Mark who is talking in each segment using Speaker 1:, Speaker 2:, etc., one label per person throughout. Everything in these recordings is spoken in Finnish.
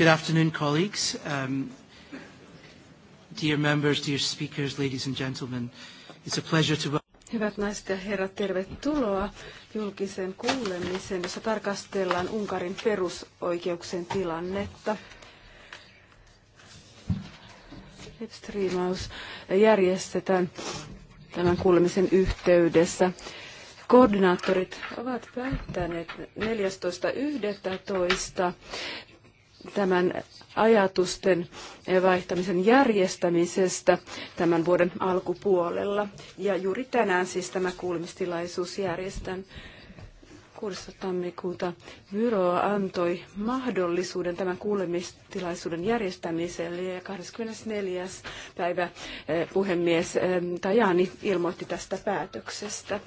Speaker 1: Good afternoon, colleagues. Um, dear members, dear speakers, ladies and gentlemen. It's a pleasure to welcome. Hyvät naiset ja herrat, tervetuloa julkiseen kuulemiseen, jossa tarkastellaan Unkarin perusoikeuksien tilannetta. Webstreamaus järjestetään tämän kuulemisen yhteydessä. Koordinaattorit ovat päättäneet 14.11 tämän ajatusten vaihtamisen järjestämisestä tämän vuoden alkupuolella. Ja juuri tänään siis tämä kuulemistilaisuus järjestän. 6. tammikuuta Vyro antoi mahdollisuuden tämän kuulemistilaisuuden järjestämiselle ja 24. päivä eh, puhemies eh, Tajani ilmoitti tästä päätöksestä.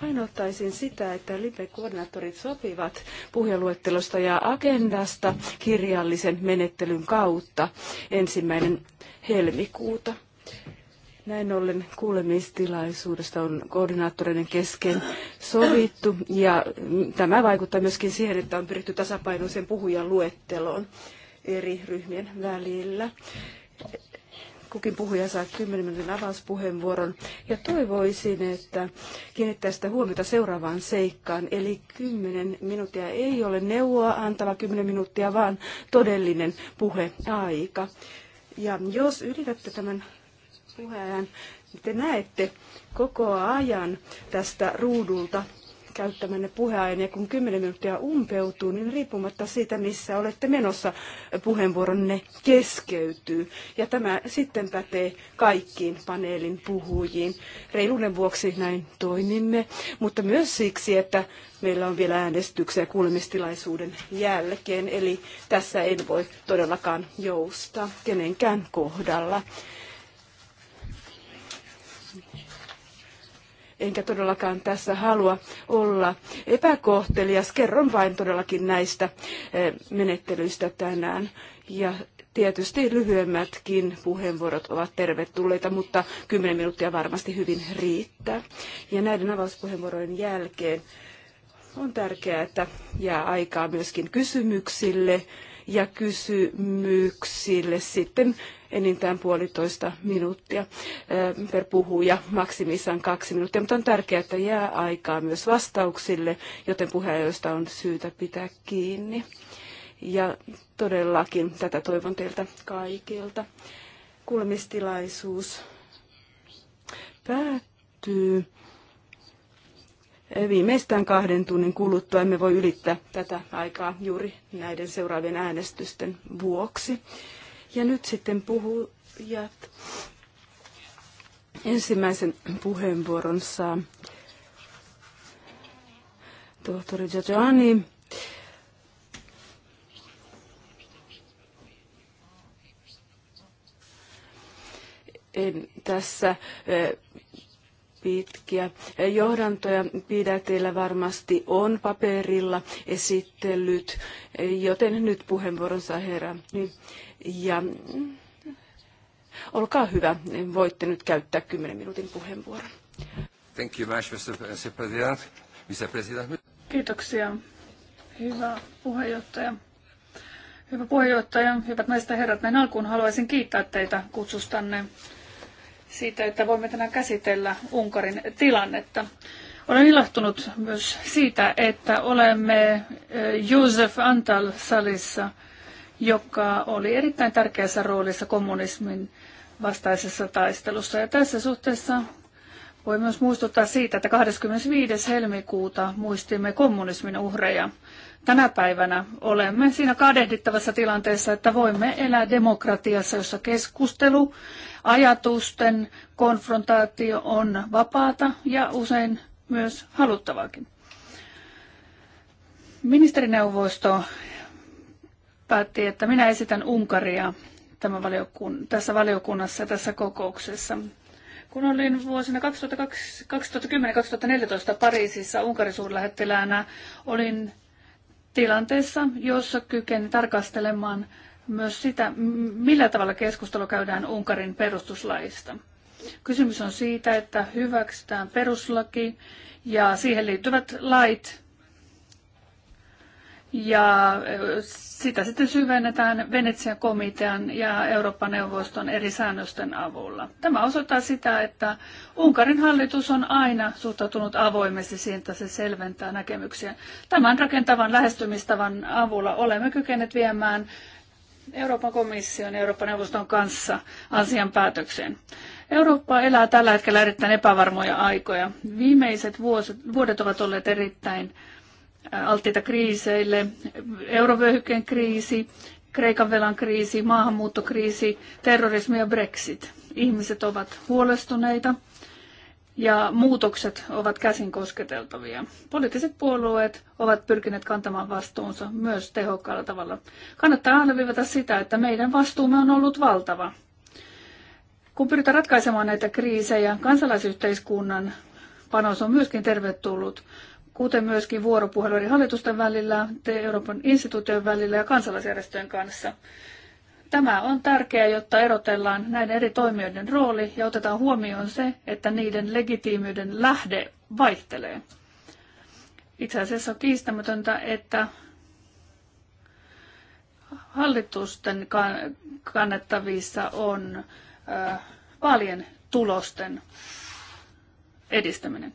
Speaker 1: Painottaisin sitä, että LIPE-koordinaattorit sopivat puheluettelosta ja agendasta kirjallisen menettelyn kautta ensimmäinen helmikuuta. Näin ollen kuulemistilaisuudesta on koordinaattoreiden kesken sovittu ja tämä vaikuttaa myöskin siihen, että on pyritty tasapainoiseen puhujan luetteloon eri ryhmien välillä. Kukin puhuja saa 10 minuutin avauspuheenvuoron ja toivoisin, että kiinnittää sitä huomiota seuraavaan seikkaan. Eli 10 minuuttia ei ole neuvoa antava 10 minuuttia, vaan todellinen puheaika. Ja jos ylitätte tämän puheen. Te näette koko ajan tästä ruudulta käyttämänne puheajan ja kun 10 minuuttia umpeutuu, niin riippumatta siitä, missä olette menossa, puheenvuoronne keskeytyy. Ja tämä sitten pätee kaikkiin paneelin puhujiin. Reiluuden vuoksi näin toimimme, mutta myös siksi, että meillä on vielä äänestyksiä kuulemistilaisuuden jälkeen, eli tässä en voi todellakaan jousta kenenkään kohdalla. enkä todellakaan tässä halua olla epäkohtelias. Kerron vain todellakin näistä eh, menettelyistä tänään. Ja tietysti lyhyemmätkin puheenvuorot ovat tervetulleita, mutta 10 minuuttia varmasti hyvin riittää. Ja näiden avauspuheenvuorojen jälkeen on tärkeää, että jää aikaa myöskin kysymyksille ja kysymyksille sitten enintään puolitoista minuuttia per puhuja, maksimissaan kaksi minuuttia. Mutta on tärkeää, että jää aikaa myös vastauksille, joten puheenjoista on syytä pitää kiinni. Ja todellakin tätä toivon teiltä kaikilta. Kuulemistilaisuus päättyy viimeistään kahden tunnin kuluttua. Emme voi ylittää tätä aikaa juuri näiden seuraavien äänestysten vuoksi. Ja nyt sitten puhujat. Ensimmäisen puheenvuoron saa tohtori Giorgiani. En tässä eh, pitkiä. Johdantoja pidätillä varmasti on paperilla esittelyt, joten nyt puheenvuoron saa herra. Niin, ja olkaa hyvä, voitte nyt käyttää 10 minuutin puheenvuoron.
Speaker 2: Thank you, Mr. President. Mr. President. Kiitoksia, hyvä puheenjohtaja. Hyvä puheenjohtaja, hyvät naiset ja herrat, näin alkuun haluaisin kiittää teitä kutsustanne siitä, että voimme tänään käsitellä Unkarin tilannetta. Olen ilahtunut myös siitä, että olemme Josef Antal salissa, joka oli erittäin tärkeässä roolissa kommunismin vastaisessa taistelussa. Ja tässä suhteessa voi myös muistuttaa siitä, että 25. helmikuuta muistimme kommunismin uhreja. Tänä päivänä olemme siinä kadehdittavassa tilanteessa, että voimme elää demokratiassa, jossa keskustelu, ajatusten konfrontaatio on vapaata ja usein myös haluttavaakin. Ministerineuvosto päätti, että minä esitän Unkaria tämän tässä valiokunnassa ja tässä kokouksessa. Kun olin vuosina 2010-2014 Pariisissa Unkarin suurlähettiläänä, olin tilanteessa, jossa kykeni tarkastelemaan myös sitä, millä tavalla keskustelu käydään Unkarin perustuslaista. Kysymys on siitä, että hyväksytään peruslaki ja siihen liittyvät lait ja sitä sitten syvennetään Venetsian komitean ja Euroopan neuvoston eri säännösten avulla. Tämä osoittaa sitä, että Unkarin hallitus on aina suhtautunut avoimesti siihen, että se selventää näkemyksiä. Tämän rakentavan lähestymistavan avulla olemme kykeneet viemään Euroopan komission ja Euroopan neuvoston kanssa asian päätökseen. Eurooppa elää tällä hetkellä erittäin epävarmoja aikoja. Viimeiset vuodet ovat olleet erittäin alttiita kriiseille, eurovyöhykkeen kriisi, Kreikan velan kriisi, maahanmuuttokriisi, terrorismi ja Brexit. Ihmiset ovat huolestuneita ja muutokset ovat käsin kosketeltavia. Poliittiset puolueet ovat pyrkineet kantamaan vastuunsa myös tehokkaalla tavalla. Kannattaa alleviivata sitä, että meidän vastuumme on ollut valtava. Kun pyritään ratkaisemaan näitä kriisejä, kansalaisyhteiskunnan panos on myöskin tervetullut kuten myöskin vuoropuhelu eri hallitusten välillä, Euroopan instituutioiden välillä ja kansalaisjärjestöjen kanssa. Tämä on tärkeää, jotta erotellaan näiden eri toimijoiden rooli ja otetaan huomioon se, että niiden legitiimiyden lähde vaihtelee. Itse asiassa on kiistämätöntä, että hallitusten kannettavissa on vaalien tulosten edistäminen.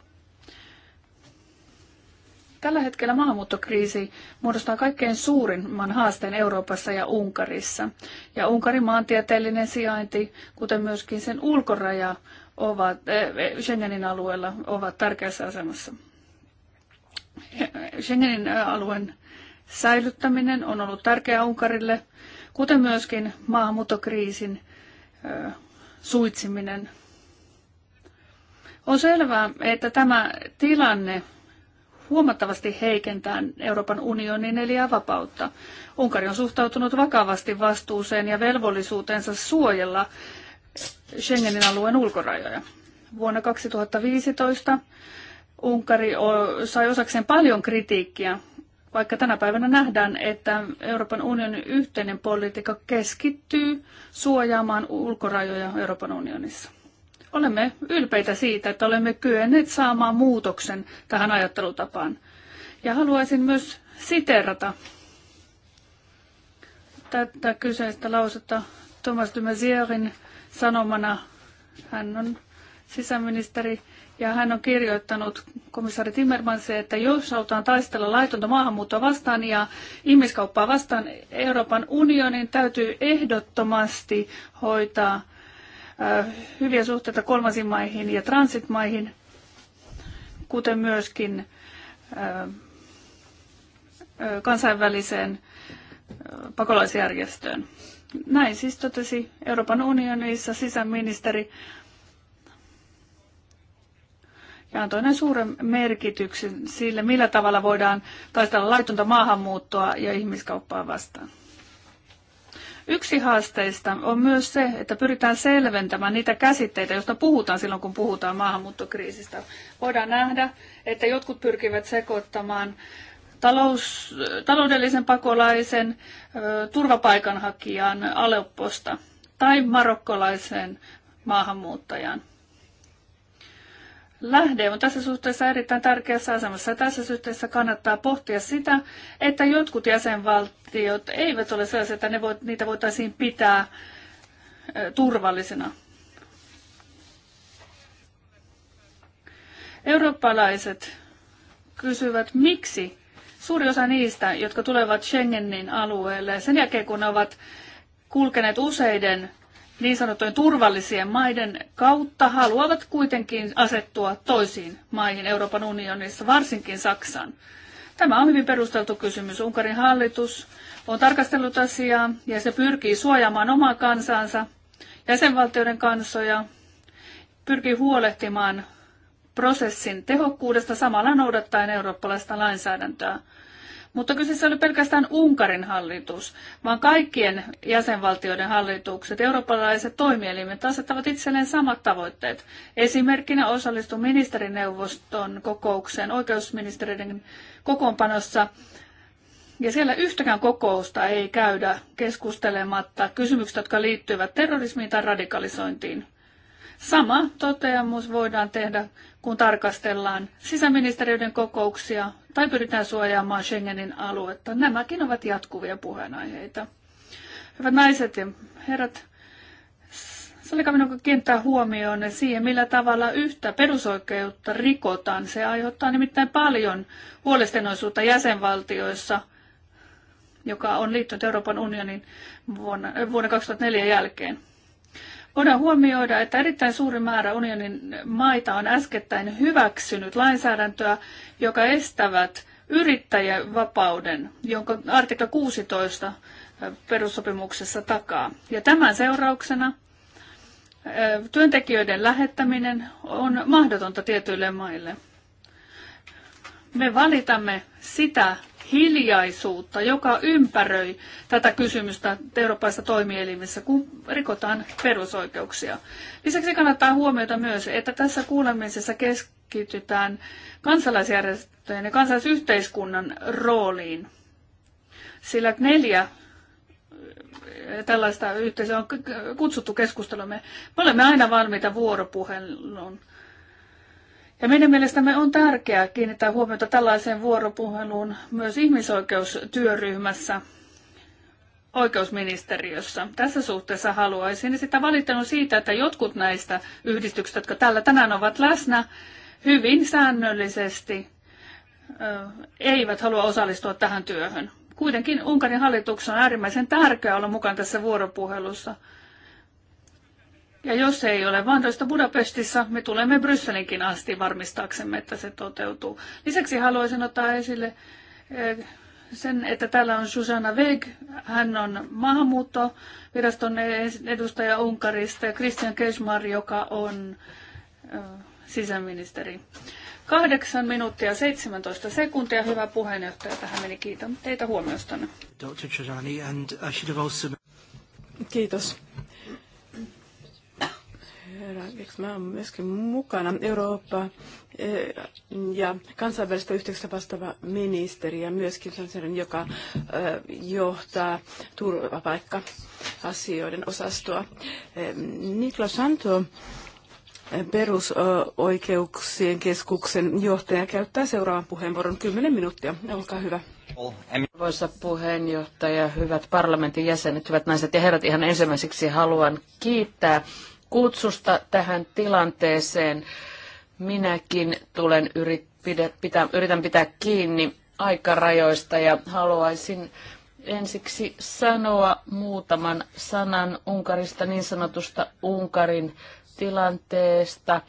Speaker 2: Tällä hetkellä maahanmuuttokriisi muodostaa kaikkein suurimman haasteen Euroopassa ja Unkarissa. Ja Unkarin maantieteellinen sijainti, kuten myöskin sen ulkoraja ovat, eh, Schengenin alueella, ovat tärkeässä asemassa. Schengenin eh, alueen säilyttäminen on ollut tärkeää Unkarille, kuten myöskin maahanmuuttokriisin eh, suitsiminen. On selvää, että tämä tilanne huomattavasti heikentää Euroopan unionin vapautta. Unkari on suhtautunut vakavasti vastuuseen ja velvollisuutensa suojella Schengenin alueen ulkorajoja. Vuonna 2015 Unkari sai osakseen paljon kritiikkiä, vaikka tänä päivänä nähdään, että Euroopan unionin yhteinen politiikka keskittyy suojaamaan ulkorajoja Euroopan unionissa. Olemme ylpeitä siitä, että olemme kyenneet saamaan muutoksen tähän ajattelutapaan. Ja haluaisin myös siterata tätä kyseistä lausetta Thomas de Maizièrin sanomana. Hän on sisäministeri ja hän on kirjoittanut komissaari Timmermansille, että jos halutaan taistella laitonta maahanmuuttoa vastaan ja ihmiskauppaa vastaan, Euroopan unionin täytyy ehdottomasti hoitaa Äh, hyviä suhteita kolmansiin maihin ja transitmaihin, kuten myöskin äh, kansainväliseen pakolaisjärjestöön. Näin siis totesi Euroopan unionissa sisäministeri ja antoi näin suuren merkityksen sille, millä tavalla voidaan taistella laitonta maahanmuuttoa ja ihmiskauppaa vastaan. Yksi haasteista on myös se, että pyritään selventämään niitä käsitteitä, joista puhutaan silloin, kun puhutaan maahanmuuttokriisistä. Voidaan nähdä, että jotkut pyrkivät sekoittamaan talous, taloudellisen pakolaisen turvapaikanhakijan Alepposta tai marokkolaisen maahanmuuttajan lähde on tässä suhteessa erittäin tärkeässä asemassa. Tässä suhteessa kannattaa pohtia sitä, että jotkut jäsenvaltiot eivät ole sellaisia, että ne voit, niitä voitaisiin pitää turvallisena. Eurooppalaiset kysyvät, miksi suuri osa niistä, jotka tulevat Schengenin alueelle sen jälkeen, kun ne ovat kulkeneet useiden niin sanottujen turvallisien maiden kautta haluavat kuitenkin asettua toisiin maihin Euroopan unionissa, varsinkin Saksaan. Tämä on hyvin perusteltu kysymys. Unkarin hallitus on tarkastellut asiaa ja se pyrkii suojaamaan omaa kansansa, jäsenvaltioiden kansoja, pyrkii huolehtimaan prosessin tehokkuudesta samalla noudattaen eurooppalaista lainsäädäntöä. Mutta kyseessä oli pelkästään Unkarin hallitus, vaan kaikkien jäsenvaltioiden hallitukset, eurooppalaiset toimielimet asettavat itselleen samat tavoitteet. Esimerkkinä osallistui ministerineuvoston kokoukseen oikeusministeriöiden kokoonpanossa ja siellä yhtäkään kokousta ei käydä keskustelematta kysymyksistä, jotka liittyvät terrorismiin tai radikalisointiin. Sama toteamus voidaan tehdä, kun tarkastellaan sisäministeriöiden kokouksia tai pyritään suojaamaan Schengenin aluetta. Nämäkin ovat jatkuvia puheenaiheita. Hyvät naiset ja herrat, sallikaa minun kiinnittää huomioon siihen, millä tavalla yhtä perusoikeutta rikotaan. Se aiheuttaa nimittäin paljon huolestenoisuutta jäsenvaltioissa, joka on liittynyt Euroopan unionin vuonna, vuonna 2004 jälkeen. Voidaan huomioida, että erittäin suuri määrä unionin maita on äskettäin hyväksynyt lainsäädäntöä, joka estävät yrittäjän vapauden, jonka artikla 16 perussopimuksessa takaa. Ja tämän seurauksena työntekijöiden lähettäminen on mahdotonta tietyille maille. Me valitamme sitä hiljaisuutta, joka ympäröi tätä kysymystä eurooppalaisissa toimielimissä, kun rikotaan perusoikeuksia. Lisäksi kannattaa huomioida myös, että tässä kuulemisessa keskitytään kansalaisjärjestöjen ja kansalaisyhteiskunnan rooliin, sillä neljä eh, tällaista yhteisöä on kutsuttu keskustelumme. Me olemme aina valmiita vuoropuheluun ja meidän mielestämme on tärkeää kiinnittää huomiota tällaiseen vuoropuheluun myös ihmisoikeustyöryhmässä oikeusministeriössä. Tässä suhteessa haluaisin sitä valittanut siitä, että jotkut näistä yhdistyksistä, jotka täällä tänään ovat läsnä, hyvin säännöllisesti eivät halua osallistua tähän työhön. Kuitenkin Unkarin hallituksen on äärimmäisen tärkeää olla mukana tässä vuoropuhelussa – ja jos ei ole mahdollista Budapestissa, me tulemme Brysselinkin asti varmistaaksemme, että se toteutuu. Lisäksi haluaisin ottaa esille eh, sen, että täällä on Susanna Weg, hän on maahanmuuttoviraston edustaja Unkarista ja Christian Kesmar, joka on eh, sisäministeri. Kahdeksan minuuttia 17 sekuntia. Hyvä puheenjohtaja, tähän meni. Kiitän teitä huomiostanne.
Speaker 1: Kiitos. Mä on myöskin mukana Eurooppa eh, ja kansainvälistä yhteyksistä vastaava ministeri ja myöskin sellainen, joka eh, johtaa turvapaikka-asioiden osastoa. Eh, Niklas Santo perusoikeuksien
Speaker 3: keskuksen johtaja käyttää seuraavan puheenvuoron 10 minuuttia. Olkaa hyvä. Arvoisa puheenjohtaja, hyvät parlamentin jäsenet, hyvät naiset ja herrat, ihan ensimmäiseksi haluan kiittää kutsusta tähän tilanteeseen. Minäkin tulen yrit, pidä, pitää, yritän pitää kiinni aikarajoista ja haluaisin ensiksi sanoa muutaman sanan Unkarista, niin sanotusta Unkarin tilanteesta,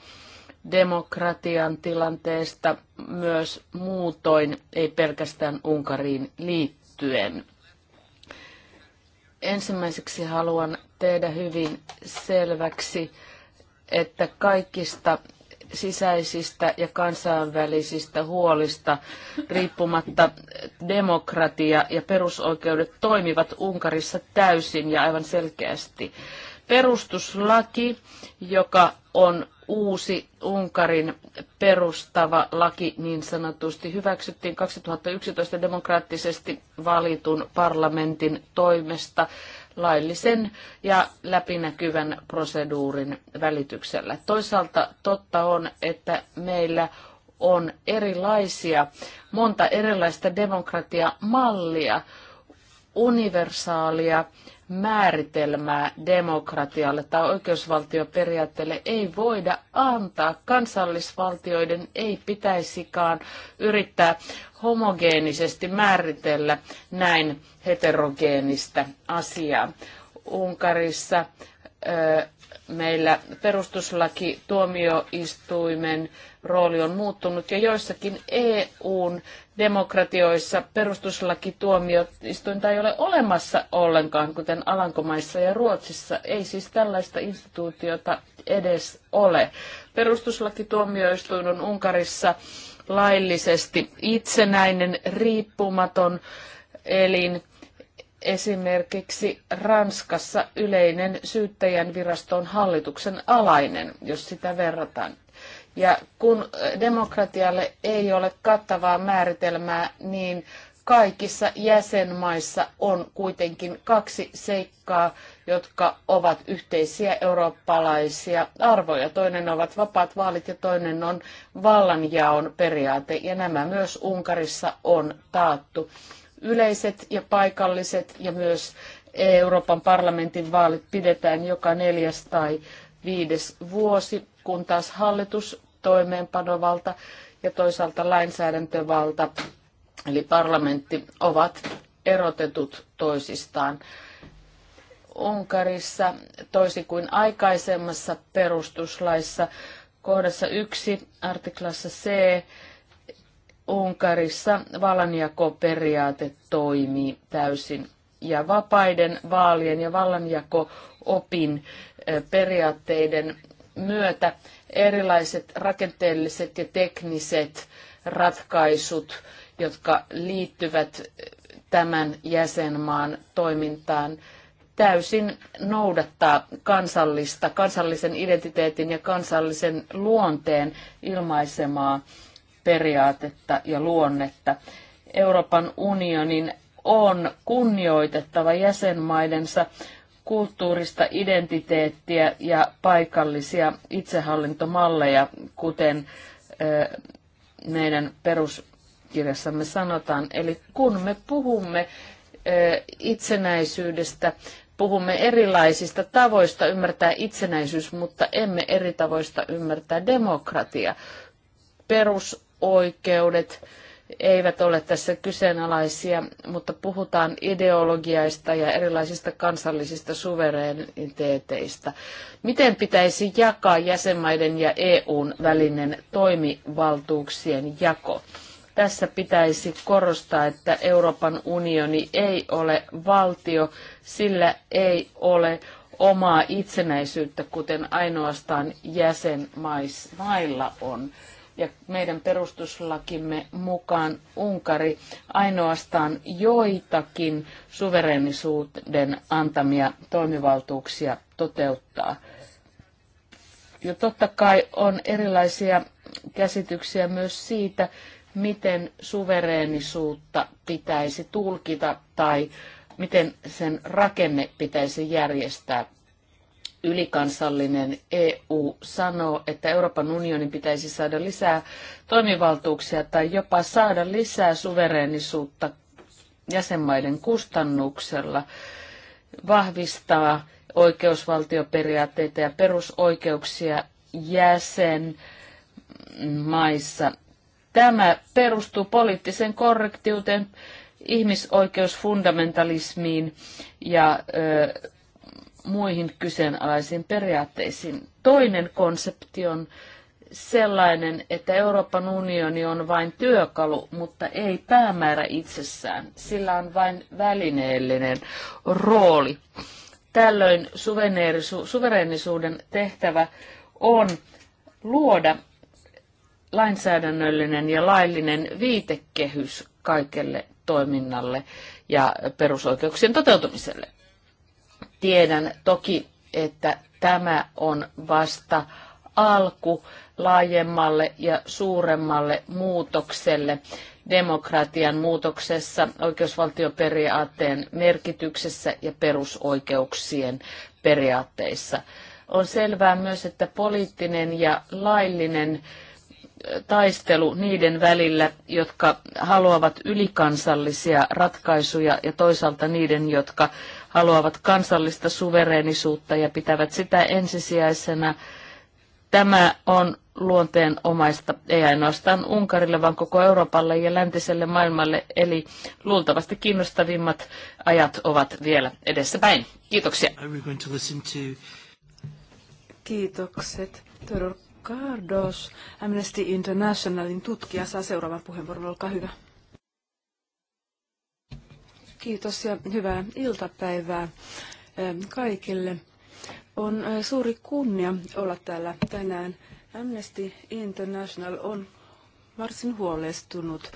Speaker 3: demokratian tilanteesta myös muutoin, ei pelkästään Unkariin liittyen. Ensimmäiseksi haluan tehdä hyvin selväksi, että kaikista sisäisistä ja kansainvälisistä huolista riippumatta demokratia ja perusoikeudet toimivat Unkarissa täysin ja aivan selkeästi. Perustuslaki, joka on uusi Unkarin perustava laki niin sanotusti hyväksyttiin 2011 demokraattisesti valitun parlamentin toimesta laillisen ja läpinäkyvän proseduurin välityksellä. Toisaalta totta on, että meillä on erilaisia, monta erilaista demokratiamallia, universaalia määritelmää demokratialle tai oikeusvaltioperiaatteelle ei voida antaa. Kansallisvaltioiden ei pitäisikaan yrittää homogeenisesti määritellä näin heterogeenistä asiaa. Unkarissa meillä perustuslaki tuomioistuimen rooli on muuttunut ja joissakin EUn demokratioissa perustuslaki tuomioistuinta ei ole olemassa ollenkaan, kuten Alankomaissa ja Ruotsissa. Ei siis tällaista instituutiota edes ole. Perustuslaki tuomioistuin on Unkarissa laillisesti itsenäinen, riippumaton elin, esimerkiksi Ranskassa yleinen syyttäjän virasto on hallituksen alainen, jos sitä verrataan. Ja kun demokratialle ei ole kattavaa määritelmää, niin kaikissa jäsenmaissa on kuitenkin kaksi seikkaa, jotka ovat yhteisiä eurooppalaisia arvoja. Toinen ovat vapaat vaalit ja toinen on vallanjaon periaate, ja nämä myös Unkarissa on taattu yleiset ja paikalliset ja myös Euroopan parlamentin vaalit pidetään joka neljäs tai viides vuosi, kun taas hallitus, toimeenpanovalta ja toisaalta lainsäädäntövalta, eli parlamentti, ovat erotetut toisistaan. Unkarissa, toisin kuin aikaisemmassa perustuslaissa, kohdassa 1, artiklassa C, Unkarissa vallanjakoperiaate toimii täysin. Ja vapaiden vaalien ja vallanjako-opin periaatteiden myötä erilaiset rakenteelliset ja tekniset ratkaisut, jotka liittyvät tämän jäsenmaan toimintaan, täysin noudattaa kansallista, kansallisen identiteetin ja kansallisen luonteen ilmaisemaa periaatetta ja luonnetta. Euroopan unionin on kunnioitettava jäsenmaidensa kulttuurista identiteettiä ja paikallisia itsehallintomalleja, kuten meidän peruskirjassamme sanotaan. Eli kun me puhumme itsenäisyydestä, puhumme erilaisista tavoista ymmärtää itsenäisyys, mutta emme eri tavoista ymmärtää demokratia. Perus oikeudet eivät ole tässä kyseenalaisia, mutta puhutaan ideologiaista ja erilaisista kansallisista suvereniteeteista. Miten pitäisi jakaa jäsenmaiden ja EUn välinen toimivaltuuksien jako? Tässä pitäisi korostaa, että Euroopan unioni ei ole valtio, sillä ei ole omaa itsenäisyyttä, kuten ainoastaan jäsenmailla on ja meidän perustuslakimme mukaan Unkari ainoastaan joitakin suverenisuuden antamia toimivaltuuksia toteuttaa. Ja totta kai on erilaisia käsityksiä myös siitä, miten suvereenisuutta pitäisi tulkita tai miten sen rakenne pitäisi järjestää ylikansallinen EU sanoo, että Euroopan unionin pitäisi saada lisää toimivaltuuksia tai jopa saada lisää suvereenisuutta jäsenmaiden kustannuksella, vahvistaa oikeusvaltioperiaatteita ja perusoikeuksia jäsenmaissa. Tämä perustuu poliittiseen korrektiuteen, ihmisoikeusfundamentalismiin ja ö, muihin kyseenalaisiin periaatteisiin. Toinen konsepti on sellainen, että Euroopan unioni on vain työkalu, mutta ei päämäärä itsessään. Sillä on vain välineellinen rooli. Tällöin suvereenisuuden tehtävä on luoda lainsäädännöllinen ja laillinen viitekehys kaikelle toiminnalle ja perusoikeuksien toteutumiselle. Tiedän toki, että tämä on vasta alku laajemmalle ja suuremmalle muutokselle demokratian muutoksessa, oikeusvaltioperiaatteen merkityksessä ja perusoikeuksien periaatteissa. On selvää myös, että poliittinen ja laillinen taistelu niiden välillä, jotka haluavat ylikansallisia ratkaisuja ja toisaalta niiden, jotka haluavat kansallista suvereenisuutta ja pitävät sitä ensisijaisena. Tämä on luonteen omaista, ei ainoastaan Unkarille, vaan koko Euroopalle ja läntiselle maailmalle, eli luultavasti kiinnostavimmat ajat ovat vielä edessäpäin. Kiitoksia. Kiitokset. Todor Cardos,
Speaker 1: Amnesty Internationalin tutkija, saa seuraavan puheenvuoron. Olkaa hyvä. Kiitos ja hyvää iltapäivää eh, kaikille. On eh, suuri kunnia olla täällä tänään. Amnesty International on varsin huolestunut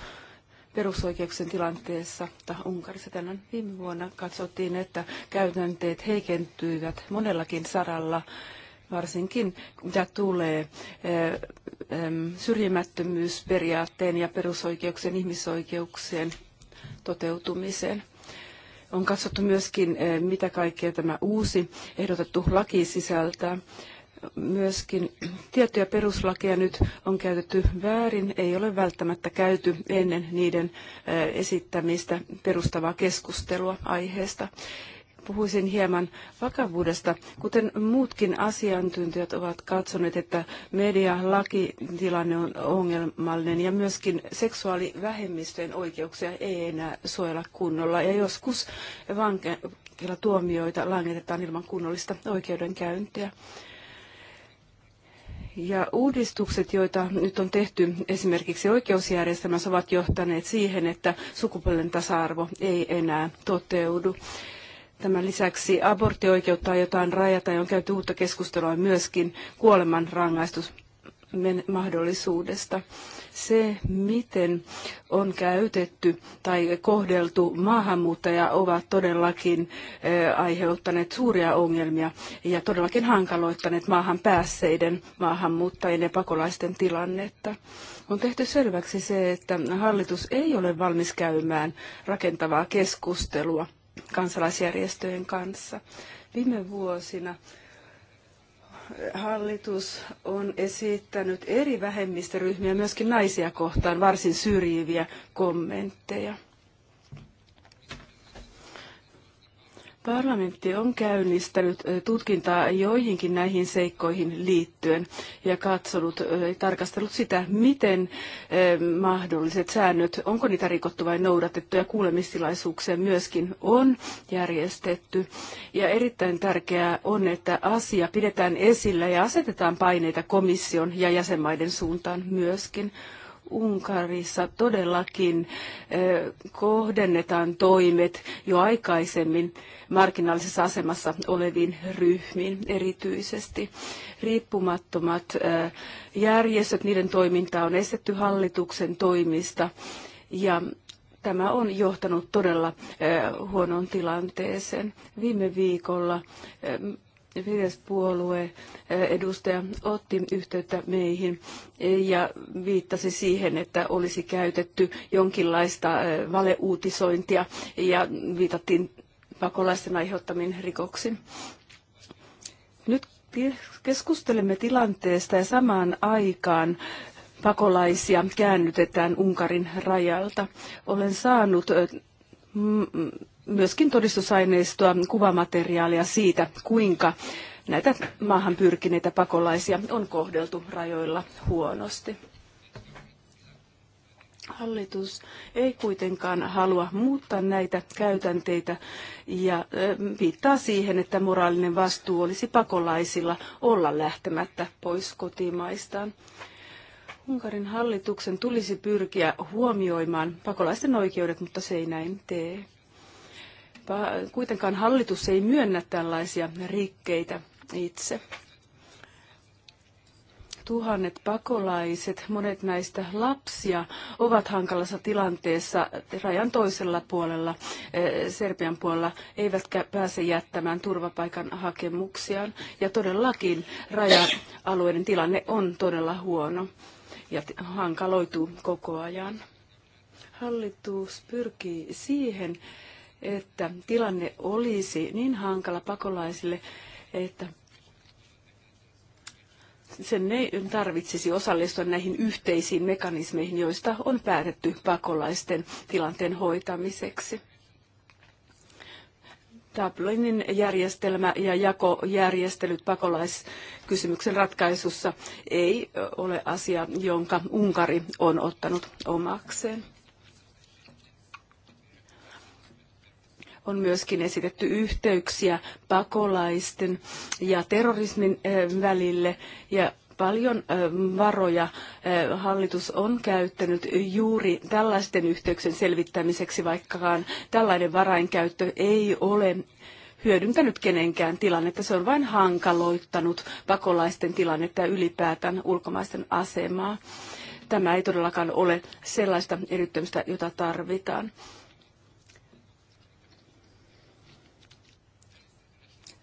Speaker 1: perusoikeuksien tilanteessa Unkarissa tänään viime vuonna katsottiin, että käytänteet heikentyivät monellakin saralla, varsinkin mitä tulee eh, syrjimättömyysperiaatteen ja perusoikeuksien ihmisoikeuksien toteutumiseen. On katsottu myöskin, eh, mitä kaikkea tämä uusi ehdotettu laki sisältää. Myöskin tiettyjä peruslakeja nyt on käytetty väärin, ei ole välttämättä käyty ennen niiden eh, esittämistä perustavaa keskustelua aiheesta puhuisin hieman vakavuudesta. Kuten muutkin asiantuntijat ovat katsoneet, että medialakitilanne on ongelmallinen ja myöskin seksuaalivähemmistöjen oikeuksia ei enää suojella kunnolla. Ja joskus vankilatuomioita langetetaan ilman kunnollista oikeudenkäyntiä. Ja uudistukset, joita nyt on tehty esimerkiksi oikeusjärjestelmässä, ovat johtaneet siihen, että sukupuolen tasa-arvo ei enää toteudu. Tämän lisäksi aborttioikeutta aiotaan rajata ja on käyty uutta keskustelua myöskin kuolemanrangaistus mahdollisuudesta. Se, miten on käytetty tai kohdeltu maahanmuuttaja, ovat todellakin eh, aiheuttaneet suuria ongelmia ja todellakin hankaloittaneet maahan päässeiden maahanmuuttajien ja pakolaisten tilannetta. On tehty selväksi se, että hallitus ei ole valmis käymään rakentavaa keskustelua kansalaisjärjestöjen kanssa. Viime vuosina hallitus on esittänyt eri vähemmistöryhmiä, myöskin naisia kohtaan, varsin syrjiviä kommentteja. Parlamentti on käynnistänyt tutkintaa joihinkin näihin seikkoihin liittyen ja katsonut, tarkastellut sitä, miten mahdolliset säännöt, onko niitä rikottu vai noudatettu ja kuulemistilaisuuksia myöskin on järjestetty. Ja erittäin tärkeää on, että asia pidetään esillä ja asetetaan paineita komission ja jäsenmaiden suuntaan myöskin. Unkarissa todellakin kohdennetaan toimet jo aikaisemmin markkinaalisessa asemassa oleviin ryhmiin erityisesti. Riippumattomat järjestöt, niiden toiminta on estetty hallituksen toimista ja tämä on johtanut todella huonoon tilanteeseen. Viime viikolla Fidesz-puolue edustaja otti yhteyttä meihin ja viittasi siihen, että olisi käytetty jonkinlaista valeuutisointia ja viitattiin pakolaisten aiheuttamiin rikoksiin. Nyt keskustelemme tilanteesta ja samaan aikaan pakolaisia käännytetään Unkarin rajalta. Olen saanut myöskin todistusaineistoa, kuvamateriaalia siitä, kuinka näitä maahan pyrkineitä pakolaisia on kohdeltu rajoilla huonosti. Hallitus ei kuitenkaan halua muuttaa näitä käytänteitä ja viittaa siihen, että moraalinen vastuu olisi pakolaisilla olla lähtemättä pois kotimaistaan. Unkarin hallituksen tulisi pyrkiä huomioimaan pakolaisten oikeudet, mutta se ei näin tee. Kuitenkaan hallitus ei myönnä tällaisia rikkeitä itse. Tuhannet pakolaiset, monet näistä lapsia, ovat hankalassa tilanteessa rajan toisella puolella, eh, Serbian puolella, eivätkä pääse jättämään turvapaikan hakemuksiaan. Ja todellakin raja-alueiden tilanne on todella huono ja hankaloituu koko ajan. Hallitus pyrkii siihen, että tilanne olisi niin hankala pakolaisille, että sen ei tarvitsisi osallistua näihin yhteisiin mekanismeihin, joista on päätetty pakolaisten tilanteen hoitamiseksi. Dublinin järjestelmä ja jakojärjestelyt pakolaiskysymyksen ratkaisussa ei ole asia, jonka Unkari on ottanut omakseen. on myöskin esitetty yhteyksiä pakolaisten ja terrorismin välille ja paljon varoja hallitus on käyttänyt juuri tällaisten yhteyksien selvittämiseksi, vaikkakaan tällainen varainkäyttö ei ole hyödyntänyt kenenkään tilannetta. Se on vain hankaloittanut pakolaisten tilannetta ja ylipäätään ulkomaisten asemaa. Tämä ei todellakaan ole sellaista eriyttämistä, jota tarvitaan.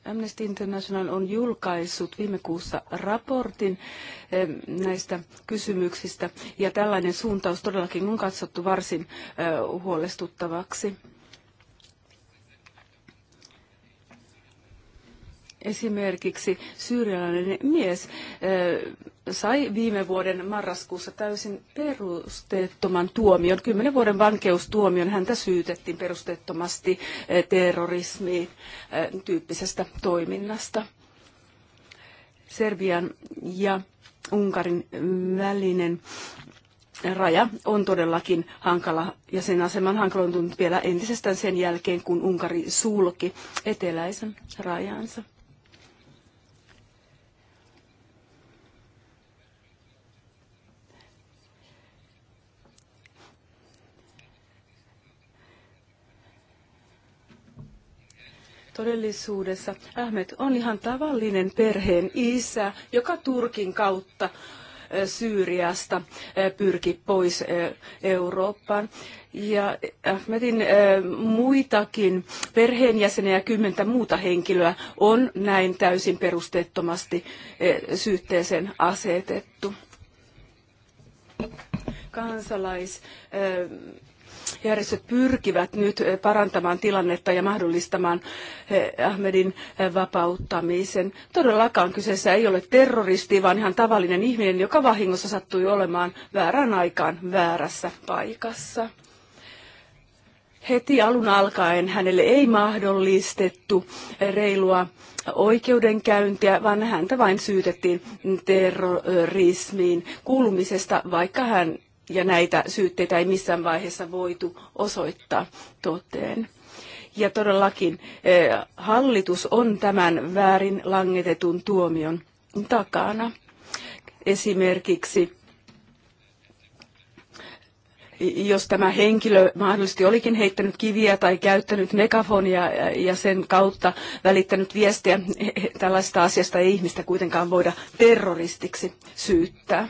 Speaker 1: Amnesty International on julkaissut viime kuussa raportin eh, näistä kysymyksistä, ja tällainen suuntaus todellakin on katsottu varsin eh, huolestuttavaksi. Esimerkiksi syyrialainen mies eh, sai viime vuoden marraskuussa täysin perusteettoman tuomion, kymmenen vuoden vankeustuomion. Häntä syytettiin perusteettomasti eh, terrorismiin eh, tyyppisestä toiminnasta. Serbian ja Unkarin välinen raja on todellakin hankala ja sen aseman hankaloitunut vielä entisestään sen jälkeen, kun Unkari sulki eteläisen rajansa. Todellisuudessa Ahmed on ihan tavallinen perheen isä, joka Turkin kautta Syyriasta pyrki pois Eurooppaan. Ja Ahmedin muitakin perheenjäseniä ja kymmentä muuta henkilöä on näin täysin perusteettomasti syytteeseen asetettu. Kansalais järjestöt pyrkivät nyt eh, parantamaan tilannetta ja mahdollistamaan eh, Ahmedin eh, vapauttamisen. Todellakaan kyseessä ei ole terroristi, vaan ihan tavallinen ihminen, joka vahingossa sattui olemaan väärään aikaan väärässä paikassa. Heti alun alkaen hänelle ei mahdollistettu reilua oikeudenkäyntiä, vaan häntä vain syytettiin terrorismiin kuulumisesta, vaikka hän ja näitä syytteitä ei missään vaiheessa voitu osoittaa toteen. Ja todellakin eh, hallitus on tämän väärin langetetun tuomion takana. Esimerkiksi jos tämä henkilö mahdollisesti olikin heittänyt kiviä tai käyttänyt megafonia ja sen kautta välittänyt viestiä, tällaista asiasta ei ihmistä kuitenkaan voida terroristiksi syyttää.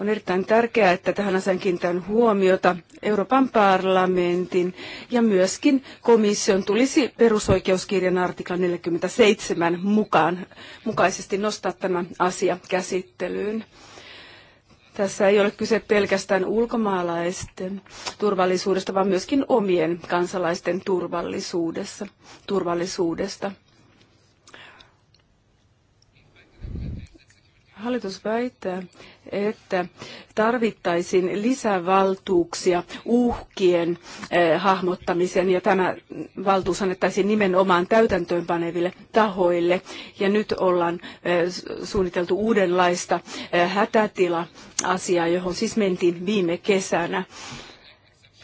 Speaker 1: On erittäin tärkeää, että tähän asiaan kiinnitän huomiota Euroopan parlamentin ja myöskin komission tulisi perusoikeuskirjan artikla 47 mukaan, mukaisesti nostaa tämä asia käsittelyyn. Tässä ei ole kyse pelkästään ulkomaalaisten turvallisuudesta, vaan myöskin omien kansalaisten turvallisuudessa, turvallisuudesta. Hallitus väittää, että tarvittaisiin lisävaltuuksia uhkien eh, hahmottamiseen ja tämä valtuus annettaisiin nimenomaan täytäntöönpaneville tahoille. Ja nyt ollaan eh, suunniteltu uudenlaista eh, hätätila-asiaa, johon siis mentiin viime kesänä. Eh,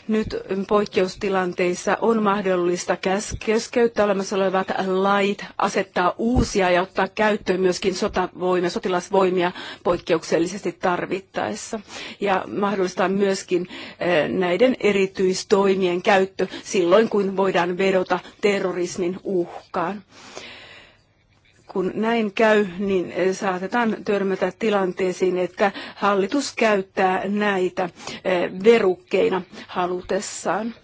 Speaker 1: nyt poikkeustilanteissa on mahdollista keskeyttää olemassa olevat lait, asettaa uusia ja ottaa käyttöön myöskin sotavoimia, sotilasvoimia poikkeuksellisesti tarvittaessa. Ja mahdollistaa myöskin eh, näiden erityistoimien käyttö silloin, kun voidaan vedota terrorismin uhkaan kun näin käy, niin eh, saatetaan törmätä tilanteisiin, että hallitus käyttää näitä eh, verukkeina halutessaan.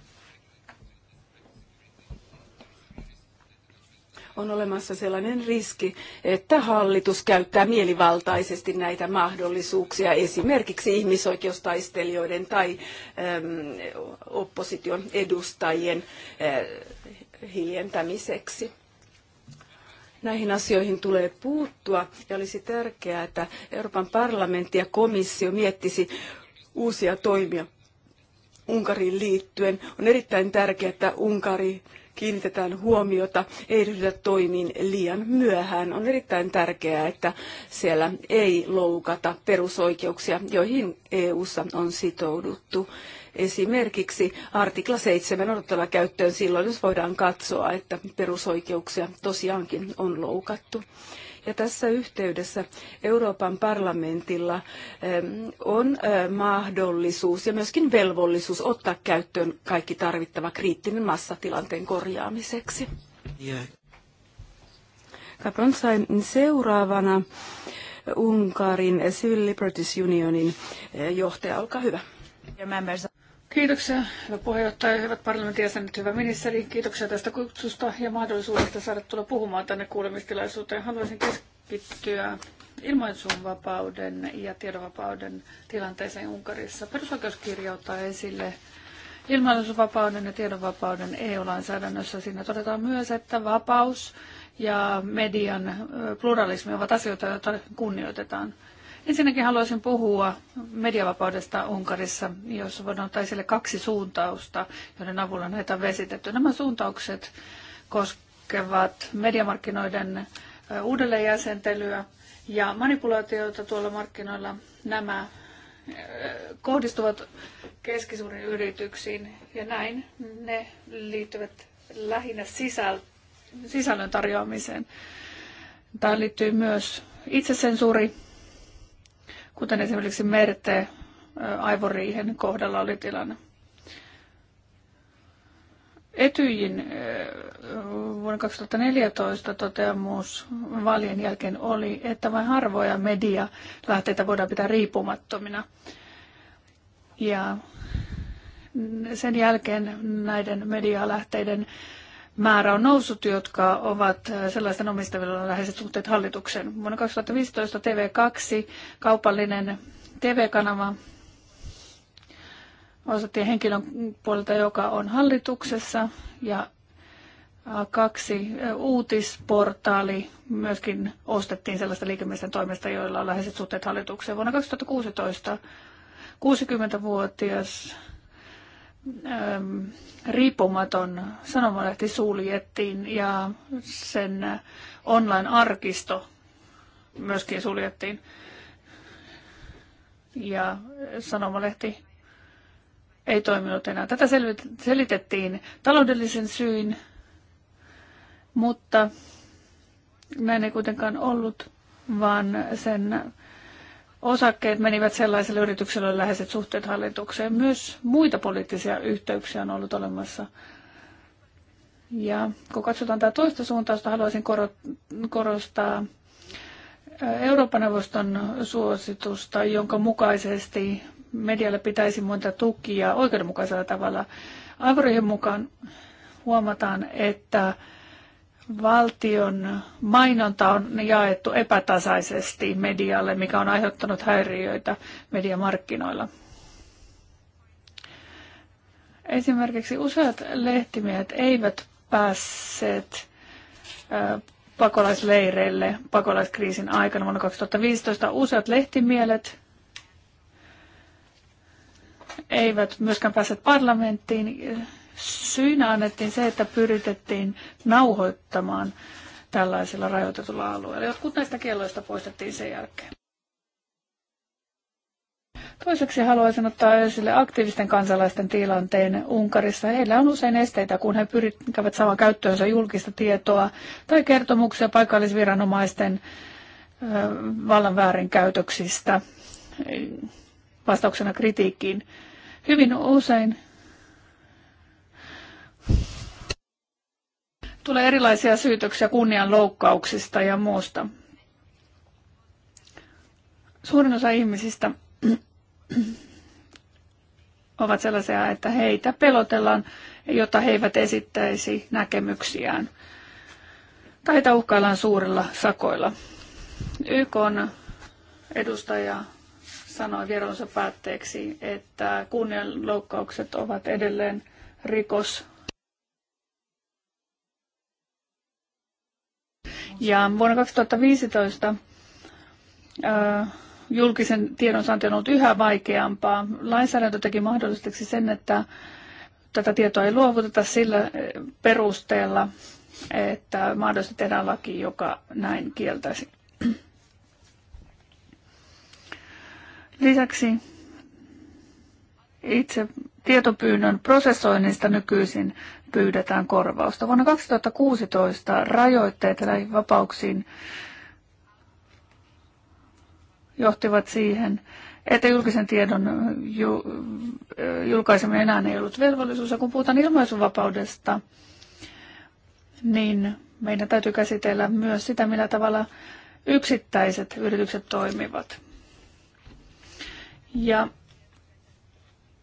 Speaker 1: on olemassa sellainen riski, että hallitus käyttää mielivaltaisesti näitä mahdollisuuksia esimerkiksi ihmisoikeustaistelijoiden tai äm, ehm, opposition edustajien äh, hiljentämiseksi. Näihin asioihin tulee puuttua ja olisi tärkeää, että Euroopan parlamentti ja komissio miettisi uusia toimia Unkariin liittyen. On erittäin tärkeää, että Unkari kiinnitetään huomiota, ei ryhdytä toimiin liian myöhään. On erittäin tärkeää, että siellä ei loukata perusoikeuksia, joihin EU:ssa on sitouduttu. Esimerkiksi artikla 7 on otettava käyttöön silloin, jos voidaan katsoa, että perusoikeuksia tosiaankin on loukattu. Ja tässä yhteydessä Euroopan parlamentilla on mahdollisuus ja myöskin velvollisuus ottaa käyttöön kaikki tarvittava kriittinen massatilanteen korjaamiseksi. Capron sai seuraavana Unkarin Civil Liberties Unionin eh, johtaja, olkaa hyvä.
Speaker 2: Kiitoksia, hyvä puheenjohtaja, hyvät parlamentin jäsenet, hyvä ministeri. Kiitoksia tästä kutsusta ja mahdollisuudesta saada tulla puhumaan tänne kuulemistilaisuuteen. Haluaisin keskittyä ilmaisunvapauden ja tiedonvapauden tilanteeseen Unkarissa. Perusoikeuskirja ottaa esille ilmaisunvapauden ja tiedonvapauden EU-lainsäädännössä. Siinä todetaan myös, että vapaus ja median pluralismi ovat asioita, joita kunnioitetaan. Ensinnäkin haluaisin puhua mediavapaudesta Unkarissa, jossa voidaan ottaa esille kaksi suuntausta, joiden avulla näitä on vesitetty. Nämä suuntaukset koskevat mediamarkkinoiden uudelleenjäsentelyä ja manipulaatioita tuolla markkinoilla. Nämä kohdistuvat keskisuuriin yrityksiin ja näin ne liittyvät lähinnä sisällön tarjoamiseen. Tämä liittyy myös itsesensuuri kuten esimerkiksi Merte aivoriihen kohdalla oli tilanne. Etyjin vuonna 2014 toteamus valien jälkeen oli, että vain harvoja medialähteitä voidaan pitää riippumattomina. Ja sen jälkeen näiden medialähteiden määrä on noussut, jotka ovat äh, sellaisten omistavilla läheiset suhteet hallituksen. Vuonna 2015 TV2, kaupallinen TV-kanava, osattiin henkilön puolelta, joka on hallituksessa, ja kaksi äh, uutisportaali myöskin ostettiin sellaista liikemiesten toimesta, joilla on läheiset suhteet hallitukseen. Vuonna 2016 60-vuotias Ähm, riippumaton sanomalehti suljettiin ja sen äh, online-arkisto myöskin suljettiin. Ja äh, sanomalehti ei toiminut enää. Tätä selitettiin taloudellisen syyn, mutta näin ei kuitenkaan ollut, vaan sen osakkeet menivät sellaiselle yritykselle läheiset suhteet hallitukseen. Myös muita poliittisia yhteyksiä on ollut olemassa. Ja kun katsotaan tätä toista suuntausta, haluaisin korostaa Euroopan neuvoston suositusta, jonka mukaisesti medialle pitäisi muita tukia oikeudenmukaisella tavalla. Aivoryhmän mukaan huomataan, että valtion mainonta on jaettu epätasaisesti medialle, mikä on aiheuttanut häiriöitä mediamarkkinoilla. Esimerkiksi useat lehtimiehet eivät päässeet pakolaisleireille pakolaiskriisin aikana vuonna 2015. Useat lehtimielet eivät myöskään päässeet parlamenttiin Syynä annettiin se, että pyritettiin nauhoittamaan tällaisilla rajoitetulla alueilla. Jotkut näistä kielloista poistettiin sen jälkeen. Toiseksi haluaisin ottaa esille aktiivisten kansalaisten tilanteen Unkarissa. Heillä on usein esteitä, kun he pyrkivät saamaan käyttöönsä julkista tietoa tai kertomuksia paikallisviranomaisten vallan väärinkäytöksistä vastauksena kritiikkiin. Hyvin usein tulee erilaisia syytöksiä kunnianloukkauksista ja muusta. Suurin osa ihmisistä ovat sellaisia, että heitä pelotellaan, jotta he eivät esittäisi näkemyksiään. Tai heitä uhkaillaan suurilla sakoilla. YK on edustaja sanoi vieronsa päätteeksi, että kunnianloukkaukset ovat edelleen rikos, Ja vuonna 2015 äh, julkisen tiedonsaanti on ollut yhä vaikeampaa. Lainsäädäntö teki mahdollisesti sen, että tätä tietoa ei luovuteta sillä perusteella, että mahdollisesti tehdään laki, joka näin kieltäisi. Lisäksi itse tietopyynnön prosessoinnista nykyisin pyydetään korvausta. Vuonna 2016 rajoitteet näihin vapauksiin johtivat siihen, että julkisen tiedon ju, julkaiseminen enää ei ollut velvollisuus. Ja kun puhutaan ilmaisuvapaudesta, niin meidän täytyy käsitellä myös sitä, millä tavalla yksittäiset yritykset toimivat. Ja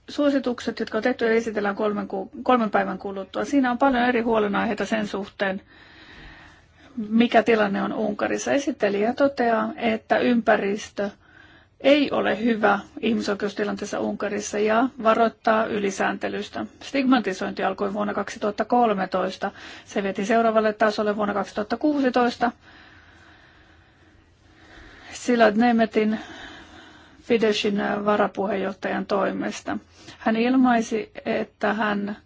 Speaker 2: suositukset, jotka on tehty, esitellään kolmen, ku, kolmen päivän kuluttua. Siinä on paljon eri huolenaiheita sen suhteen, mikä tilanne on Unkarissa. Esittelijä toteaa, että ympäristö ei ole hyvä ihmisoikeustilanteessa Unkarissa ja varoittaa ylisääntelystä. Stigmatisointi alkoi vuonna 2013. Se veti seuraavalle tasolle vuonna 2016. Sillä Nemetin Fideshin varapuheenjohtajan toimesta. Hän ilmaisi, että hän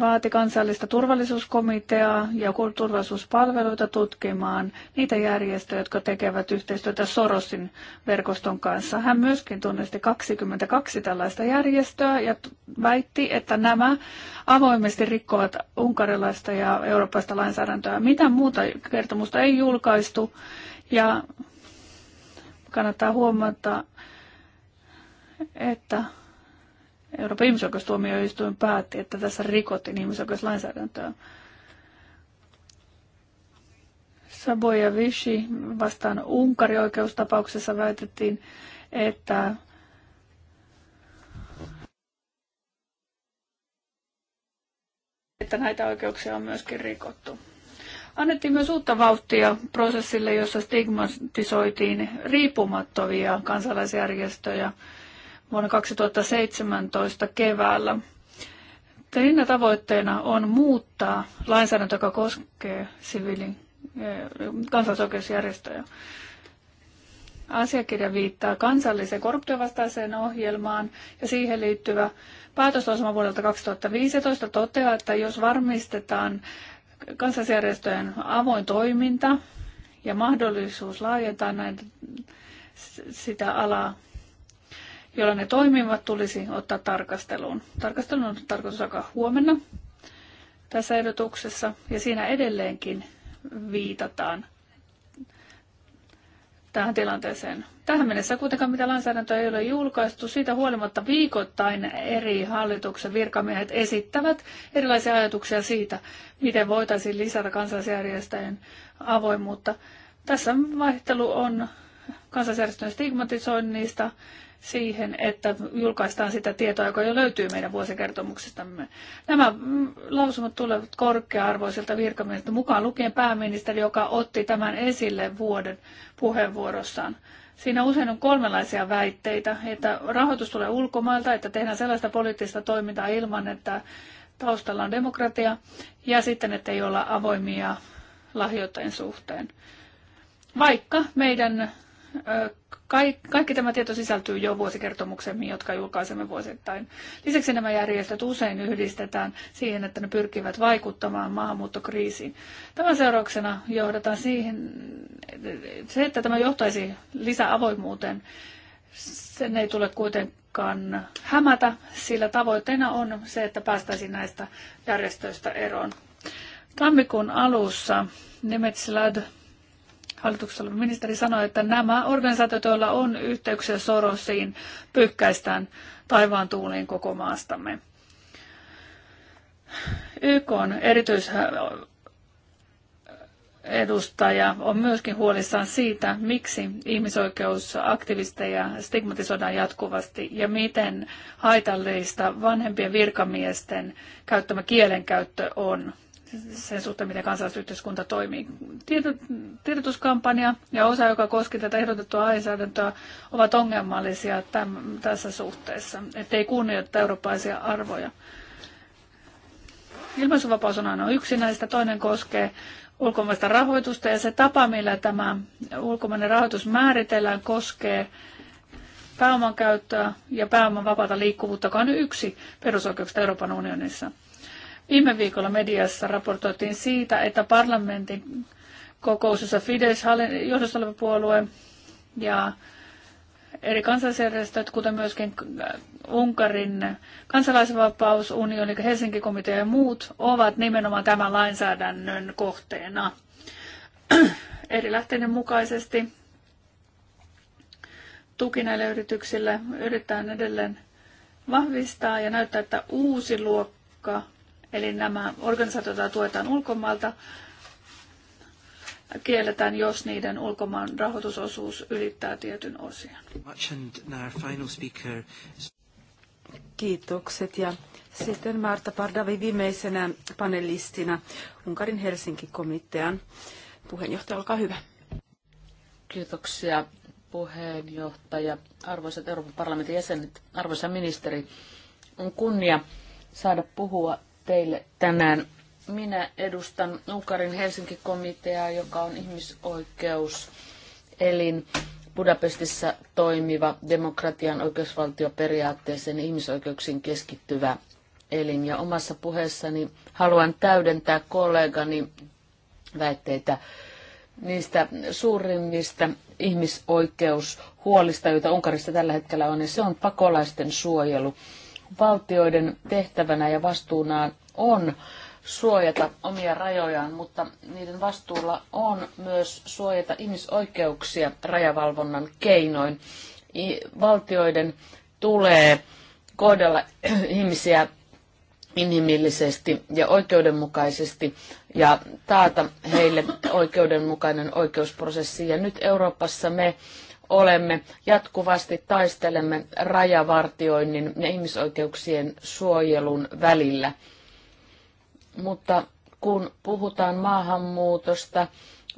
Speaker 2: vaati kansallista turvallisuuskomiteaa ja turvallisuuspalveluita tutkimaan niitä järjestöjä, jotka tekevät yhteistyötä Sorosin verkoston kanssa. Hän myöskin tunnisti 22 tällaista järjestöä ja väitti, että nämä avoimesti rikkovat unkarilaista ja eurooppalaista lainsäädäntöä. Mitä muuta kertomusta ei julkaistu ja kannattaa huomata, että Euroopan ihmisoikeustuomioistuin päätti, että tässä rikottiin ihmisoikeuslainsäädäntöä. Saboja Vichy vastaan Unkarin oikeustapauksessa väitettiin, että että näitä oikeuksia on myöskin rikottu. Annettiin myös uutta vauhtia prosessille, jossa stigmatisoitiin riippumattomia kansalaisjärjestöjä vuonna 2017 keväällä. Siinä tavoitteena on muuttaa lainsäädäntö, joka koskee siviilin eh, kansalaisoikeusjärjestöjä. Asiakirja viittaa kansalliseen korruptiovastaiseen ohjelmaan ja siihen liittyvä päätöslausuma vuodelta 2015 toteaa, että jos varmistetaan kansalaisjärjestöjen avoin toiminta ja mahdollisuus laajentaa näitä, sitä alaa, jolla ne toimivat, tulisi ottaa tarkasteluun. Tarkastelun on tarkoitus alkaa huomenna tässä ehdotuksessa ja siinä edelleenkin viitataan tähän tilanteeseen Tähän mennessä kuitenkaan mitä lainsäädäntöä ei ole julkaistu. Siitä huolimatta viikoittain eri hallituksen virkamiehet esittävät erilaisia ajatuksia siitä, miten voitaisiin lisätä kansalaisjärjestöjen avoimuutta. Tässä vaihtelu on kansalaisjärjestöjen stigmatisoinnista siihen, että julkaistaan sitä tietoa, joka jo löytyy meidän vuosikertomuksestamme. Nämä lausumat tulevat korkea-arvoisilta virkamiehiltä, mukaan lukien pääministeri, joka otti tämän esille vuoden puheenvuorossaan. Siinä usein on kolmenlaisia väitteitä, että rahoitus tulee ulkomailta, että tehdään sellaista poliittista toimintaa ilman, että taustalla on demokratia, ja sitten, että ei olla avoimia lahjoittajien suhteen. Vaikka meidän kaikki, kaikki tämä tieto sisältyy jo vuosikertomuksemme, jotka julkaisemme vuosittain. Lisäksi nämä järjestöt usein yhdistetään siihen, että ne pyrkivät vaikuttamaan maahanmuuttokriisiin. Tämän seurauksena johdataan siihen, se, että tämä johtaisi lisäavoimuuteen, sen ei tule kuitenkaan hämätä, sillä tavoitteena on se, että päästäisiin näistä järjestöistä eroon. Tammikuun alussa Nemetslad hallituksella ministeri sanoi, että nämä organisaatiot, joilla on yhteyksiä Sorosiin, pyyhkäistään taivaan tuuliin koko maastamme. YK on erityisedustaja on myöskin huolissaan siitä, miksi ihmisoikeusaktivisteja stigmatisoidaan jatkuvasti ja miten haitallista vanhempien virkamiesten käyttämä kielenkäyttö on sen suhteen, miten kansalaisyhteiskunta toimii tiedotuskampanja ja osa, joka koski tätä ehdotettua lainsäädäntöä, ovat ongelmallisia täm, tässä suhteessa, ettei kunnioiteta eurooppalaisia arvoja. Ilmaisuvapaus on aina yksi näistä, toinen koskee ulkomaista rahoitusta ja se tapa, millä tämä ulkomainen rahoitus määritellään, koskee pääoman käyttöä ja pääoman vapaata liikkuvuutta, joka on yksi perusoikeuksista Euroopan unionissa. Viime viikolla mediassa raportoitiin siitä, että parlamentin kokous, jossa Fides, johdossa oleva puolue ja eri kansalaisjärjestöt, kuten myöskin äh, Unkarin kansalaisvapausunioni, eli Helsinki-komitea ja muut, ovat nimenomaan tämän lainsäädännön kohteena eri lähteiden mukaisesti. Tuki näille yrityksille yritetään edelleen vahvistaa ja näyttää, että uusi luokka, eli nämä organisaatiot, joita tuetaan ulkomailta, kielletään, jos niiden ulkomaan rahoitusosuus ylittää tietyn osion. Kiitokset ja sitten Marta Pardavi
Speaker 1: viimeisenä panelistina Unkarin Helsinki-komitean puheenjohtaja, olkaa
Speaker 3: hyvä. Kiitoksia puheenjohtaja, arvoisat Euroopan parlamentin jäsenet, arvoisa ministeri. On kunnia saada puhua teille tänään minä edustan Unkarin Helsinki-komiteaa, joka on ihmisoikeus elin Budapestissa toimiva demokratian oikeusvaltioperiaatteeseen ihmisoikeuksiin keskittyvä elin. Ja omassa puheessani haluan täydentää kollegani väitteitä niistä suurimmista ihmisoikeushuolista, joita Unkarissa tällä hetkellä on, ja se on pakolaisten suojelu. Valtioiden tehtävänä ja vastuunaan on suojata omia rajojaan, mutta niiden vastuulla on myös suojata ihmisoikeuksia rajavalvonnan keinoin. Valtioiden tulee kohdella ihmisiä inhimillisesti ja oikeudenmukaisesti ja taata heille oikeudenmukainen oikeusprosessi. Ja nyt Euroopassa me olemme jatkuvasti taistelemme rajavartioinnin ja ihmisoikeuksien suojelun välillä. Mutta kun puhutaan maahanmuutosta,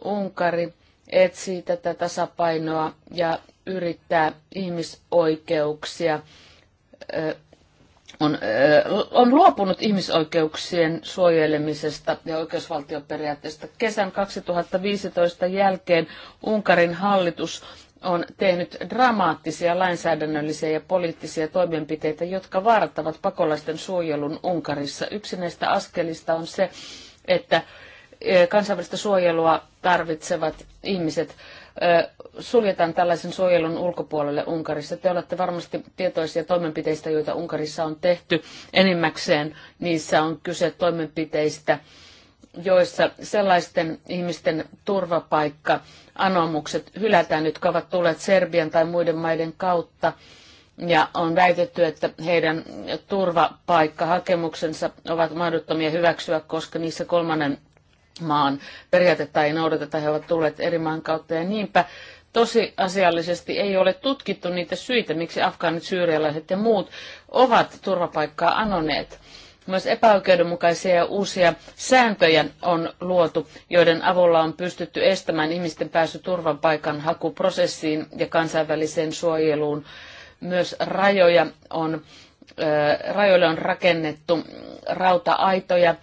Speaker 3: Unkari etsii tätä tasapainoa ja yrittää ihmisoikeuksia, on, on luopunut ihmisoikeuksien suojelemisesta ja oikeusvaltioperiaatteesta. Kesän 2015 jälkeen Unkarin hallitus on tehnyt dramaattisia lainsäädännöllisiä ja poliittisia toimenpiteitä, jotka vaarattavat pakolaisten suojelun Unkarissa. Yksi näistä askelista on se, että e, kansainvälistä suojelua tarvitsevat ihmiset e, suljetaan tällaisen suojelun ulkopuolelle Unkarissa. Te olette varmasti tietoisia toimenpiteistä, joita Unkarissa on tehty. Enimmäkseen niissä on kyse toimenpiteistä, joissa sellaisten ihmisten turvapaikka anomukset hylätään, jotka ovat tulleet Serbian tai muiden maiden kautta. Ja on väitetty, että heidän turvapaikkahakemuksensa ovat mahdottomia hyväksyä, koska niissä kolmannen maan periaatetta ei noudateta, he ovat tulleet eri maan kautta ja niinpä tosi asiallisesti ei ole tutkittu niitä syitä, miksi afgaanit, syyrialaiset ja muut ovat turvapaikkaa anoneet. Myös epäoikeudenmukaisia ja uusia sääntöjä on luotu, joiden avulla on pystytty estämään ihmisten pääsy turvapaikan hakuprosessiin ja kansainväliseen suojeluun. Myös rajoja on, rajoille on rakennettu rauta-aitoja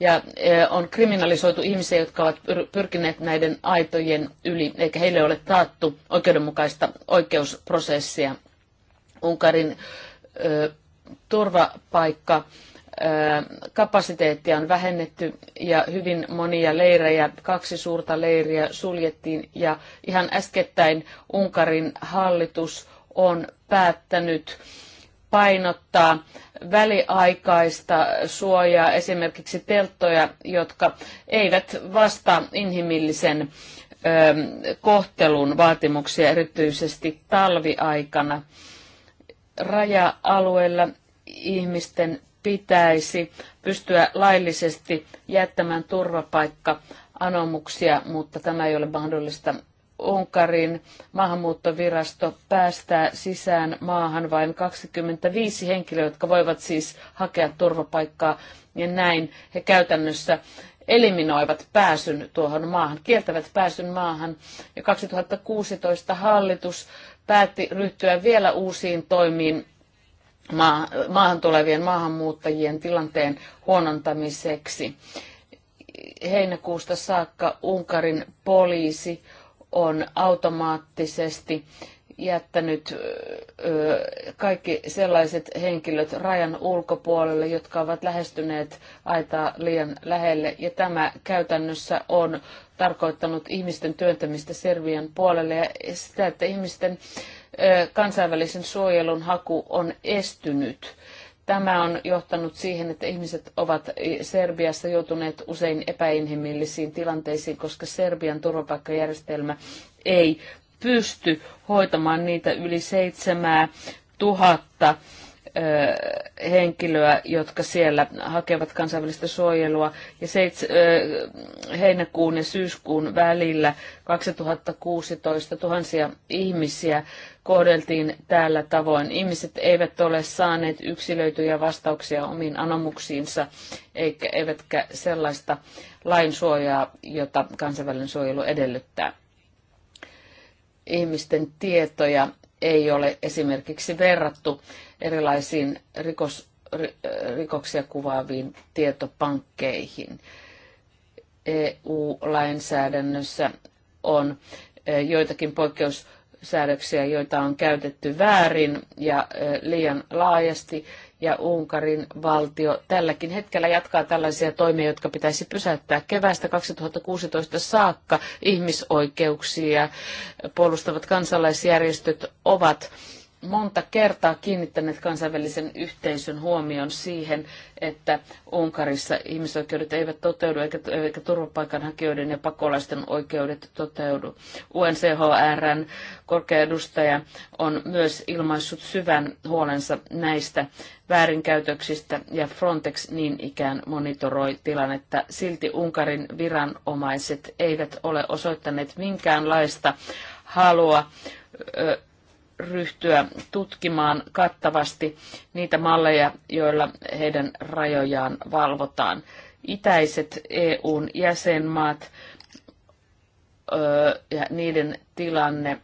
Speaker 3: ja on kriminalisoitu ihmisiä, jotka ovat pyrkineet näiden aitojen yli, eikä heille ole taattu oikeudenmukaista oikeusprosessia. Unkarin turvapaikka kapasiteettia on vähennetty ja hyvin monia leirejä, kaksi suurta leiriä suljettiin ja ihan äskettäin Unkarin hallitus on päättänyt painottaa väliaikaista suojaa, esimerkiksi telttoja, jotka eivät vastaa inhimillisen kohtelun vaatimuksia erityisesti talviaikana. Raja-alueella ihmisten pitäisi pystyä laillisesti jättämään turvapaikka anomuksia, mutta tämä ei ole mahdollista. Unkarin maahanmuuttovirasto päästää sisään maahan vain 25 henkilöä, jotka voivat siis hakea turvapaikkaa, ja näin he käytännössä eliminoivat pääsyn tuohon maahan, kieltävät pääsyn maahan. Ja 2016 hallitus päätti ryhtyä vielä uusiin toimiin maahan tulevien maahanmuuttajien tilanteen huonontamiseksi. Heinäkuusta saakka Unkarin poliisi on automaattisesti jättänyt kaikki sellaiset henkilöt rajan ulkopuolelle, jotka ovat lähestyneet aitaa liian lähelle. Ja tämä käytännössä on tarkoittanut ihmisten työntämistä Servian puolelle ja sitä, että ihmisten kansainvälisen suojelun haku on estynyt. Tämä on johtanut siihen, että ihmiset ovat Serbiassa joutuneet usein epäinhimillisiin tilanteisiin, koska Serbian turvapaikkajärjestelmä ei pysty hoitamaan niitä yli seitsemää tuhatta henkilöä, jotka siellä hakevat kansainvälistä suojelua. Ja seits, heinäkuun ja syyskuun välillä 2016 tuhansia ihmisiä kohdeltiin täällä tavoin. Ihmiset eivät ole saaneet yksilöityjä vastauksia omiin anomuksiinsa, eikä, eivätkä sellaista lainsuojaa, jota kansainvälinen suojelu edellyttää. Ihmisten tietoja ei ole esimerkiksi verrattu erilaisiin rikos, äh, rikoksia kuvaaviin tietopankkeihin. EU-lainsäädännössä on äh, joitakin poikkeussäädöksiä, joita on käytetty väärin ja äh, liian laajasti, ja Unkarin valtio tälläkin hetkellä jatkaa tällaisia toimia, jotka pitäisi pysäyttää keväästä 2016 saakka. Ihmisoikeuksia puolustavat kansalaisjärjestöt ovat monta kertaa kiinnittäneet kansainvälisen yhteisön huomion siihen, että Unkarissa ihmisoikeudet eivät toteudu eikä, eikä turvapaikanhakijoiden ja pakolaisten oikeudet toteudu. UNCHRn korkea edustaja on myös ilmaissut syvän huolensa näistä väärinkäytöksistä ja Frontex niin ikään monitoroi tilannetta. Silti Unkarin viranomaiset eivät ole osoittaneet minkäänlaista halua ryhtyä tutkimaan kattavasti niitä malleja, joilla heidän rajojaan valvotaan. Itäiset EUn jäsenmaat ja niiden tilanne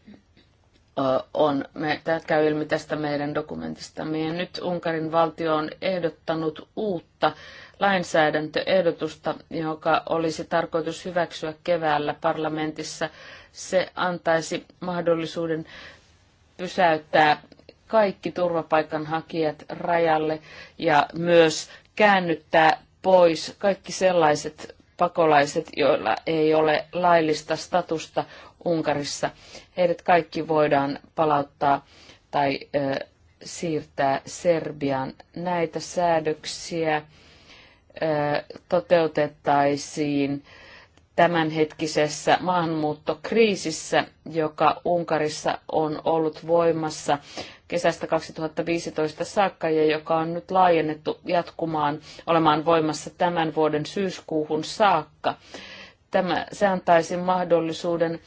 Speaker 3: on, me, tämä käy ilmi tästä meidän dokumentista. meidän nyt Unkarin valtio on ehdottanut uutta lainsäädäntöehdotusta, joka olisi tarkoitus hyväksyä keväällä parlamentissa. Se antaisi mahdollisuuden pysäyttää kaikki turvapaikanhakijat rajalle ja myös käännyttää pois kaikki sellaiset pakolaiset, joilla ei ole laillista statusta Unkarissa. Heidät kaikki voidaan palauttaa tai ö, siirtää Serbiaan. Näitä säädöksiä ö, toteutettaisiin tämänhetkisessä maahanmuuttokriisissä, joka Unkarissa on ollut voimassa kesästä 2015 saakka ja joka on nyt laajennettu jatkumaan olemaan voimassa tämän vuoden syyskuuhun saakka. Tämä, se antaisi mahdollisuuden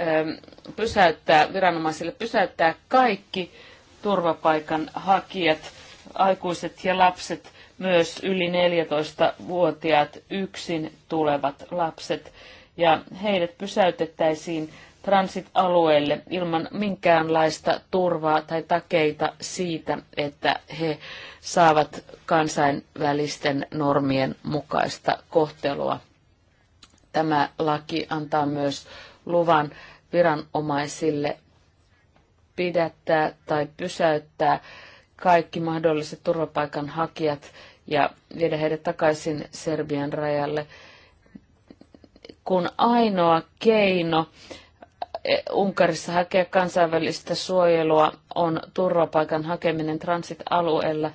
Speaker 3: ähm, pysäyttää, viranomaisille pysäyttää kaikki turvapaikan hakijat, aikuiset ja lapset myös yli 14-vuotiaat yksin tulevat lapset ja heidät pysäytettäisiin transit-alueelle ilman minkäänlaista turvaa tai takeita siitä, että he saavat kansainvälisten normien mukaista kohtelua. Tämä laki antaa myös luvan viranomaisille pidättää tai pysäyttää kaikki mahdolliset turvapaikanhakijat ja viedä heidät takaisin Serbian rajalle, kun ainoa keino eh, Unkarissa hakea kansainvälistä suojelua on turvapaikan hakeminen transit-alueella,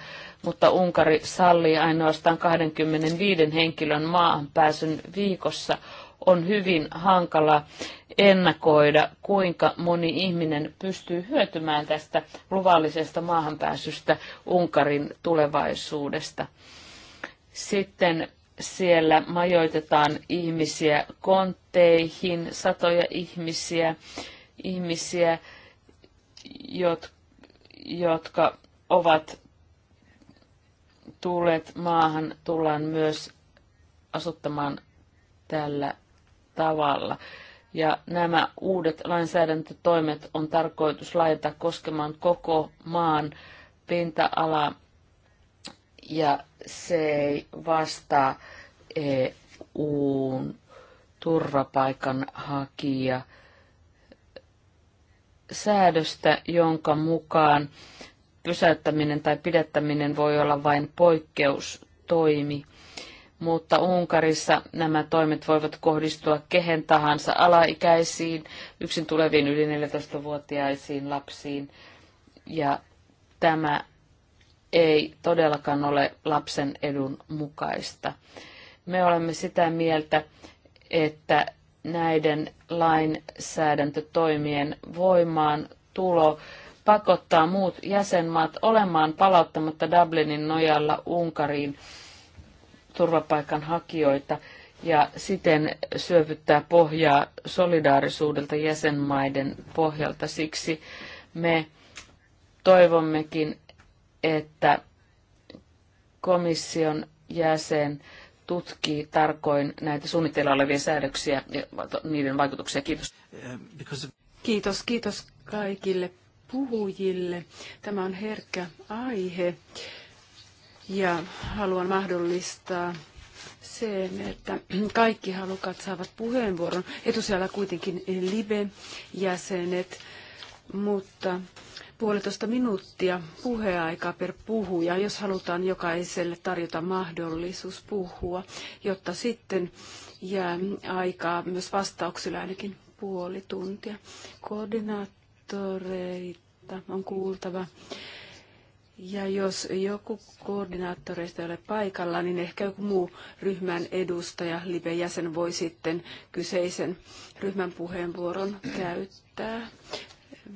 Speaker 3: mutta Unkari sallii ainoastaan 25 henkilön maahan pääsyn viikossa on hyvin hankala ennakoida, kuinka moni ihminen pystyy hyötymään tästä luvallisesta maahanpääsystä Unkarin tulevaisuudesta. Sitten siellä majoitetaan ihmisiä kontteihin, satoja ihmisiä, ihmisiä, jotka ovat tulleet maahan, tullaan myös asuttamaan tällä tavalla. Ja nämä uudet lainsäädäntötoimet on tarkoitus laita koskemaan koko maan pinta-alaa, ja se ei vastaa EUn turvapaikanhakija säädöstä, jonka mukaan pysäyttäminen tai pidättäminen voi olla vain poikkeustoimi mutta Unkarissa nämä toimet voivat kohdistua kehen tahansa alaikäisiin, yksin tuleviin yli 14-vuotiaisiin lapsiin. Ja tämä ei todellakaan ole lapsen edun mukaista. Me olemme sitä mieltä, että näiden lainsäädäntötoimien voimaan tulo pakottaa muut jäsenmaat olemaan palauttamatta Dublinin nojalla Unkariin turvapaikanhakijoita ja siten syövyttää pohjaa solidaarisuudelta jäsenmaiden pohjalta. Siksi me toivommekin, että komission jäsen tutkii tarkoin näitä suunnitteilla olevia säädöksiä ja niiden vaikutuksia. Kiitos.
Speaker 1: Kiitos, kiitos kaikille puhujille. Tämä on herkkä aihe ja haluan mahdollistaa sen, että kaikki halukat saavat puheenvuoron. Etusijalla kuitenkin Libe-jäsenet, mutta puolitoista minuuttia puheaikaa per puhuja, jos halutaan jokaiselle tarjota mahdollisuus puhua, jotta sitten jää aikaa myös vastauksille ainakin puoli tuntia. Koordinaattoreita on kuultava. Ja jos joku koordinaattoreista ei ole paikalla, niin ehkä joku muu ryhmän edustaja, live-jäsen, voi sitten kyseisen ryhmän puheenvuoron käyttää. 15-16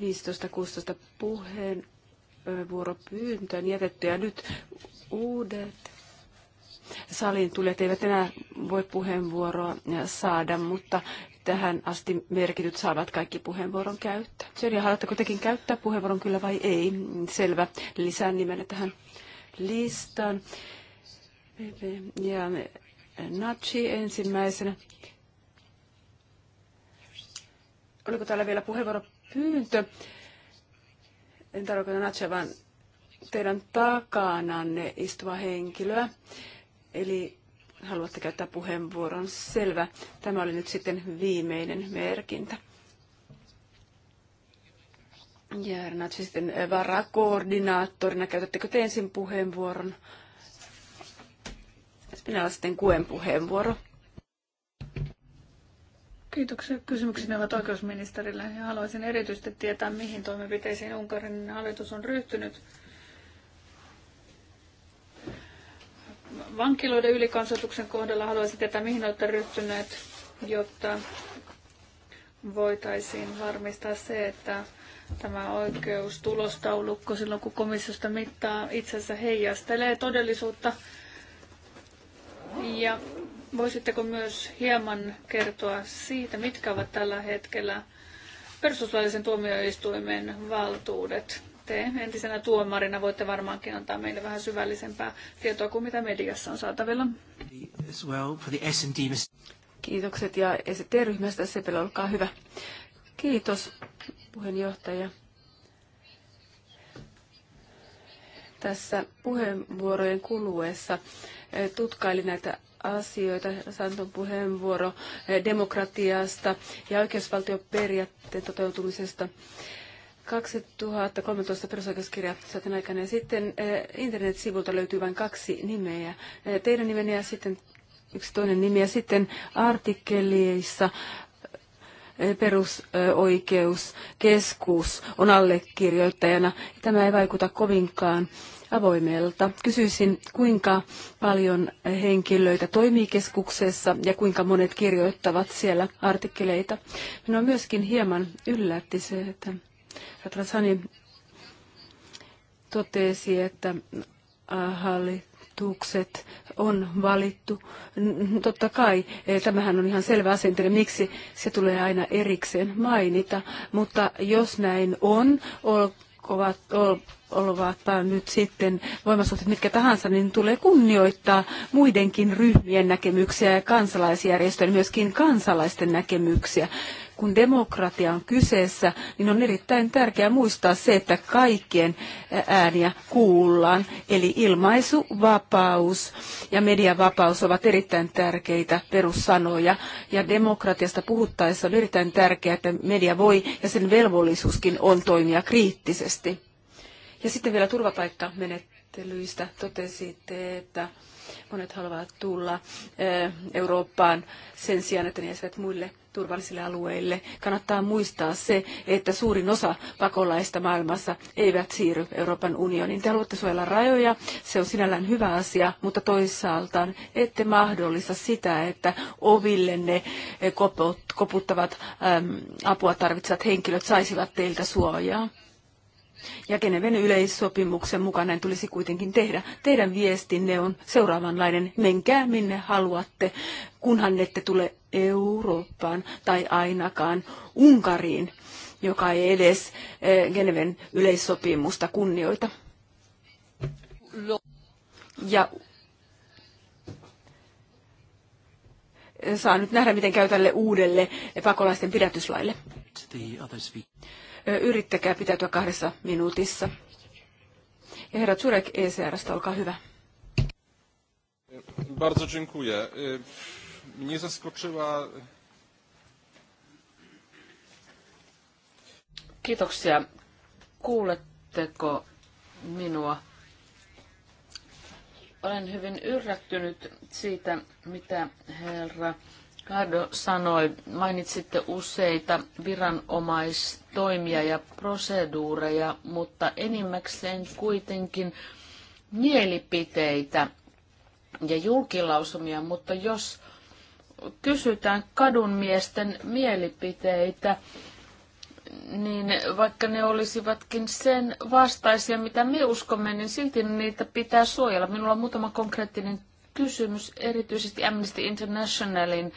Speaker 1: puheenvuoropyyntöön jätetty ja nyt uudet salin tulijat eivät enää voi puheenvuoroa saada, mutta tähän asti merkityt saavat kaikki puheenvuoron käyttää. Syrjä, haluatteko tekin käyttää puheenvuoron kyllä vai ei? Selvä. Lisään nimenä tähän listaan. Ja Natsi ensimmäisenä. Oliko täällä vielä puheenvuoropyyntö? En tarkoita Natsia, vaan teidän takananne istuva henkilöä. Eli haluatte käyttää puheenvuoron. Selvä. Tämä oli nyt sitten viimeinen merkintä. Järnät sitten äh, varakoordinaattorina. Käytättekö te ensin puheenvuoron? Minä olen sitten kuen puheenvuoro.
Speaker 2: Kiitoksia. Kysymykseni ovat oikeusministerille ja haluaisin erityisesti tietää, mihin toimenpiteisiin Unkarin hallitus on ryhtynyt vankiloiden ylikansoituksen kohdalla haluaisin tietää, mihin olette ryhtyneet, jotta voitaisiin varmistaa se, että tämä oikeus tulostaulukko silloin, kun komissiosta mittaa, itsensä heijastelee todellisuutta. Ja voisitteko myös hieman kertoa siitä, mitkä ovat tällä hetkellä perustuslaillisen tuomioistuimen valtuudet te entisenä tuomarina voitte varmaankin antaa meille vähän syvällisempää tietoa kuin mitä mediassa on saatavilla. Kiitokset ja ST-ryhmästä Sepelä, olkaa hyvä.
Speaker 1: Kiitos puheenjohtaja. Tässä puheenvuorojen kuluessa eh, tutkailin näitä asioita, Santon puheenvuoro eh, demokratiasta ja oikeusvaltioperiaatteen toteutumisesta. 2013 perusoikeuskirja saatiin aikana ja sitten eh, internetsivulta löytyy vain kaksi nimeä. Eh, teidän nimeni ja sitten yksi toinen nimi ja sitten artikkeleissa eh, perusoikeuskeskus on allekirjoittajana. Tämä ei vaikuta kovinkaan avoimelta. Kysyisin, kuinka paljon henkilöitä toimii keskuksessa ja kuinka monet kirjoittavat siellä artikkeleita. Minua myöskin hieman yllätti se, että Ratrasani totesi, että hallitukset on valittu. Totta kai, e, tämähän on ihan selvä asentele, miksi se tulee aina erikseen mainita, mutta jos näin on, ovat, olivatpa nyt sitten voimasuhteet mitkä tahansa, niin tulee kunnioittaa muidenkin ryhmien näkemyksiä ja kansalaisjärjestöjen, myöskin kansalaisten näkemyksiä kun demokratia on kyseessä, niin on erittäin tärkeää muistaa se, että kaikkien ääniä kuullaan. Eli ilmaisuvapaus ja mediavapaus ovat erittäin tärkeitä perussanoja. Ja demokratiasta puhuttaessa on erittäin tärkeää, että media voi ja sen velvollisuuskin on toimia kriittisesti. Ja sitten vielä turvapaikkamenettelyistä totesitte, että monet haluavat tulla eh, Eurooppaan sen sijaan, että ne jäisivät muille turvallisille alueille. Kannattaa muistaa se, että suurin osa pakolaista maailmassa eivät siirry Euroopan unioniin. Te haluatte suojella rajoja, se on sinällään hyvä asia, mutta toisaalta ette mahdollista sitä, että ne koputtavat apua tarvitsevat henkilöt saisivat teiltä suojaa. Ja Geneven yleissopimuksen mukaan näin tulisi kuitenkin tehdä. Teidän viestinne on seuraavanlainen. Menkää minne haluatte, kunhan ette tule Eurooppaan tai ainakaan Unkariin, joka ei edes eh, Geneven yleissopimusta kunnioita. Ja saa nyt nähdä, miten käy tälle uudelle pakolaisten pidätyslaille. Yrittäkää pitäytyä kahdessa minuutissa. Ja herra Zurek ECRstä, olkaa hyvä.
Speaker 3: Bardzo dziękuję. Mnie zaskoczyła... Kiitoksia. Kuuletteko minua? Olen hyvin yllättynyt siitä, mitä herra Ricardo sanoi, mainitsitte useita viranomaistoimia ja proseduureja, mutta enimmäkseen kuitenkin mielipiteitä ja julkilausumia, mutta jos kysytään kadunmiesten mielipiteitä, niin vaikka ne olisivatkin sen vastaisia, mitä me uskomme, niin silti niitä pitää suojella. Minulla on muutama konkreettinen kysymys erityisesti Amnesty Internationalin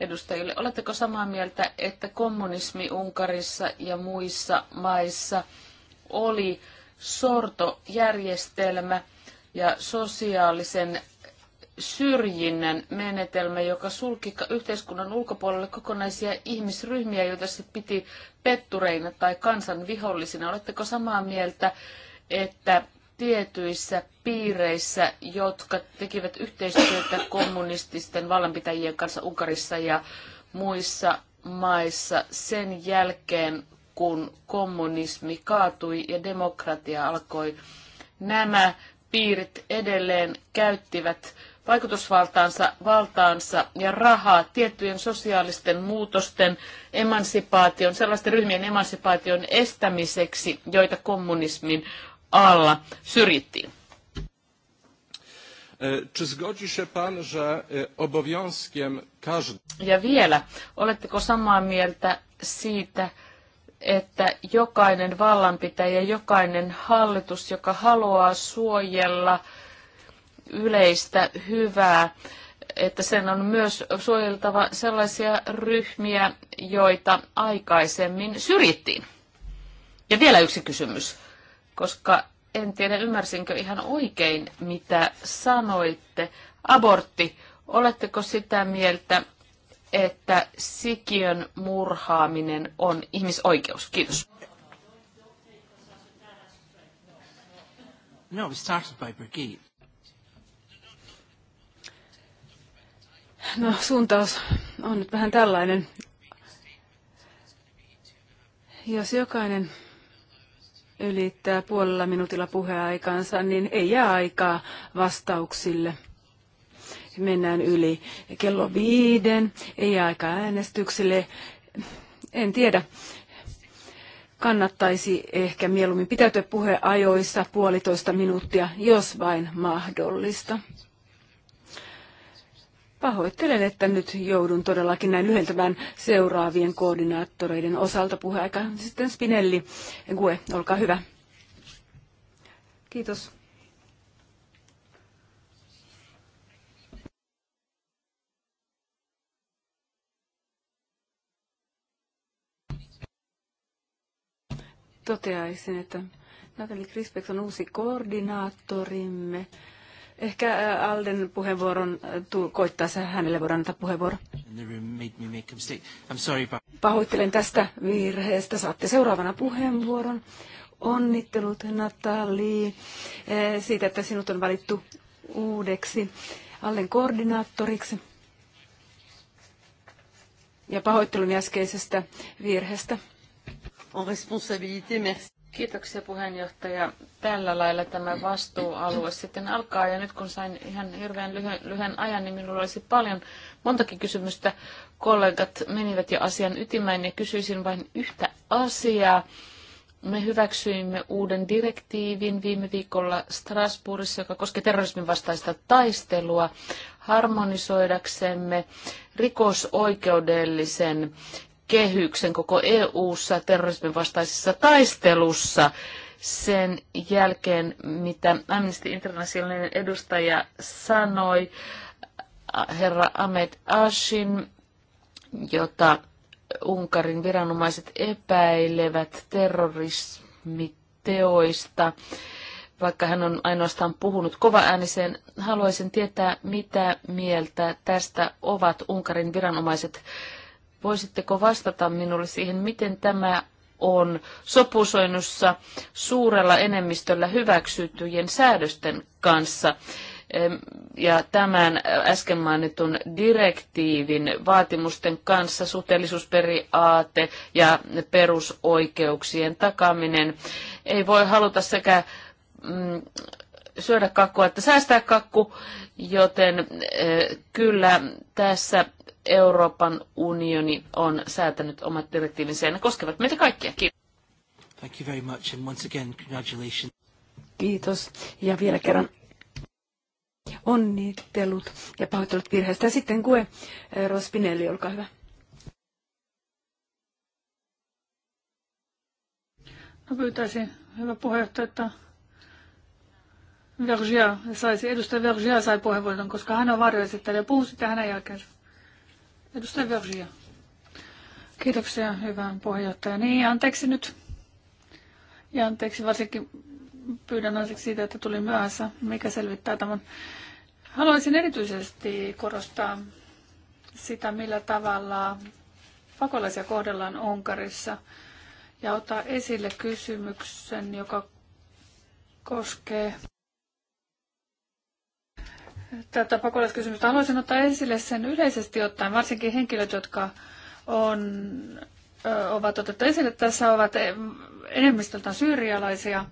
Speaker 3: edustajille. Oletteko samaa mieltä, että kommunismi Unkarissa ja muissa maissa oli sortojärjestelmä ja sosiaalisen syrjinnän menetelmä, joka sulki yhteiskunnan ulkopuolelle kokonaisia ihmisryhmiä, joita se piti pettureina tai kansanvihollisina. Oletteko samaa mieltä, että tietyissä piireissä, jotka tekivät yhteistyötä kommunististen vallanpitäjien kanssa Unkarissa ja muissa maissa sen jälkeen, kun kommunismi kaatui ja demokratia alkoi. Nämä piirit edelleen käyttivät vaikutusvaltaansa valtaansa ja rahaa tiettyjen sosiaalisten muutosten, emansipaation, sellaisten ryhmien emansipaation estämiseksi, joita kommunismin alla syrjittiin. E, czy zgodzi się pan, że e, obowiązkiem każdy... Ja vielä, oletteko samaa mieltä siitä, että jokainen vallanpitäjä, jokainen hallitus, joka haluaa suojella yleistä hyvää, että sen on myös suojeltava sellaisia ryhmiä, joita aikaisemmin syrjittiin. Ja vielä yksi kysymys koska en tiedä ymmärsinkö ihan oikein, mitä sanoitte. Abortti. Oletteko sitä mieltä, että sikiön murhaaminen on ihmisoikeus? Kiitos. No, by Brigitte.
Speaker 1: No, suuntaus on nyt vähän tällainen. Jos jokainen ylittää puolella minuutilla puheaikansa, niin ei jää aikaa vastauksille. Mennään yli kello viiden, ei jää aikaa äänestyksille. En tiedä. Kannattaisi ehkä mieluummin pitäytyä puheajoissa puolitoista minuuttia, jos vain mahdollista. Pahoittelen, että nyt joudun todellakin näin lyhentämään seuraavien koordinaattoreiden osalta puheaika. Sitten Spinelli, Gue, olkaa hyvä. Kiitos. Toteaisin, että Natalie Crispex on uusi koordinaattorimme. Ehkä Alden puheenvuoron koittaessa hänelle voidaan antaa puheenvuoro. Pahoittelen tästä virheestä. Saatte seuraavana puheenvuoron. Onnittelut Natali siitä, että sinut on valittu uudeksi Allen koordinaattoriksi. Ja pahoittelun äskeisestä virheestä.
Speaker 3: En responsabilité, merci. Kiitoksia puheenjohtaja. Tällä lailla tämä vastuualue sitten alkaa. Ja nyt kun sain ihan hirveän lyhyen, lyhyen ajan, niin minulla olisi paljon, montakin kysymystä. Kollegat menivät jo asian ytimään ja kysyisin vain yhtä asiaa. Me hyväksyimme uuden direktiivin viime viikolla Strasbourgissa, joka koski terrorismin vastaista taistelua harmonisoidaksemme rikosoikeudellisen kehyksen koko EU-ssa terrorismin vastaisessa taistelussa sen jälkeen, mitä Amnesty Internationalin edustaja sanoi, äh, herra Ahmed Ashin, jota Unkarin viranomaiset epäilevät terrorismiteoista. Vaikka hän on ainoastaan puhunut kova ääniseen, haluaisin tietää, mitä mieltä tästä ovat Unkarin viranomaiset Voisitteko vastata minulle siihen, miten tämä on sopusoinnussa suurella enemmistöllä hyväksyttyjen säädösten kanssa ja tämän äsken mainitun direktiivin vaatimusten kanssa suhteellisuusperiaate ja perusoikeuksien takaminen. Ei voi haluta sekä mm, syödä kakkua että säästää kakku, joten eh, kyllä tässä Euroopan unioni on säätänyt omat direktiivinsä ja ne koskevat meitä kaikkia. Kiitos.
Speaker 1: Thank you very much and once again congratulations. Kiitos ja vielä kerran onnittelut ja pahoittelut virheestä. Ja sitten Kue eh, Rospinelli, olkaa hyvä.
Speaker 2: No pyytäisin, hyvä puheenjohtaja, että Vergia saisi, edustaja Vergia sai puheenvuoron, koska hän on varjoesittelijä. Puhu sitten hänen jälkeensä. Edustaja Vergia. Kiitoksia, hyvä puheenjohtaja. Niin, anteeksi nyt. Ja anteeksi varsinkin pyydän anteeksi siitä, että tulin myöhässä, mikä selvittää tämän. Haluaisin erityisesti korostaa sitä, millä tavalla pakolaisia kohdellaan Unkarissa ja ottaa esille kysymyksen, joka koskee tätä pakolaiskysymystä. Haluaisin ottaa esille sen yleisesti ottaen, varsinkin henkilöt, jotka on, ovat otettu esille tässä, ovat e, enemmistöltään syyrialaisia.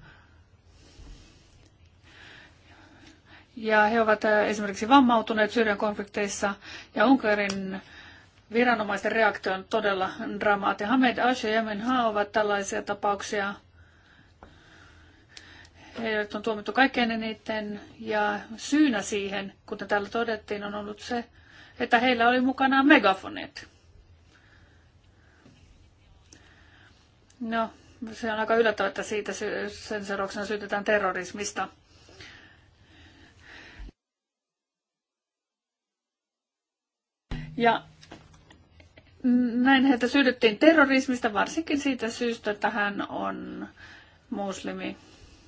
Speaker 2: Ja he ovat esimerkiksi vammautuneet Syyrian konflikteissa ja Unkarin viranomaisten reaktio on todella dramaattinen. Hamed Ashe ja Yemen ovat tällaisia tapauksia – Heidät on tuomittu kaikkein eniten ja syynä siihen, kuten täällä todettiin, on ollut se, että heillä oli mukanaan megafonit. No, se on aika yllättävää, että siitä sen seurauksena syytetään terrorismista. Ja näin heitä syydyttiin terrorismista, varsinkin siitä syystä, että hän on muslimi.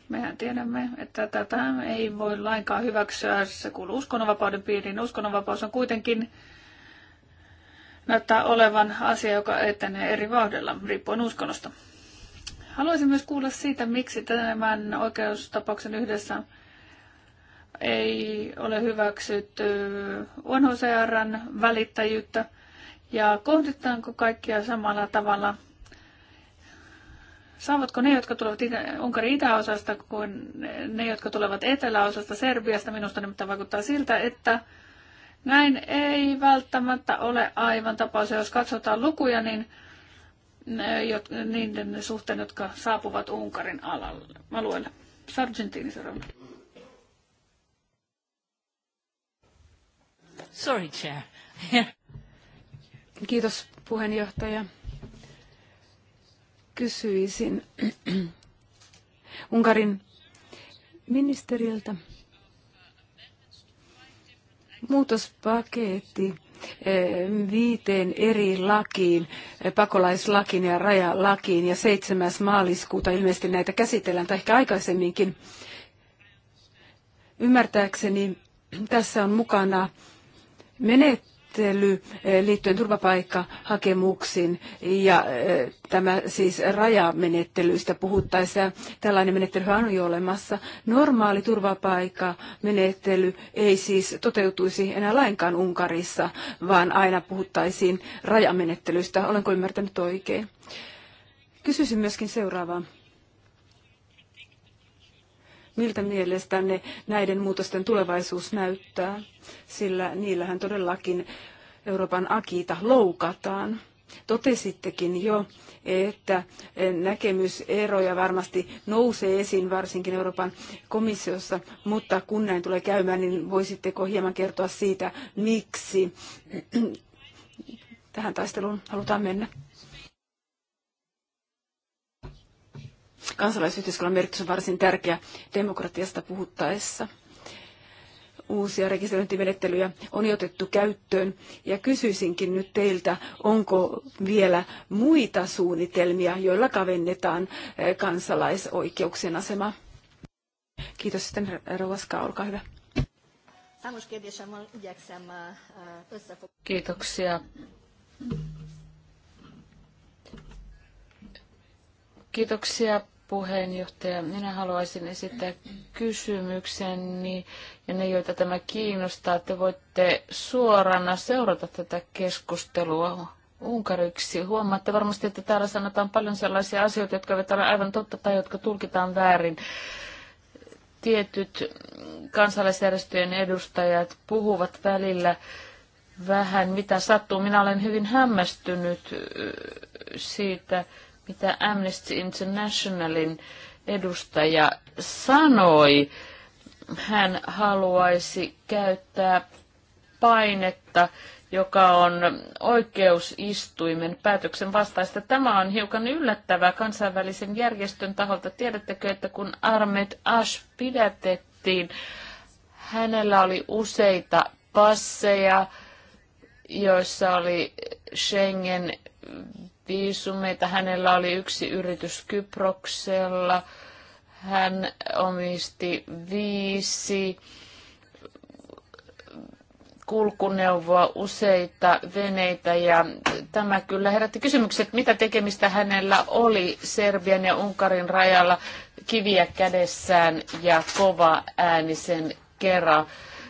Speaker 2: Mehän tiedämme, että tätä ei voi lainkaan hyväksyä. Se kuuluu uskonnonvapauden piiriin. Uskonnonvapaus on kuitenkin näyttää olevan asia, joka etenee eri vauhdilla riippuen uskonnosta. Haluaisin myös kuulla siitä, miksi tämän oikeustapauksen yhdessä ei ole hyväksytty UNHCRn välittäjyyttä ja kohdittaanko kaikkia samalla tavalla – Saavatko ne, jotka tulevat itä, Unkarin itäosasta, kuin ne, jotka tulevat eteläosasta Serbiasta? Minusta nimittäin vaikuttaa siltä, että näin ei välttämättä ole aivan tapaus. Jos katsotaan lukuja, niin niiden suhteen, jotka saapuvat Unkarin alalle, alueelle. Sargentini
Speaker 3: seuraava. Sorry, chair.
Speaker 1: Kiitos puheenjohtaja kysyisin Unkarin ministeriltä. Muutospaketti eh, viiteen eri lakiin, eh, pakolaislakiin ja rajalakiin, ja 7. maaliskuuta ilmeisesti näitä käsitellään, tai ehkä aikaisemminkin. Ymmärtääkseni tässä on mukana menettely, käsittely eh, liittyen turvapaikkahakemuksiin ja eh, tämä siis rajamenettelyistä puhuttaessa. Tällainen menettely on jo olemassa. Normaali turvapaikkamenettely ei siis toteutuisi enää lainkaan Unkarissa, vaan aina puhuttaisiin rajamenettelystä. Olenko ymmärtänyt oikein? Kysyisin myöskin seuraavaa. Miltä mielestänne näiden muutosten tulevaisuus näyttää? Sillä niillähän todellakin Euroopan akiita loukataan. Totesittekin jo, että näkemyseroja varmasti nousee esiin, varsinkin Euroopan komissiossa, mutta kun näin tulee käymään, niin voisitteko hieman kertoa siitä, miksi tähän taisteluun halutaan mennä? Kansalaisyhteiskunnan merkitys on varsin tärkeä demokratiasta puhuttaessa. Uusia rekisteröintimenettelyjä on jo otettu käyttöön ja kysyisinkin nyt teiltä, onko vielä muita suunnitelmia, joilla kavennetaan eh, kansalaisoikeuksien asemaa? Kiitos sitten, Rovaska, olkaa hyvä. Eh,
Speaker 2: eh, Kiitoksia.
Speaker 3: Kiitoksia puheenjohtaja. Minä haluaisin esittää kysymykseni, niin- ja ne, joita tämä kiinnostaa, te voitte suorana seurata tätä keskustelua unkariksi. Huomaatte varmasti, että täällä sanotaan paljon sellaisia asioita, jotka eivät ole aivan totta tai jotka tulkitaan väärin. Tietyt kansalaisjärjestöjen edustajat puhuvat välillä vähän mitä sattuu. Minä olen hyvin hämmästynyt siitä, mitä Amnesty Internationalin edustaja sanoi. Hän haluaisi käyttää painetta, joka on oikeusistuimen päätöksen vastaista. Tämä on hiukan yllättävää kansainvälisen järjestön taholta. Tiedättekö, että kun Armed Ash pidätettiin, hänellä oli useita passeja, joissa oli Schengen viisumeita. Hänellä oli yksi yritys Kyproksella. Hän omisti viisi kulkuneuvoa, useita veneitä ja tämä kyllä herätti kysymykset, mitä tekemistä hänellä oli Serbian ja Unkarin rajalla kiviä kädessään ja kova äänisen kerran.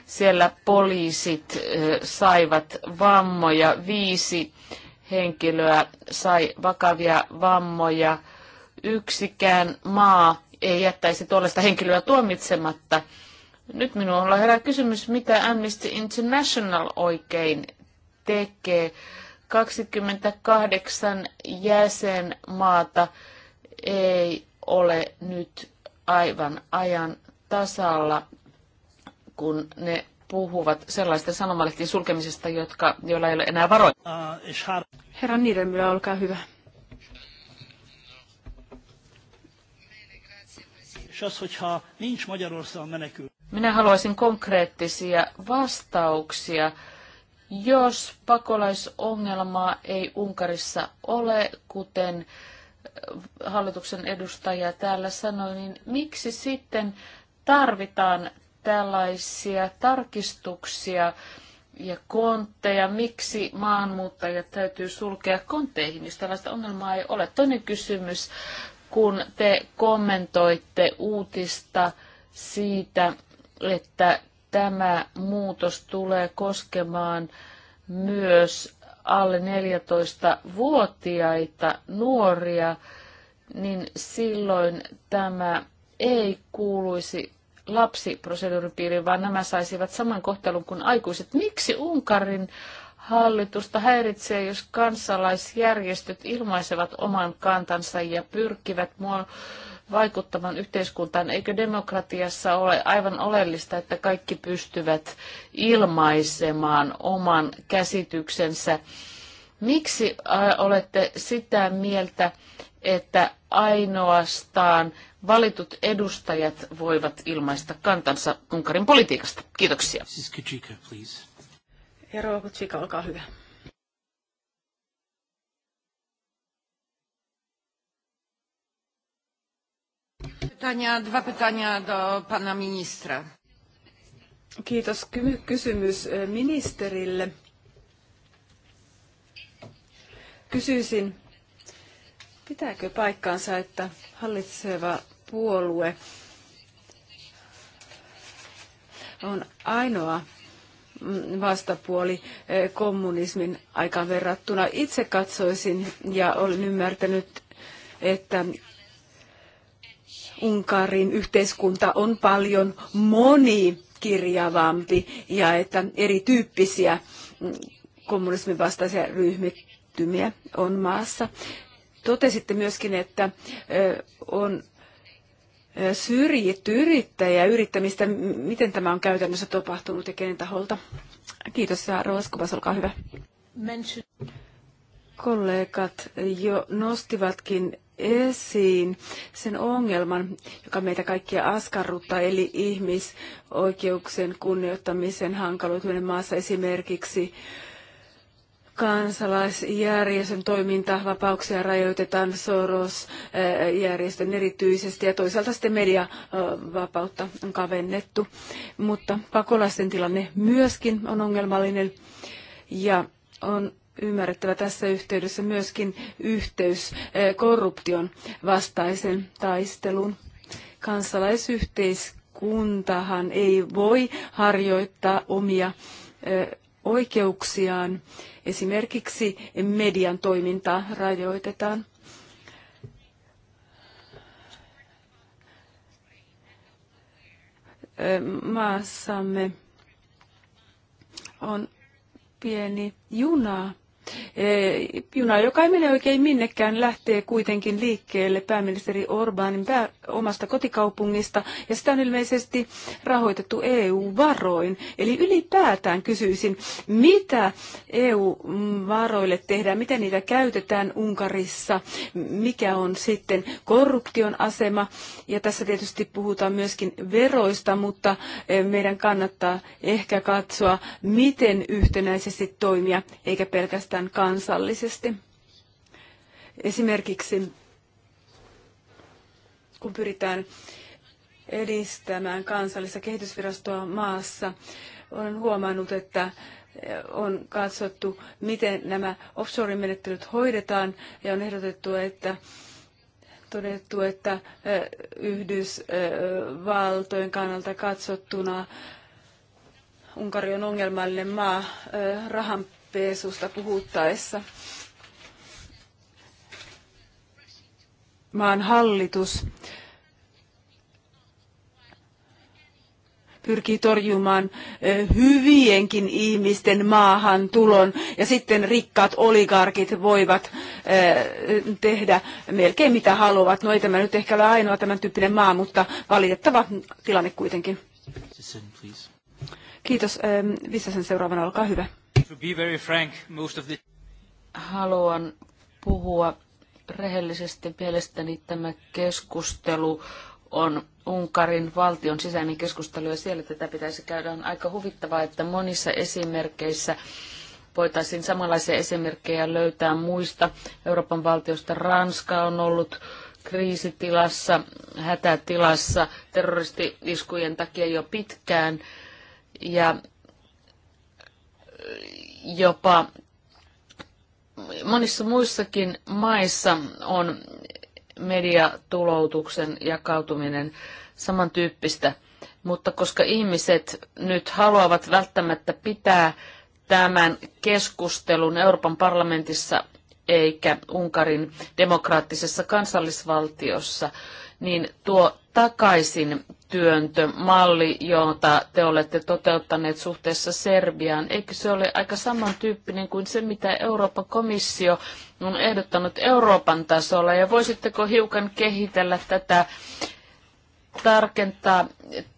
Speaker 3: Siellä poliisit eh, saivat vammoja, viisi henkilöä sai vakavia vammoja. Yksikään maa ei jättäisi tuollaista henkilöä tuomitsematta. Nyt minulla herää kysymys, mitä Amnesty International oikein tekee. 28 jäsenmaata ei ole nyt aivan ajan tasalla, kun ne puhuvat sellaisten sanomalehtien sulkemisesta, jotka, joilla ei ole enää varoja. Herra Niedermüller, olkaa hyvä. Minä haluaisin konkreettisia vastauksia. Jos pakolaisongelmaa ei Unkarissa ole, kuten eh, hallituksen edustaja täällä sanoi, niin miksi sitten tarvitaan tällaisia tarkistuksia ja kontteja, miksi maanmuuttajat täytyy sulkea kontteihin, jos tällaista ongelmaa ei ole. Toinen kysymys, kun te kommentoitte uutista siitä, että tämä muutos tulee koskemaan myös alle 14-vuotiaita nuoria, niin silloin tämä ei kuuluisi lapsiproseduuripiiriin, vaan nämä saisivat saman kohtelun kuin aikuiset. Miksi Unkarin hallitusta häiritsee, jos kansalaisjärjestöt ilmaisevat oman kantansa ja pyrkivät vaikuttamaan yhteiskuntaan? Eikö demokratiassa ole aivan oleellista, että kaikki pystyvät ilmaisemaan oman käsityksensä? Miksi olette sitä mieltä, että ainoastaan valitut edustajat voivat ilmaista kantansa Unkarin politiikasta. Kiitoksia. Kajika, please. Herra Kutsika, olkaa hyvä.
Speaker 1: Pytania, dwa pytania do pana ministra. Kiitos. Kysymys e, ministerille. Kysyisin Pitääkö paikkaansa, että hallitseva puolue on ainoa vastapuoli eh, kommunismin aikaan verrattuna. Itse katsoisin ja olen ymmärtänyt, että Unkarin yhteiskunta on paljon monikirjavampi ja että erityyppisiä mm, kommunismin vastaisia ryhmittymiä on maassa. Totesitte myöskin, että on syrjitty yrittäjä yrittämistä. Miten tämä on käytännössä tapahtunut ja kenen taholta? Kiitos, Rova Skubas, olkaa hyvä. Kollegat jo nostivatkin esiin sen ongelman, joka meitä kaikkia askarruttaa, eli ihmisoikeuksien kunnioittamisen hankaloituminen maassa esimerkiksi kansalaisjärjestön toimintavapauksia rajoitetaan Soros-järjestön erityisesti ja toisaalta sitten mediavapautta on kavennettu. Mutta pakolaisten tilanne myöskin on ongelmallinen ja on ymmärrettävä tässä yhteydessä myöskin yhteys eh, korruption vastaisen taisteluun. Kansalaisyhteiskuntahan ei voi harjoittaa omia eh, oikeuksiaan. Esimerkiksi median toimintaa rajoitetaan. Maassamme on pieni juna, E, juna, joka ei mene oikein minnekään, lähtee kuitenkin liikkeelle pääministeri Orbanin pää, omasta kotikaupungista, ja sitä on ilmeisesti rahoitettu EU-varoin. Eli ylipäätään kysyisin, mitä EU-varoille tehdään, miten niitä käytetään Unkarissa, mikä on sitten korruption asema, ja tässä tietysti puhutaan myöskin veroista, mutta e, meidän kannattaa ehkä katsoa, miten yhtenäisesti toimia, eikä pelkästään tämän kansallisesti. Esimerkiksi kun pyritään edistämään kansallista kehitysvirastoa maassa, olen huomannut, että on katsottu, miten nämä offshore-menettelyt hoidetaan, ja on ehdotettu, että todettu, että Yhdysvaltojen kannalta katsottuna Unkari on ongelmallinen maa rahan Peesusta puhuttaessa. Maan hallitus pyrkii torjumaan hyvienkin ihmisten maahan tulon ja sitten rikkaat oligarkit voivat tehdä melkein mitä haluavat. No ei tämä nyt ehkä ole ainoa tämän tyyppinen maa, mutta valitettava tilanne kuitenkin. Kiitos. Vissasen seuraavana, olkaa hyvä.
Speaker 3: Haluan puhua rehellisesti. Mielestäni tämä keskustelu on Unkarin valtion sisäinen keskustelu ja siellä tätä pitäisi käydä. On aika huvittavaa, että monissa esimerkkeissä voitaisiin samanlaisia esimerkkejä löytää muista Euroopan valtioista. Ranska on ollut kriisitilassa, hätätilassa terroristi-iskujen takia jo pitkään. Ja jopa monissa muissakin maissa on mediatuloutuksen jakautuminen samantyyppistä, mutta koska ihmiset nyt haluavat välttämättä pitää tämän keskustelun Euroopan parlamentissa eikä Unkarin demokraattisessa kansallisvaltiossa, niin tuo takaisin työntömalli, jota te olette toteuttaneet suhteessa Serbiaan. Eikö se ole aika samantyyppinen kuin se, mitä Euroopan komissio on ehdottanut Euroopan tasolla? Ja voisitteko hiukan kehitellä tätä, tarkentaa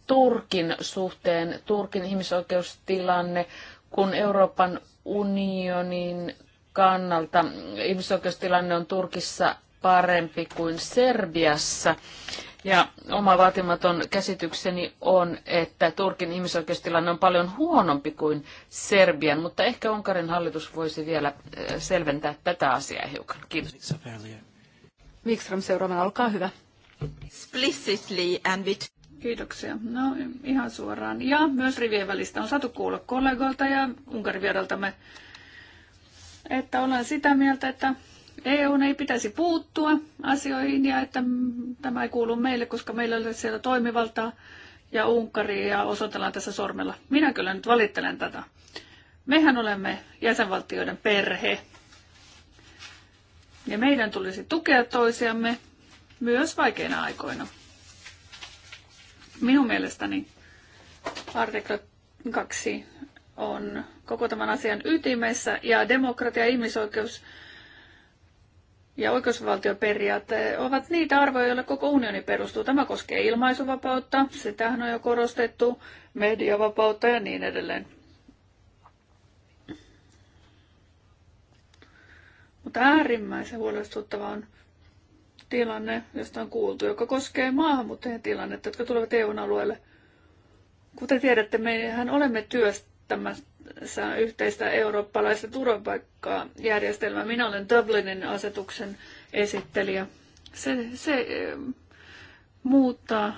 Speaker 3: Turkin suhteen, Turkin ihmisoikeustilanne, kun Euroopan unionin kannalta ihmisoikeustilanne on Turkissa parempi kuin Serbiassa. Ja oma vaatimaton käsitykseni on, että Turkin ihmisoikeustilanne on paljon huonompi kuin Serbian, mutta ehkä Unkarin hallitus voisi vielä eh, selventää tätä asiaa hiukan. Kiitos.
Speaker 1: Wikström seuraavana, olkaa hyvä.
Speaker 2: Explicitly and with... Kiitoksia. No ihan suoraan. Ja myös rivien välistä on saatu kuulla kollegoilta ja Unkarin vieraltamme, että olen sitä mieltä, että EU ei pitäisi puuttua asioihin ja että tämä ei kuulu meille, koska meillä ei ole siellä toimivaltaa ja Unkaria osoitellaan tässä sormella. Minä kyllä nyt valittelen tätä. Mehän olemme jäsenvaltioiden perhe. Ja meidän tulisi tukea toisiamme myös vaikeina aikoina. Minun mielestäni artikla 2 on koko tämän asian ytimessä ja demokratia ja ihmisoikeus ja oikeusvaltioperiaate ovat niitä arvoja, joille koko unioni perustuu. Tämä koskee ilmaisuvapautta, sitähän on jo korostettu, mediavapautta ja niin edelleen. Mutta äärimmäisen huolestuttava on tilanne, josta on kuultu, joka koskee maahanmuuttajien tilannetta, jotka tulevat eu alueelle. Kuten tiedätte, mehän olemme työstämässä yhteistä eurooppalaista turvapaikkajärjestelmää. Minä olen Dublinin asetuksen esittelijä. Se, se eh, muuttaa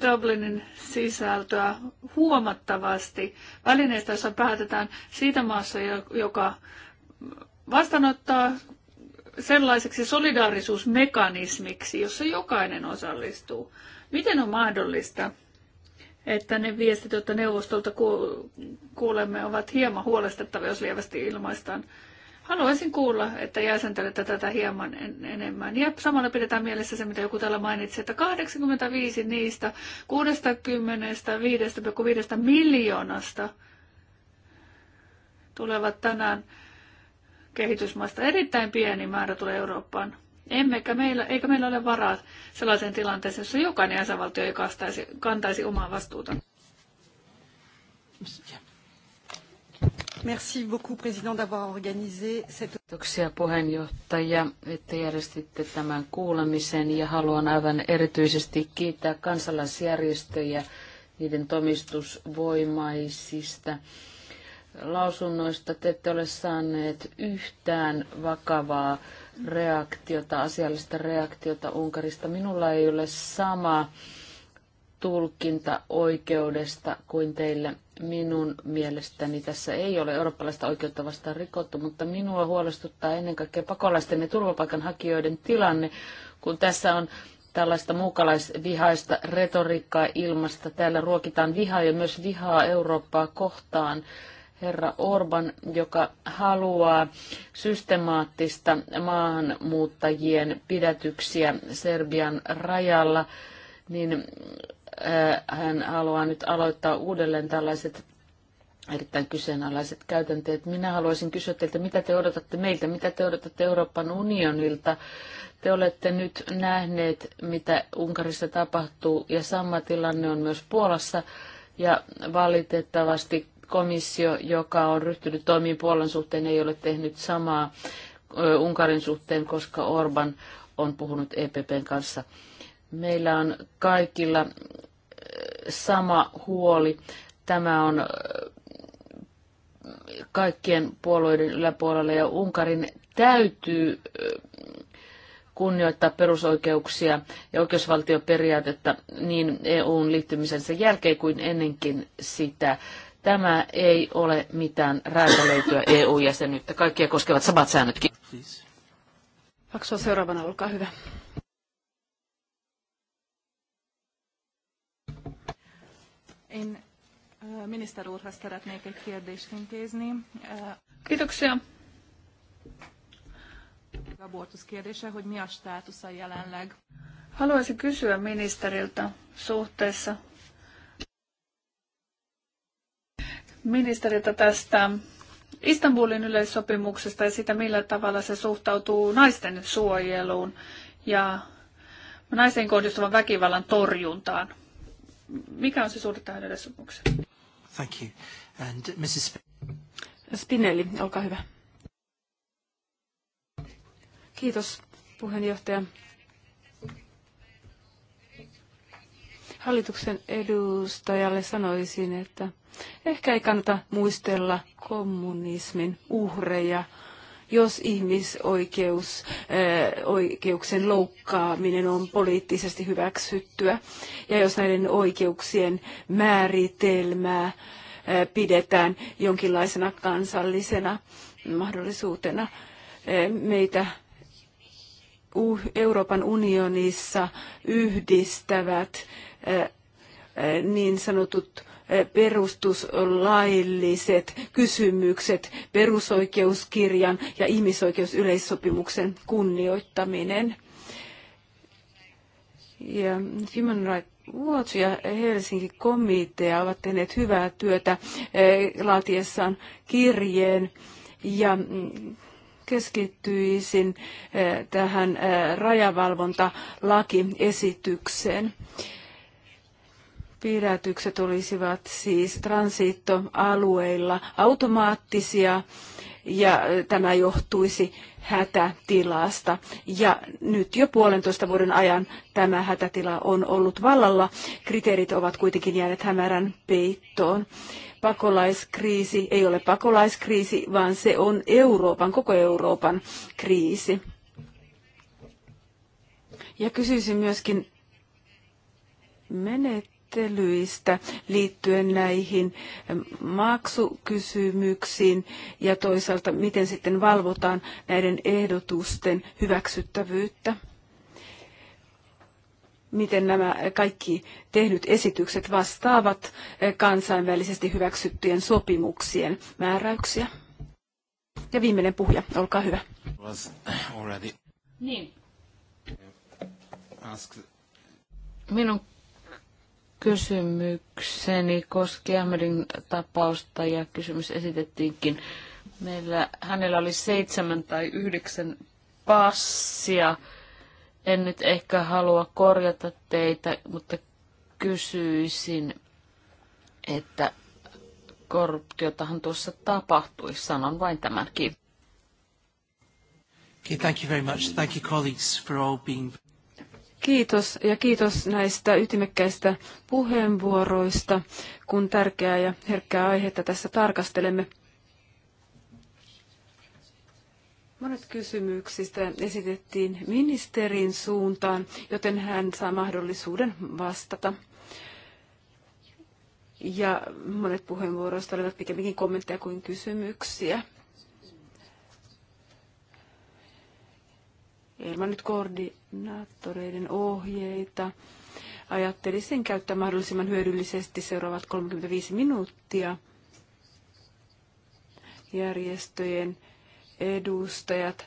Speaker 2: Dublinin sisältöä huomattavasti välineistä, jossa päätetään siitä maassa, joka vastaanottaa sellaiseksi solidaarisuusmekanismiksi, jossa jokainen osallistuu. Miten on mahdollista, että ne viestit, joita neuvostolta kuulemme, ovat hieman huolestettavia, jos lievästi ilmaistaan. Haluaisin kuulla, että jäsentelette tätä hieman en- enemmän. Ja samalla pidetään mielessä se, mitä joku täällä mainitsi, että 85 niistä 65,5 miljoonasta tulevat tänään kehitysmaista. Erittäin pieni määrä tulee Eurooppaan. Emmekä meillä, eikä meillä ole varaa sellaiseen tilanteeseen, jossa jokainen jäsenvaltio ei kantaisi, kantaisi omaa vastuuta.
Speaker 3: Merci beaucoup, président, d'avoir organisé cette... Kiitoksia puheenjohtaja, että järjestitte tämän kuulemisen ja haluan aivan erityisesti kiittää kansalaisjärjestöjä niiden tomistusvoimaisista lausunnoista. Te ette ole saaneet yhtään vakavaa reaktiota, asiallista reaktiota Unkarista. Minulla ei ole sama tulkinta oikeudesta kuin teille. Minun mielestäni tässä ei ole eurooppalaista oikeutta vastaan rikottu, mutta minua huolestuttaa ennen kaikkea pakolaisten ja turvapaikanhakijoiden tilanne, kun tässä on tällaista muukalaisvihaista retoriikkaa ilmasta. Täällä ruokitaan vihaa ja myös vihaa Eurooppaa kohtaan herra Orban, joka haluaa systemaattista maahanmuuttajien pidätyksiä Serbian rajalla, niin äh, hän haluaa nyt aloittaa uudelleen tällaiset erittäin kyseenalaiset käytänteet. Minä haluaisin kysyä teiltä, mitä te odotatte meiltä, mitä te odotatte Euroopan unionilta. Te olette nyt nähneet, mitä Unkarissa tapahtuu, ja sama tilanne on myös Puolassa. Ja valitettavasti komissio, joka on ryhtynyt toimiin Puolan suhteen, ei ole tehnyt samaa Unkarin suhteen, koska Orban on puhunut EPPn kanssa. Meillä on kaikilla sama huoli. Tämä on kaikkien puolueiden yläpuolella ja Unkarin täytyy kunnioittaa perusoikeuksia ja oikeusvaltioperiaatetta niin EUn liittymisen sen jälkeen kuin ennenkin sitä. Tämä ei ole mitään räätälöityä EU-jäsenyyttä. Kaikkia koskevat samat säännötkin. Paksoa seuraavana, olkaa hyvä.
Speaker 2: Én miniszter úrhoz Kiitoksia. Haluaisin kysyä ministeriltä suhteessa ministeriltä tästä Istanbulin yleissopimuksesta ja sitä, millä tavalla se suhtautuu naisten suojeluun ja naisiin kohdistuvan väkivallan torjuntaan. Mikä on se suhde tähän yleissopimukseen?
Speaker 1: Thank you. And Mrs. Spinelli, olkaa hyvä. Kiitos puheenjohtaja. Hallituksen edustajalle sanoisin, että Ehkä ei kannata muistella kommunismin uhreja, jos ihmisoikeus, eh, oikeuksen loukkaaminen on poliittisesti hyväksyttyä ja jos näiden oikeuksien määritelmää eh, pidetään jonkinlaisena kansallisena mahdollisuutena. Eh, meitä uh, Euroopan unionissa yhdistävät niin sanotut perustuslailliset kysymykset, perusoikeuskirjan ja ihmisoikeusyleissopimuksen kunnioittaminen. Ja Human Rights Watch ja Helsinki komitea ovat tehneet hyvää työtä eh, laatiessaan kirjeen ja mm, keskittyisin eh, tähän eh, rajavalvontalakiesitykseen. esitykseen piirätykset olisivat siis transiittoalueilla automaattisia ja tämä johtuisi hätätilasta. Ja nyt jo puolentoista vuoden ajan tämä hätätila on ollut vallalla. Kriteerit ovat kuitenkin jääneet hämärän peittoon. Pakolaiskriisi ei ole pakolaiskriisi, vaan se on Euroopan, koko Euroopan kriisi. Ja kysyisin myöskin menet menettelyistä liittyen näihin maksukysymyksiin ja toisaalta miten sitten valvotaan näiden ehdotusten hyväksyttävyyttä? miten nämä kaikki tehdyt esitykset vastaavat kansainvälisesti hyväksyttyjen sopimuksien määräyksiä.
Speaker 3: Ja viimeinen puhuja, olkaa hyvä. Niin. Minun kysymykseni koski Ahmedin tapausta ja kysymys esitettiinkin. Meillä, hänellä oli seitsemän tai yhdeksän passia. En nyt ehkä halua korjata teitä, mutta kysyisin, että korruptiotahan tuossa tapahtui. Sanon vain tämänkin.
Speaker 1: Okay, thank you very much. Thank you colleagues for all being... Kiitos ja kiitos näistä ytimekkäistä puheenvuoroista, kun tärkeää ja herkkää aihetta tässä tarkastelemme. Monet kysymyksistä esitettiin ministerin suuntaan, joten hän saa mahdollisuuden vastata. Ja monet puheenvuoroista olivat pikemminkin kommentteja kuin kysymyksiä. ilman nyt koordinaattoreiden ohjeita. ajattelin sen käyttää mahdollisimman hyödyllisesti seuraavat 35 minuuttia. Järjestöjen edustajat,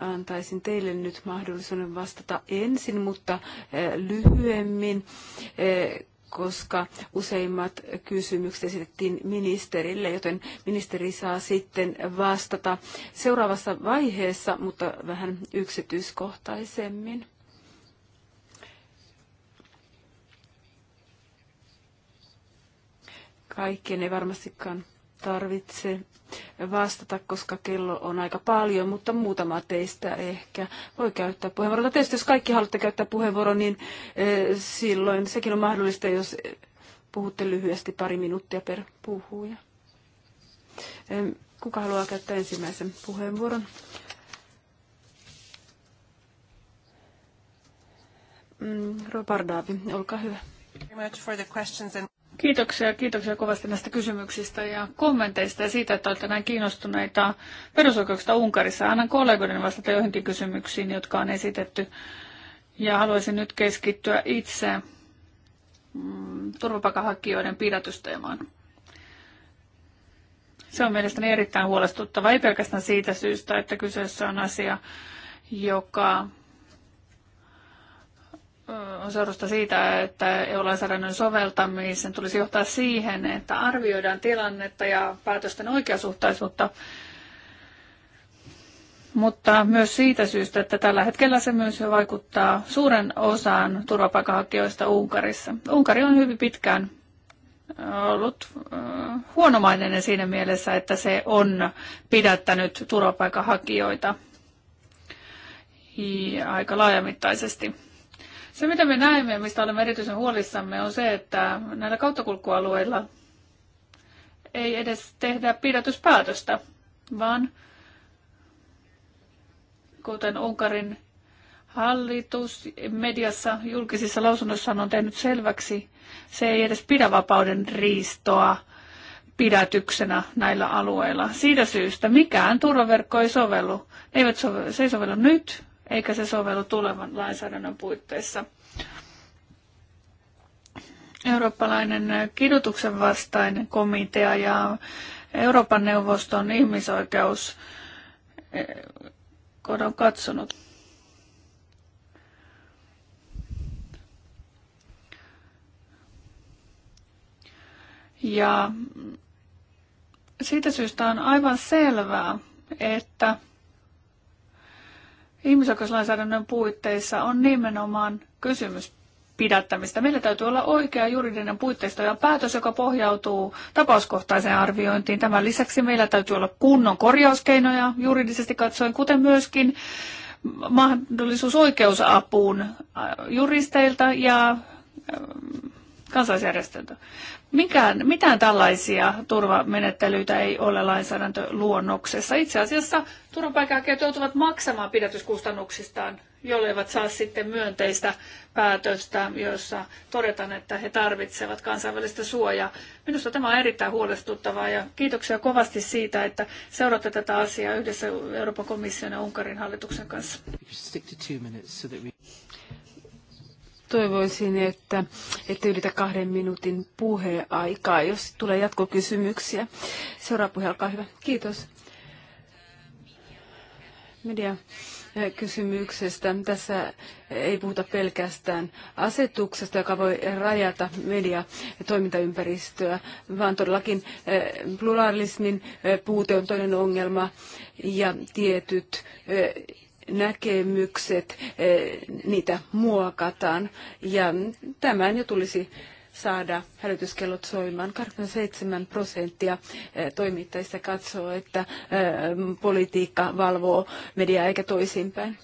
Speaker 1: antaisin teille nyt mahdollisuuden vastata ensin, mutta eh, lyhyemmin eh, koska useimmat kysymykset esitettiin ministerille, joten ministeri saa sitten vastata seuraavassa vaiheessa, mutta vähän yksityiskohtaisemmin. Kaikkien ei varmastikaan tarvitse vastata, koska kello on aika paljon, mutta muutama teistä ehkä voi käyttää puheenvuoron. Tietysti jos kaikki haluatte käyttää puheenvuoron, niin eh, silloin sekin on mahdollista, jos puhutte lyhyesti pari minuuttia per puhuja. Kuka haluaa käyttää ensimmäisen puheenvuoron?
Speaker 2: Mm, Robardaavi, olkaa hyvä. Kiitoksia, kiitoksia kovasti näistä kysymyksistä ja kommenteista ja siitä, että olette näin kiinnostuneita perusoikeuksista Unkarissa. Annan kollegoiden vastata joihinkin kysymyksiin, jotka on esitetty. Ja haluaisin nyt keskittyä itse mm, turvapaikanhakijoiden pidätysteemaan. Se on mielestäni erittäin huolestuttava, ei pelkästään siitä syystä, että kyseessä on asia, joka on seurasta siitä, että EU-lainsäädännön soveltamisen tulisi johtaa siihen, että arvioidaan tilannetta ja päätösten oikeasuhtaisuutta, mutta myös siitä syystä, että tällä hetkellä se myös jo vaikuttaa suuren osan turvapaikanhakijoista Unkarissa. Unkari on hyvin pitkään äh, ollut äh, huonomainen siinä mielessä, että se on pidättänyt turvapaikanhakijoita aika laajamittaisesti. Se, mitä me näemme, mistä olemme erityisen huolissamme, on se, että näillä kauttakulkualueilla ei edes tehdä pidätyspäätöstä, vaan kuten Unkarin hallitus mediassa julkisissa lausunnoissaan on tehnyt selväksi, se ei edes pidä vapauden riistoa pidätyksenä näillä alueilla. Siitä syystä mikään turvaverkko ei sovellu. Ne eivät sovellu, se ei sovellu nyt, eikä se sovellu tulevan lainsäädännön puitteissa. Eurooppalainen kidutuksen vastainen komitea ja Euroopan neuvoston ihmisoikeus eh, on katsonut. Ja siitä syystä on aivan selvää, että ihmisoikeuslainsäädännön puitteissa on nimenomaan kysymys pidättämistä. Meillä täytyy olla oikea juridinen puitteisto ja päätös, joka pohjautuu tapauskohtaiseen arviointiin. Tämän lisäksi meillä täytyy olla kunnon korjauskeinoja juridisesti katsoen, kuten myöskin mahdollisuus oikeusapuun äh, juristeilta ja ähm, kansalaisjärjestöltä. Mikään, mitään tällaisia turvamenettelyitä ei ole lainsäädäntöluonnoksessa. Itse asiassa turvapaikanhakijat joutuvat maksamaan pidätyskustannuksistaan, eivät saa sitten myönteistä päätöstä, jossa todetaan, että he tarvitsevat kansainvälistä suojaa. Minusta tämä on erittäin huolestuttavaa ja kiitoksia kovasti siitä, että seuraatte tätä asiaa yhdessä Euroopan komission ja Unkarin hallituksen kanssa
Speaker 1: toivoisin, että ette ylitä kahden minuutin puheaikaa, jos tulee jatkokysymyksiä. Seuraava puhe, olkaa hyvä. Kiitos. Media eh, kysymyksestä. Tässä ei puhuta pelkästään asetuksesta, joka voi rajata media- ja toimintaympäristöä, vaan todellakin eh, pluralismin eh, puute on toinen ongelma ja tietyt näkemykset, eh, niitä muokataan. Ja tämän jo tulisi saada hälytyskellot soimaan. 27 prosenttia eh, toimittajista katsoo, että eh, politiikka valvoo mediaa eikä toisinpäin.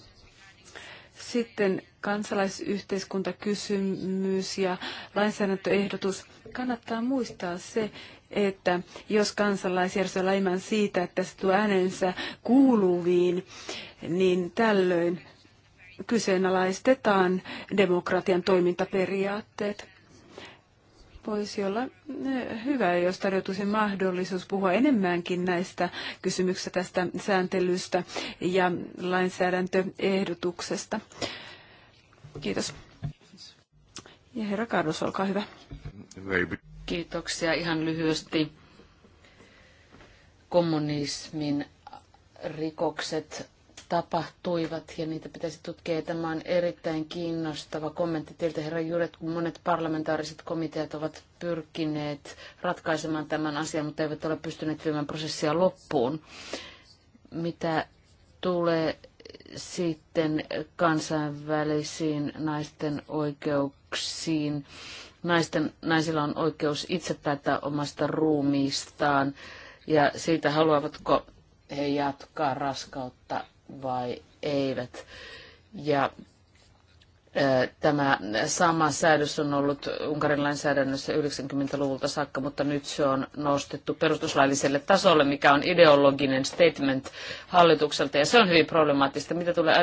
Speaker 1: Sitten kansalaisyhteiskuntakysymys ja lainsäädäntöehdotus. Kannattaa muistaa se, että jos kansalaisjärjestö laiman siitä, että se tuo äänensä kuuluviin, niin tällöin kyseenalaistetaan demokratian toimintaperiaatteet. Voisi olla eh, hyvä, jos tarjotuisi mahdollisuus puhua enemmänkin näistä kysymyksistä tästä sääntelystä ja lainsäädäntöehdotuksesta.
Speaker 3: Kiitos. Ja herra Kardos, olkaa hyvä. Kiitoksia ihan lyhyesti. Kommunismin rikokset tapahtuivat ja niitä pitäisi tutkia. Tämä on erittäin kiinnostava kommentti teiltä, herra Juret, kun monet parlamentaariset komiteat ovat pyrkineet ratkaisemaan tämän asian, mutta eivät ole pystyneet viemään prosessia loppuun. Mitä tulee sitten kansainvälisiin naisten oikeuksiin Naisten, naisilla on oikeus itse päättää omasta ruumiistaan ja siitä haluavatko he jatkaa raskautta vai eivät. Ja Tämä sama säädös on ollut Unkarin lainsäädännössä 90-luvulta saakka, mutta nyt se on nostettu perustuslailliselle tasolle, mikä on ideologinen statement hallitukselta, ja se on hyvin problemaattista. Mitä tulee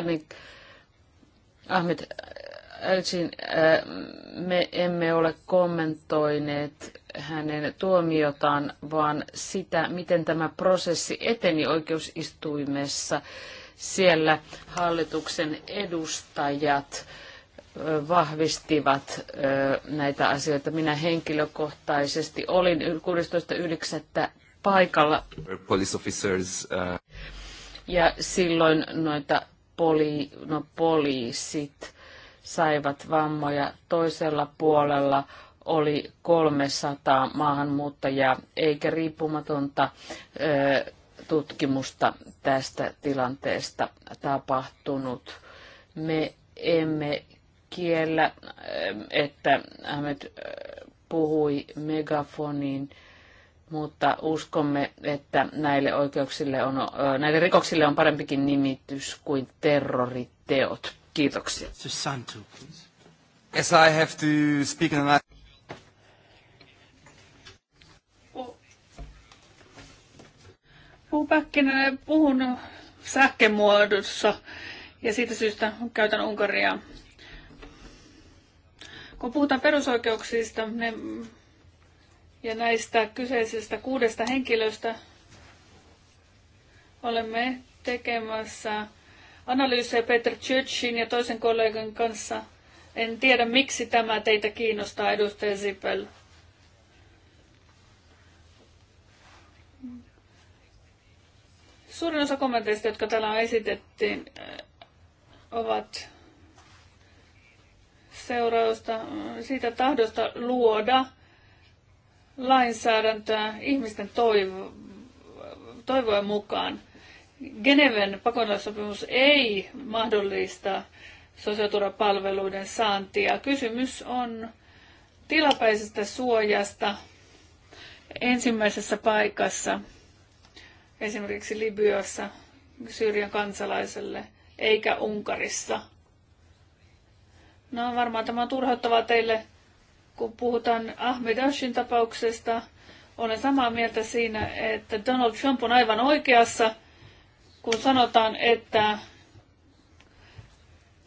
Speaker 3: Ahmed Eltsin, äh, me emme ole kommentoineet hänen tuomiotaan, vaan sitä, miten tämä prosessi eteni oikeusistuimessa. Siellä hallituksen edustajat äh, vahvistivat äh, näitä asioita. Minä henkilökohtaisesti olin 16.9. paikalla. Police officers, Ja silloin noita poli, no, poliisit saivat vammoja. Toisella puolella oli 300 maahanmuuttajaa, eikä riippumatonta tutkimusta tästä tilanteesta tapahtunut. Me emme kiellä, että Ahmed puhui megafoniin, mutta uskomme, että näille, oikeuksille on, näille rikoksille on parempikin nimitys kuin terroriteot. Kiitoksia. Santu,
Speaker 2: As I have to speak in another... Äh, puhun sähkömuodossa ja siitä syystä käytän Unkaria. Kun puhutaan perusoikeuksista ne, ja näistä kyseisistä kuudesta henkilöstä, olemme tekemässä analyysejä Peter Churchin ja toisen kollegan kanssa. En tiedä, miksi tämä teitä kiinnostaa, edustaja Zipel. Suurin osa kommenteista, jotka täällä on esitettiin, eh, ovat seurausta siitä tahdosta luoda lainsäädäntöä ihmisten toivo, toivojen mukaan. Geneven pakolaissopimus ei mahdollista sosiaaliturvapalveluiden saantia. Kysymys on tilapäisestä suojasta ensimmäisessä paikassa, esimerkiksi Libyassa, Syyrian kansalaiselle, eikä Unkarissa. No varmaan tämä on turhauttavaa teille, kun puhutaan Ahmed Ashin tapauksesta. Olen samaa mieltä siinä, että Donald Trump on aivan oikeassa – kun sanotaan, että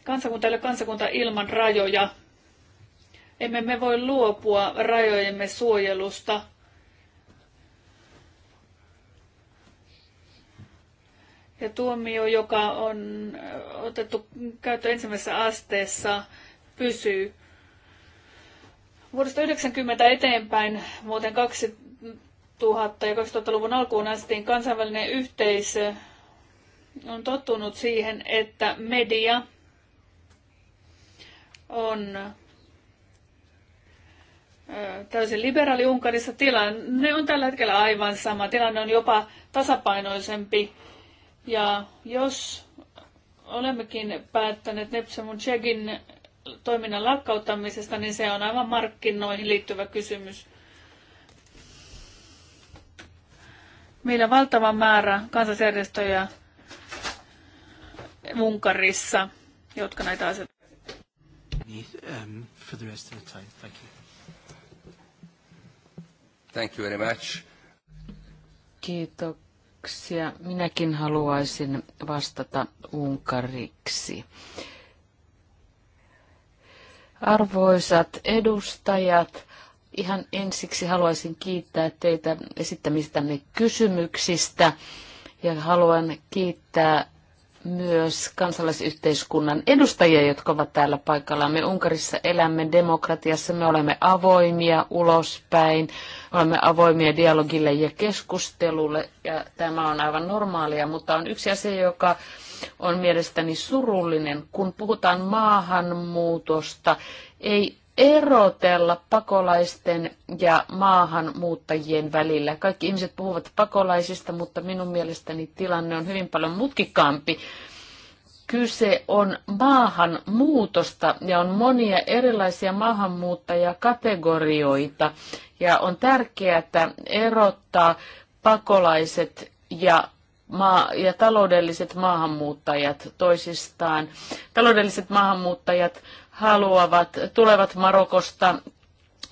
Speaker 2: kansakunta ei ole kansakunta ilman rajoja, emme me voi luopua rajojemme suojelusta. Ja tuomio, joka on otettu käyttö ensimmäisessä asteessa, pysyy. Vuodesta 90 eteenpäin vuoteen 2000 ja 2000-luvun alkuun asti kansainvälinen yhteisö on tottunut siihen, että media on täysin liberaali Unkarissa tilanne on tällä hetkellä aivan sama. Tilanne on jopa tasapainoisempi. Ja jos olemmekin päättäneet Nepsamun Chegin toiminnan lakkauttamisesta, niin se on aivan markkinoihin liittyvä kysymys. Meillä valtava määrä kansallisjärjestöjä, Unkarissa, jotka näitä asioita
Speaker 1: um, for the rest of the time. Thank you. Thank you very much.
Speaker 3: Kiitoksia. Minäkin haluaisin vastata unkariksi. Arvoisat edustajat, ihan ensiksi haluaisin kiittää teitä esittämistänne kysymyksistä ja haluan kiittää myös kansalaisyhteiskunnan edustajia, jotka ovat täällä paikalla. Me Unkarissa elämme demokratiassa, me olemme avoimia ulospäin, olemme avoimia dialogille ja keskustelulle, ja tämä on aivan normaalia, mutta on yksi asia, joka on mielestäni surullinen, kun puhutaan maahanmuutosta, ei erotella pakolaisten ja maahanmuuttajien välillä. Kaikki ihmiset puhuvat pakolaisista, mutta minun mielestäni tilanne on hyvin paljon mutkikaampi. Kyse on maahanmuutosta ja on monia erilaisia maahanmuuttajakategorioita. Ja on tärkeää erottaa pakolaiset ja maa- ja taloudelliset maahanmuuttajat toisistaan. Taloudelliset maahanmuuttajat haluavat, tulevat Marokosta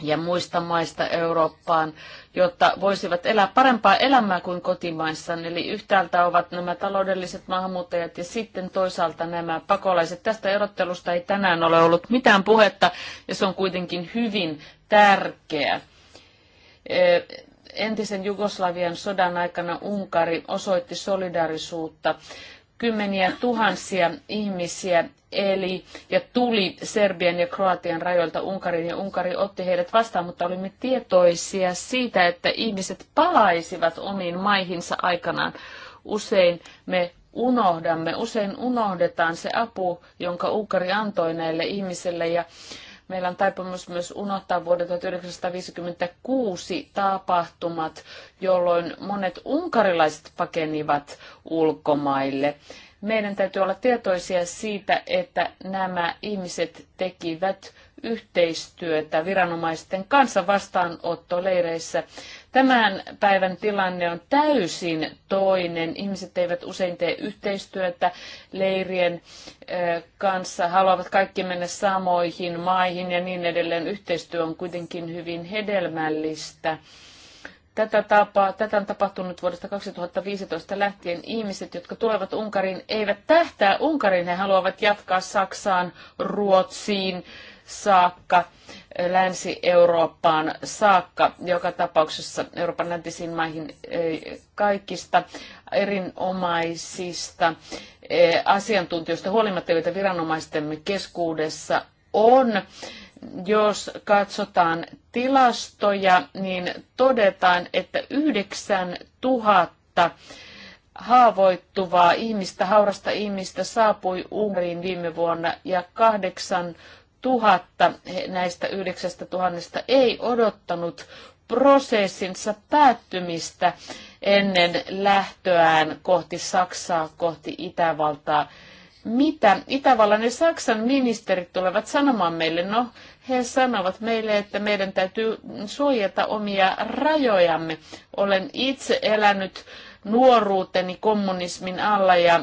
Speaker 3: ja muista maista Eurooppaan, jotta voisivat elää parempaa elämää kuin kotimaissaan. Eli yhtäältä ovat nämä taloudelliset maahanmuuttajat ja sitten toisaalta nämä pakolaiset. Tästä erottelusta ei tänään ole ollut mitään puhetta ja se on kuitenkin hyvin tärkeä. Entisen Jugoslavian sodan aikana Unkari osoitti solidarisuutta kymmeniä tuhansia ihmisiä eli ja tuli Serbian ja Kroatian rajoilta Unkarin ja Unkari otti heidät vastaan, mutta olimme tietoisia siitä, että ihmiset palaisivat omiin maihinsa aikanaan. Usein me unohdamme, usein unohdetaan se apu, jonka Unkari antoi näille ihmisille ja Meillä on taipumus myös unohtaa vuoden 1956 tapahtumat, jolloin monet unkarilaiset pakenivat ulkomaille. Meidän täytyy olla tietoisia siitä, että nämä ihmiset tekivät yhteistyötä viranomaisten kanssa vastaanottoleireissä. Tämän päivän tilanne on täysin toinen. Ihmiset eivät usein tee yhteistyötä leirien kanssa, haluavat kaikki mennä samoihin maihin ja niin edelleen. Yhteistyö on kuitenkin hyvin hedelmällistä. Tätä, tapaa, tätä on tapahtunut vuodesta 2015 lähtien. Ihmiset, jotka tulevat Unkariin, eivät tähtää Unkariin. He haluavat jatkaa Saksaan, Ruotsiin saakka, Länsi-Eurooppaan saakka. Joka tapauksessa Euroopan läntisiin maihin e, kaikista erinomaisista e, asiantuntijoista huolimatta, joita viranomaistemme keskuudessa on jos katsotaan tilastoja, niin todetaan, että 9000 haavoittuvaa ihmistä, haurasta ihmistä saapui Unkariin viime vuonna ja 8000 näistä 9000 ei odottanut prosessinsa päättymistä ennen lähtöään kohti Saksaa, kohti Itävaltaa. Mitä Itävallan ja Saksan ministerit tulevat sanomaan meille? No, he sanovat meille, että meidän täytyy suojata omia rajojamme. Olen itse elänyt nuoruuteni kommunismin alla ja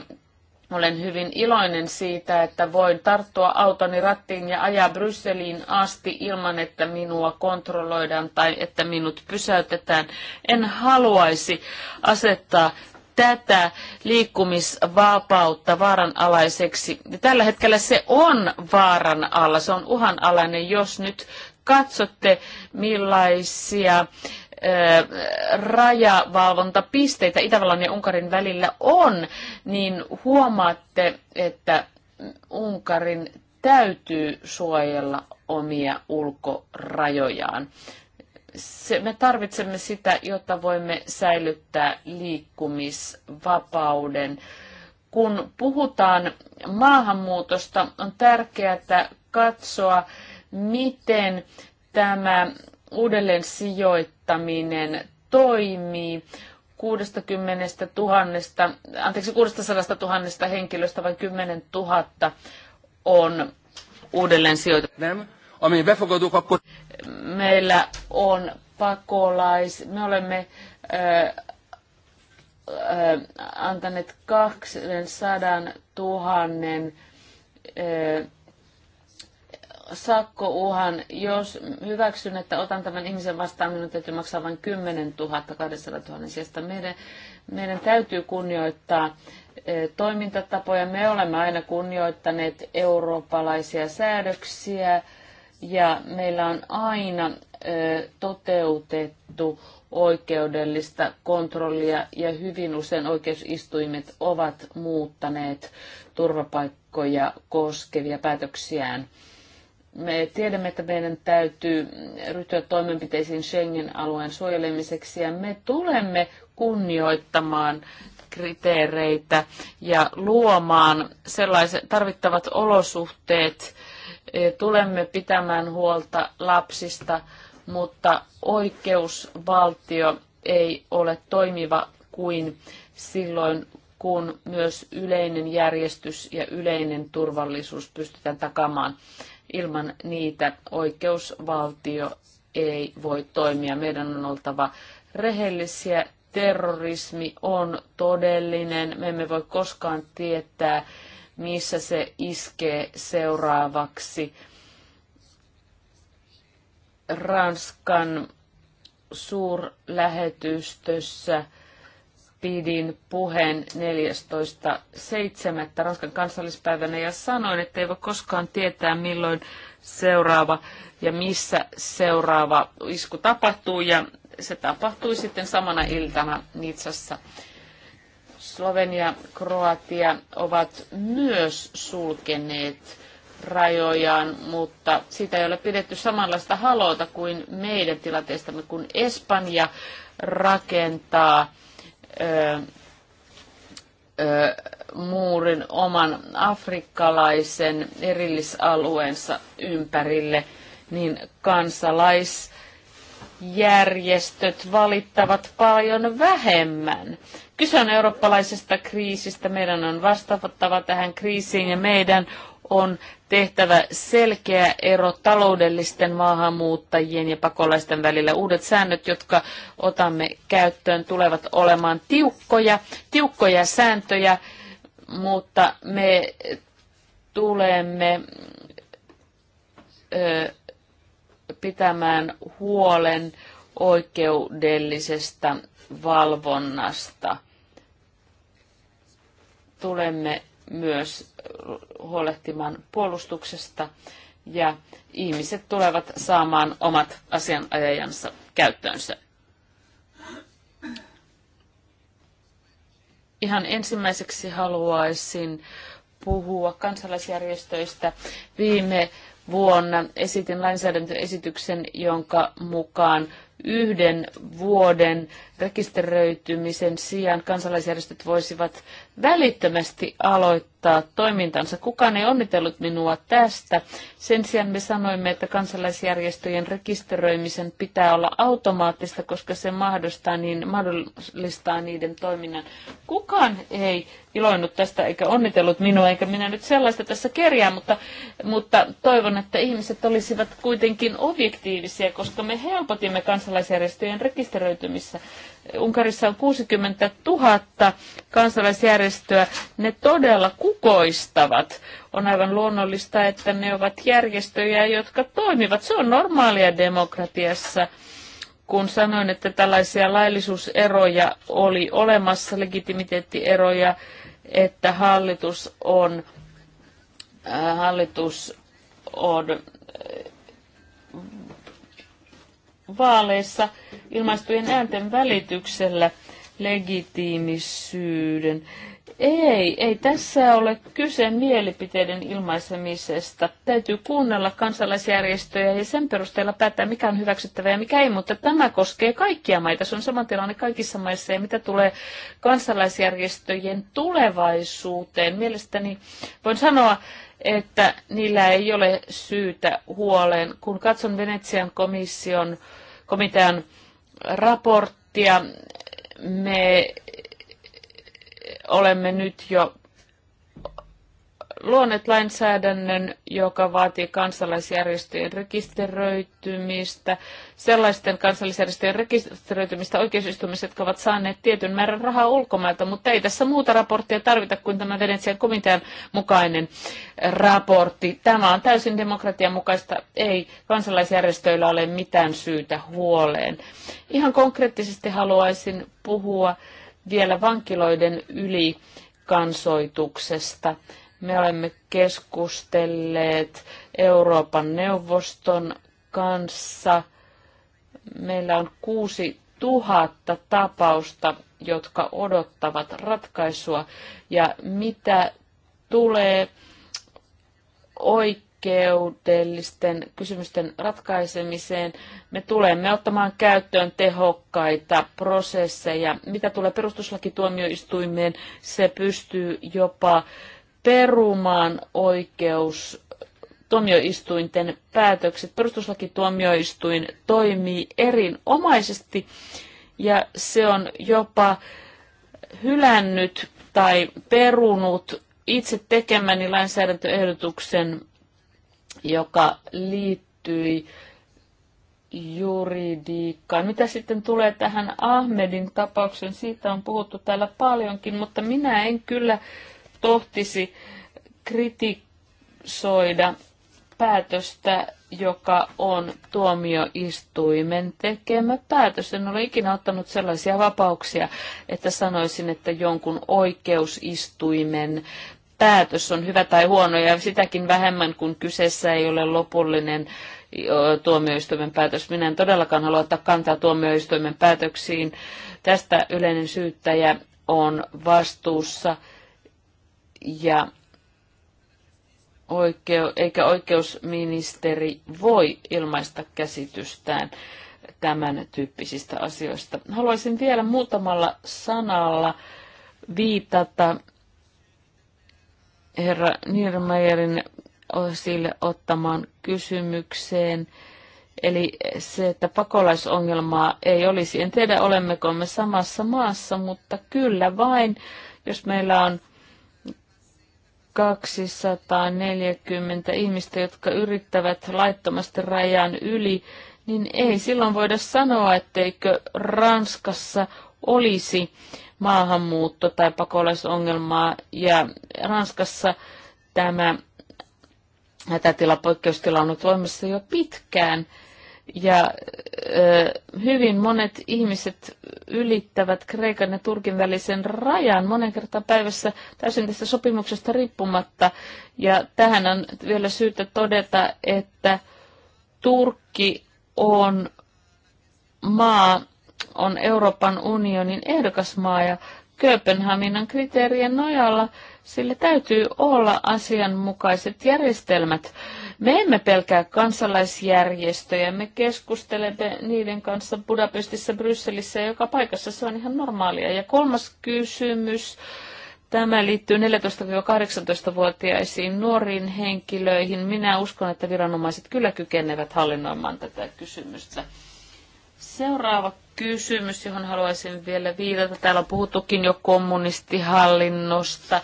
Speaker 3: olen hyvin iloinen siitä, että voin tarttua autoni rattiin ja ajaa Brysseliin asti ilman, että minua kontrolloidaan tai että minut pysäytetään. En haluaisi asettaa tätä liikkumisvapautta vaaranalaiseksi. tällä hetkellä se on vaaran alla, se on uhanalainen, jos nyt katsotte millaisia rajavalvontapisteitä Itävallan ja Unkarin välillä on, niin huomaatte, että Unkarin täytyy suojella omia ulkorajojaan se, me tarvitsemme sitä, jotta voimme säilyttää liikkumisvapauden. Kun puhutaan maahanmuutosta, on tärkeää katsoa, miten tämä uudelleen sijoittaminen toimii. 60 000, anteeksi, 600 000 henkilöstä vain 10 000 on uudelleen sijoitettu akkor... Meillä on pakolais... Me olemme äh, äh, antaneet 200 000 äh, sakkouhan, jos hyväksyn, että otan tämän ihmisen vastaan, minun täytyy maksaa vain 10 000 200 000 sijasta. Meidän, meidän täytyy kunnioittaa toimintatapoja. Me olemme aina kunnioittaneet eurooppalaisia säädöksiä ja meillä on aina toteutettu oikeudellista kontrollia ja hyvin usein oikeusistuimet ovat muuttaneet turvapaikkoja koskevia päätöksiään. Me tiedämme, että meidän täytyy ryhtyä toimenpiteisiin Schengen-alueen suojelemiseksi ja me tulemme kunnioittamaan kriteereitä ja luomaan sellaiset tarvittavat olosuhteet Eh, tulemme pitämään huolta lapsista, mutta oikeusvaltio ei ole toimiva kuin silloin, kun myös yleinen järjestys ja yleinen turvallisuus pystytään takamaan. Ilman niitä oikeusvaltio ei voi toimia. Meidän on oltava rehellisiä. Terrorismi on todellinen. Me emme voi koskaan tietää, missä se iskee seuraavaksi. Ranskan suurlähetystössä pidin puheen 14.7. Ranskan kansallispäivänä ja sanoin, että ei voi koskaan tietää milloin seuraava ja missä seuraava isku tapahtuu ja se tapahtui sitten samana iltana Nitsassa. Slovenia, Kroatia ovat myös sulkeneet rajojaan, mutta sitä ei ole pidetty samanlaista halota kuin meidän tilanteestamme, kun Espanja rakentaa ö, ö, muurin oman afrikkalaisen erillisalueensa ympärille, niin kansalaisjärjestöt valittavat paljon vähemmän Kyse on eurooppalaisesta kriisistä. Meidän on vastattava tähän kriisiin ja meidän on tehtävä selkeä ero taloudellisten maahanmuuttajien ja pakolaisten välillä. Uudet säännöt, jotka otamme käyttöön, tulevat olemaan tiukkoja, tiukkoja sääntöjä, mutta me tulemme ö, pitämään huolen oikeudellisesta valvonnasta. Tulemme myös huolehtimaan puolustuksesta ja ihmiset tulevat saamaan omat asianajajansa käyttöönsä. Ihan ensimmäiseksi haluaisin puhua kansalaisjärjestöistä. Viime vuonna esitin lainsäädäntöesityksen, jonka mukaan yhden vuoden rekisteröitymisen sijaan kansalaisjärjestöt voisivat välittömästi aloittaa toimintansa. Kukaan ei onnitellut minua tästä. Sen sijaan me sanoimme, että kansalaisjärjestöjen rekisteröimisen pitää olla automaattista, koska se mahdollistaa, niin, mahdollistaa niiden toiminnan. Kukaan ei iloinut tästä eikä onnitellut minua, eikä minä nyt sellaista tässä kerjää, mutta, mutta toivon, että ihmiset olisivat kuitenkin objektiivisia, koska me helpotimme kansalaisjärjestöjen rekisteröitymissä. Unkarissa on 60 000 kansalaisjärjestöä. Ne todella kukoistavat. On aivan luonnollista, että ne ovat järjestöjä, jotka toimivat. Se on normaalia demokratiassa kun sanoin, että tällaisia laillisuuseroja oli olemassa, legitimiteettieroja, että hallitus on, äh, hallitus on äh, vaaleissa ilmaistujen äänten välityksellä legitiimisyyden. Ei, ei tässä ole kyse mielipiteiden ilmaisemisesta. Täytyy kuunnella kansalaisjärjestöjä ja sen perusteella päättää, mikä on hyväksyttävää ja mikä ei, mutta tämä koskee kaikkia maita. Se on sama tilanne kaikissa maissa ja mitä tulee kansalaisjärjestöjen tulevaisuuteen. Mielestäni voin sanoa, että niillä ei ole syytä huoleen. Kun katson Venetsian komission, komitean raporttia, me olemme nyt jo luoneet lainsäädännön, joka vaatii kansalaisjärjestöjen rekisteröitymistä, sellaisten kansalaisjärjestöjen rekisteröitymistä oikeusistumiset jotka ovat saaneet tietyn määrän rahaa ulkomailta, mutta ei tässä muuta raporttia tarvita kuin tämä Venetsian komitean mukainen raportti. Tämä on täysin demokratian mukaista. Ei kansalaisjärjestöillä ole mitään syytä huoleen. Ihan konkreettisesti haluaisin puhua vielä vankiloiden kansoituksesta. Me olemme keskustelleet Euroopan neuvoston kanssa. Meillä on 6000 tapausta, jotka odottavat ratkaisua. Ja mitä tulee oikeudellisten kysymysten ratkaisemiseen, me tulemme ottamaan käyttöön tehokkaita prosesseja. Mitä tulee perustuslakituomioistuimeen, se pystyy jopa perumaan oikeus tuomioistuinten päätökset. Perustuslakituomioistuin toimii erinomaisesti ja se on jopa hylännyt tai perunut itse tekemäni lainsäädäntöehdotuksen, joka liittyi juridiikkaan. Mitä sitten tulee tähän Ahmedin tapaukseen, siitä on puhuttu täällä paljonkin, mutta minä en kyllä tohtisi kritisoida päätöstä, joka on tuomioistuimen tekemä päätös. En ole ikinä ottanut sellaisia vapauksia, että sanoisin, että jonkun oikeusistuimen päätös on hyvä tai huono, ja sitäkin vähemmän, kun kyseessä ei ole lopullinen tuomioistuimen päätös. Minä en todellakaan halua ottaa kantaa tuomioistuimen päätöksiin. Tästä yleinen syyttäjä on vastuussa ja oikeu, eikä oikeusministeri voi ilmaista käsitystään tämän tyyppisistä asioista. Haluaisin vielä muutamalla sanalla viitata herra Niermeyerin sille ottamaan kysymykseen. Eli se, että pakolaisongelmaa ei olisi. En tiedä, olemmeko me samassa maassa, mutta kyllä vain, jos meillä on 240 ihmistä, jotka yrittävät laittomasti rajan yli, niin ei silloin voida sanoa, etteikö Ranskassa olisi maahanmuutto- tai pakolaisongelmaa. Ja Ranskassa tämä hätätila, poikkeustila on ollut voimassa jo pitkään. Ja hyvin monet ihmiset ylittävät Kreikan ja Turkin välisen rajan monen kertaan päivässä täysin tästä sopimuksesta riippumatta. Ja tähän on vielä syytä todeta, että Turkki on maa, on Euroopan unionin ehdokasmaa ja Kööpenhaminan kriteerien nojalla sillä täytyy olla asianmukaiset järjestelmät me emme pelkää kansalaisjärjestöjä, me keskustelemme niiden kanssa Budapestissa, Brysselissä ja joka paikassa. Se on ihan normaalia. Ja kolmas kysymys. Tämä liittyy 14-18-vuotiaisiin nuoriin henkilöihin. Minä uskon, että viranomaiset kyllä kykenevät hallinnoimaan tätä kysymystä. Seuraava kysymys, johon haluaisin vielä viitata. Täällä on puhuttukin jo kommunistihallinnosta,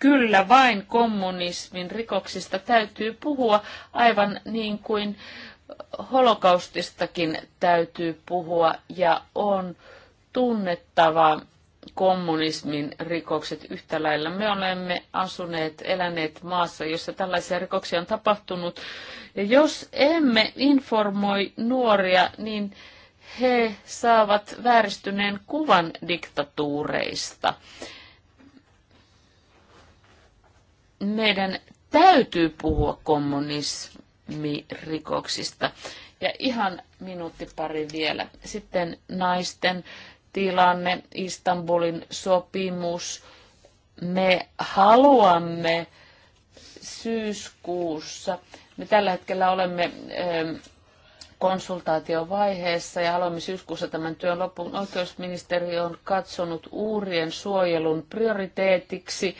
Speaker 3: Kyllä vain kommunismin rikoksista täytyy puhua, aivan niin kuin holokaustistakin täytyy puhua ja on tunnettava kommunismin rikokset yhtä lailla. Me olemme asuneet, eläneet maassa, jossa tällaisia rikoksia on tapahtunut. Ja jos emme informoi nuoria, niin he saavat vääristyneen kuvan diktatuureista meidän täytyy puhua kommunismirikoksista. Ja ihan minuutti pari vielä. Sitten naisten tilanne, Istanbulin sopimus. Me haluamme syyskuussa. Me tällä hetkellä olemme konsultaatiovaiheessa ja haluamme syyskuussa tämän työn loppuun. Oikeusministeriö on katsonut uurien suojelun prioriteetiksi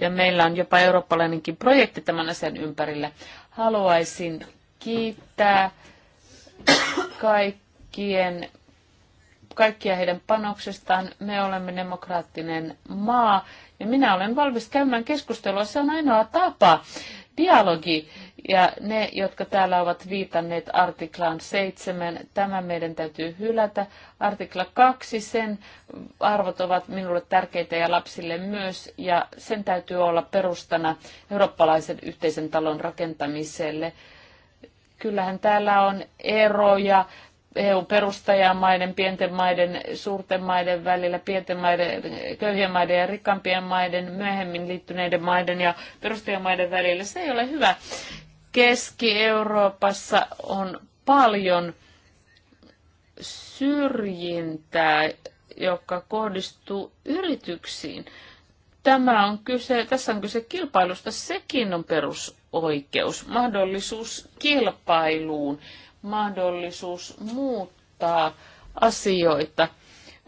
Speaker 3: ja meillä on jopa eurooppalainenkin projekti tämän asian ympärillä. Haluaisin kiittää kaikkien, kaikkia heidän panoksestaan. Me olemme demokraattinen maa ja minä olen valmis käymään keskustelua. Se on ainoa tapa dialogi ja ne, jotka täällä ovat viitanneet artiklaan 7, tämä meidän täytyy hylätä. Artikla 2, sen arvot ovat minulle tärkeitä ja lapsille myös, ja sen täytyy olla perustana eurooppalaisen yhteisen talon rakentamiselle. Kyllähän täällä on eroja EU-perustajamaiden, pienten maiden, suurten maiden välillä, pienten maiden, köyhien maiden ja rikkaampien maiden, myöhemmin liittyneiden maiden ja perustajamaiden välillä. Se ei ole hyvä. Keski-Euroopassa on paljon syrjintää, joka kohdistuu yrityksiin. Tämä on kyse, tässä on kyse kilpailusta, sekin on perusoikeus, mahdollisuus kilpailuun, mahdollisuus muuttaa asioita.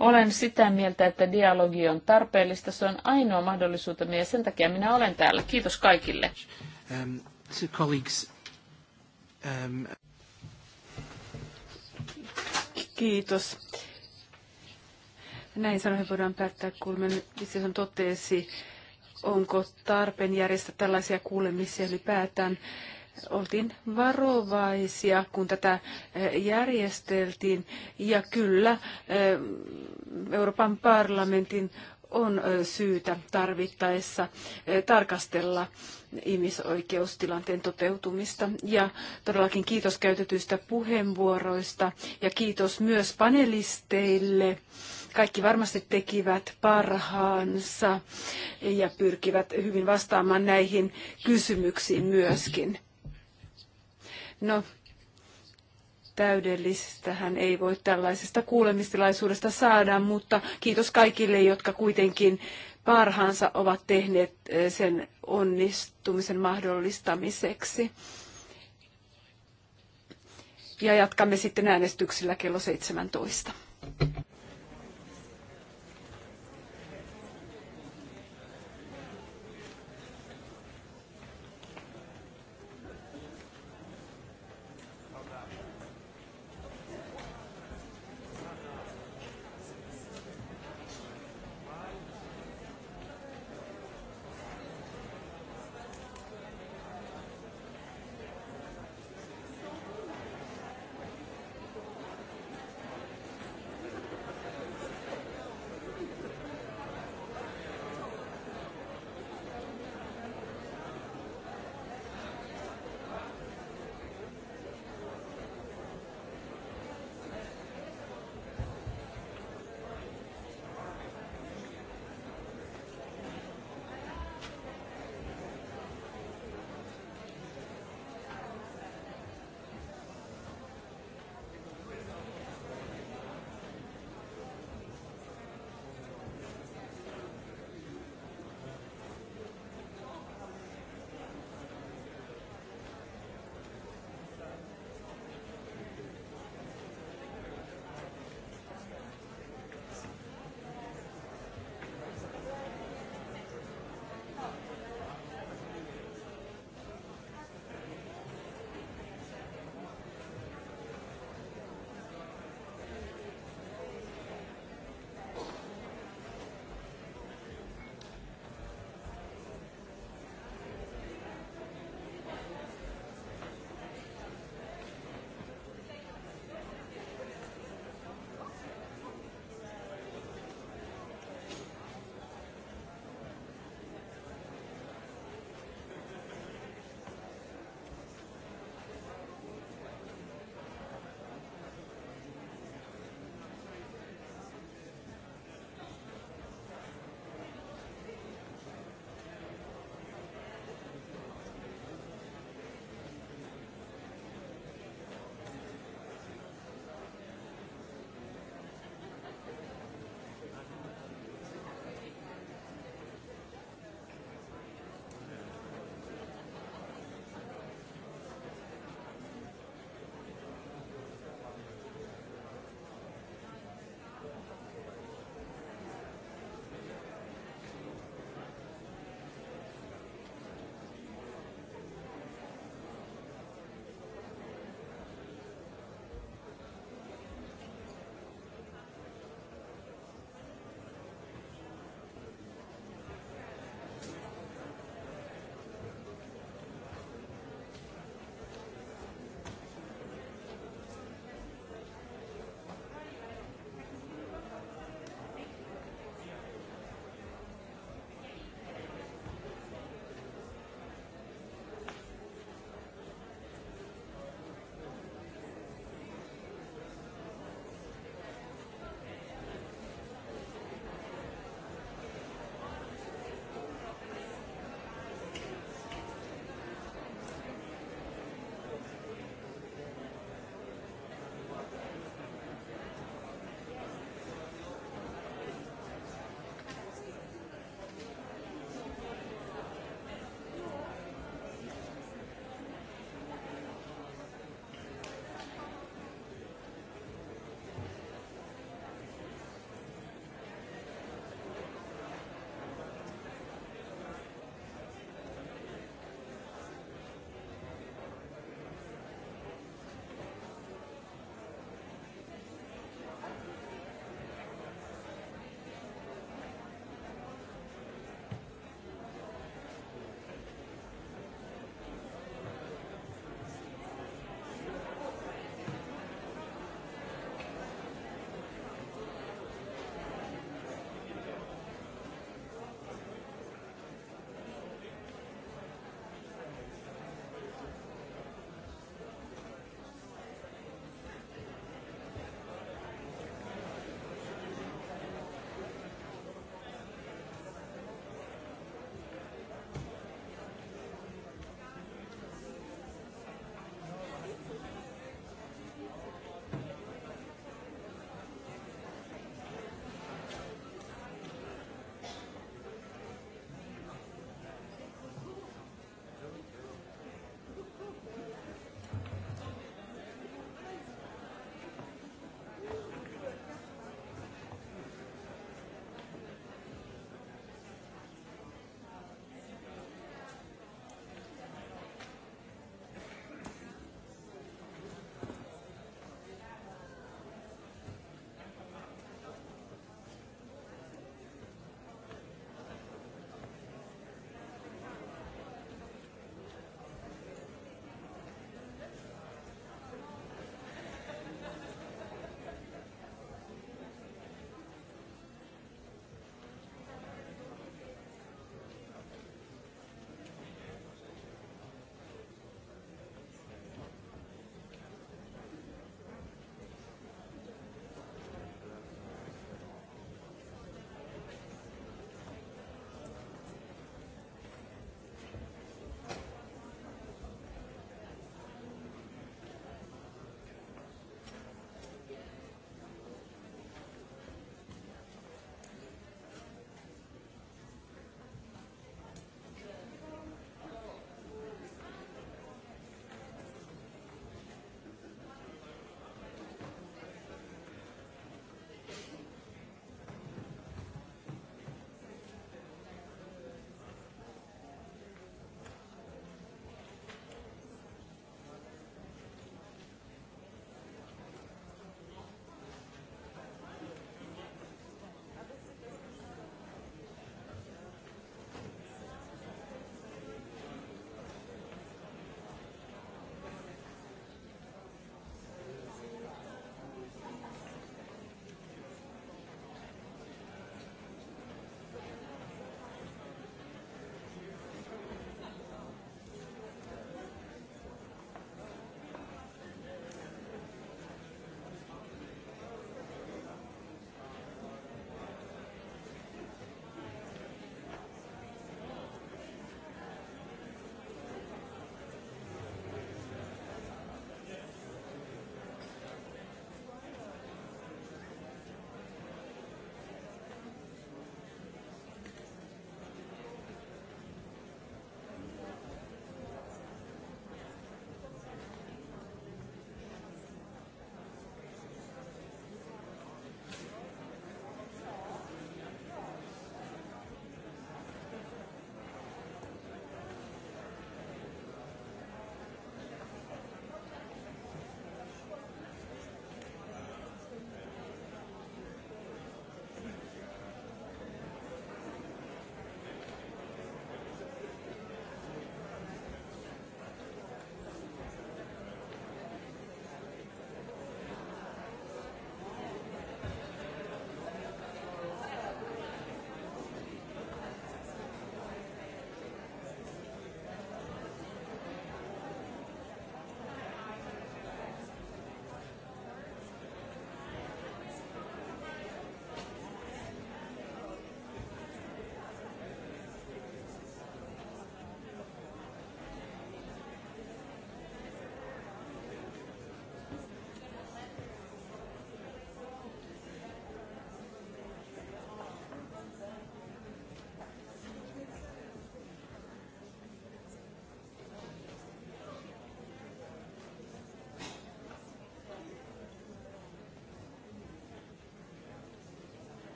Speaker 3: Olen sitä mieltä, että dialogi on tarpeellista, se on ainoa mahdollisuutemme ja sen takia minä olen täällä. Kiitos kaikille.
Speaker 1: Um, to colleagues. Um...
Speaker 3: Kiitos.
Speaker 1: Näin sanoen voidaan päättää, kun on totesi, onko tarpeen järjestää tällaisia kuulemisia ylipäätään. Oltiin varovaisia, kun tätä eh, järjesteltiin, ja kyllä eh, Euroopan parlamentin on syytä tarvittaessa tarkastella ihmisoikeustilanteen toteutumista. Ja todellakin kiitos käytetyistä puheenvuoroista ja kiitos myös panelisteille. Kaikki varmasti tekivät parhaansa ja pyrkivät hyvin vastaamaan näihin kysymyksiin myöskin. No, Täydellistähän ei voi tällaisesta kuulemistilaisuudesta saada, mutta kiitos kaikille, jotka kuitenkin parhaansa ovat tehneet eh, sen onnistumisen mahdollistamiseksi. Ja jatkamme sitten äänestyksillä kello 17.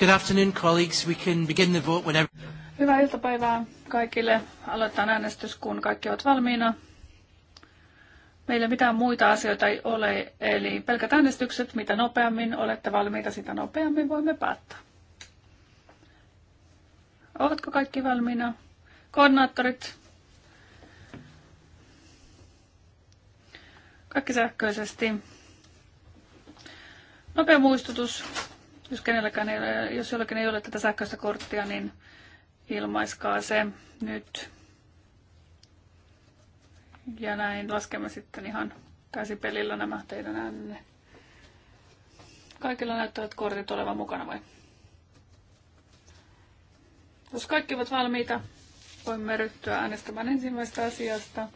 Speaker 1: Good afternoon, colleagues. We can begin the vote whenever.
Speaker 2: Hyvää iltapäivää kaikille. Aloitetaan äänestys, kun kaikki ovat valmiina. Meillä mitään muita asioita ei ole, eli pelkät äänestykset, mitä nopeammin olette valmiita, sitä nopeammin voimme päättää. Ovatko kaikki valmiina? Koordinaattorit, kaikki sähköisesti. Nopea muistutus. Jos, kenelläkään ei ole, jos jollakin ei ole tätä sähköistä korttia, niin ilmaiskaa se nyt. Ja näin laskemme sitten ihan käsipelillä nämä teidän äänenne. Kaikilla näyttävät kortit olevan mukana vai? Jos kaikki ovat valmiita, voimme ryhtyä äänestämään ensimmäistä asiasta.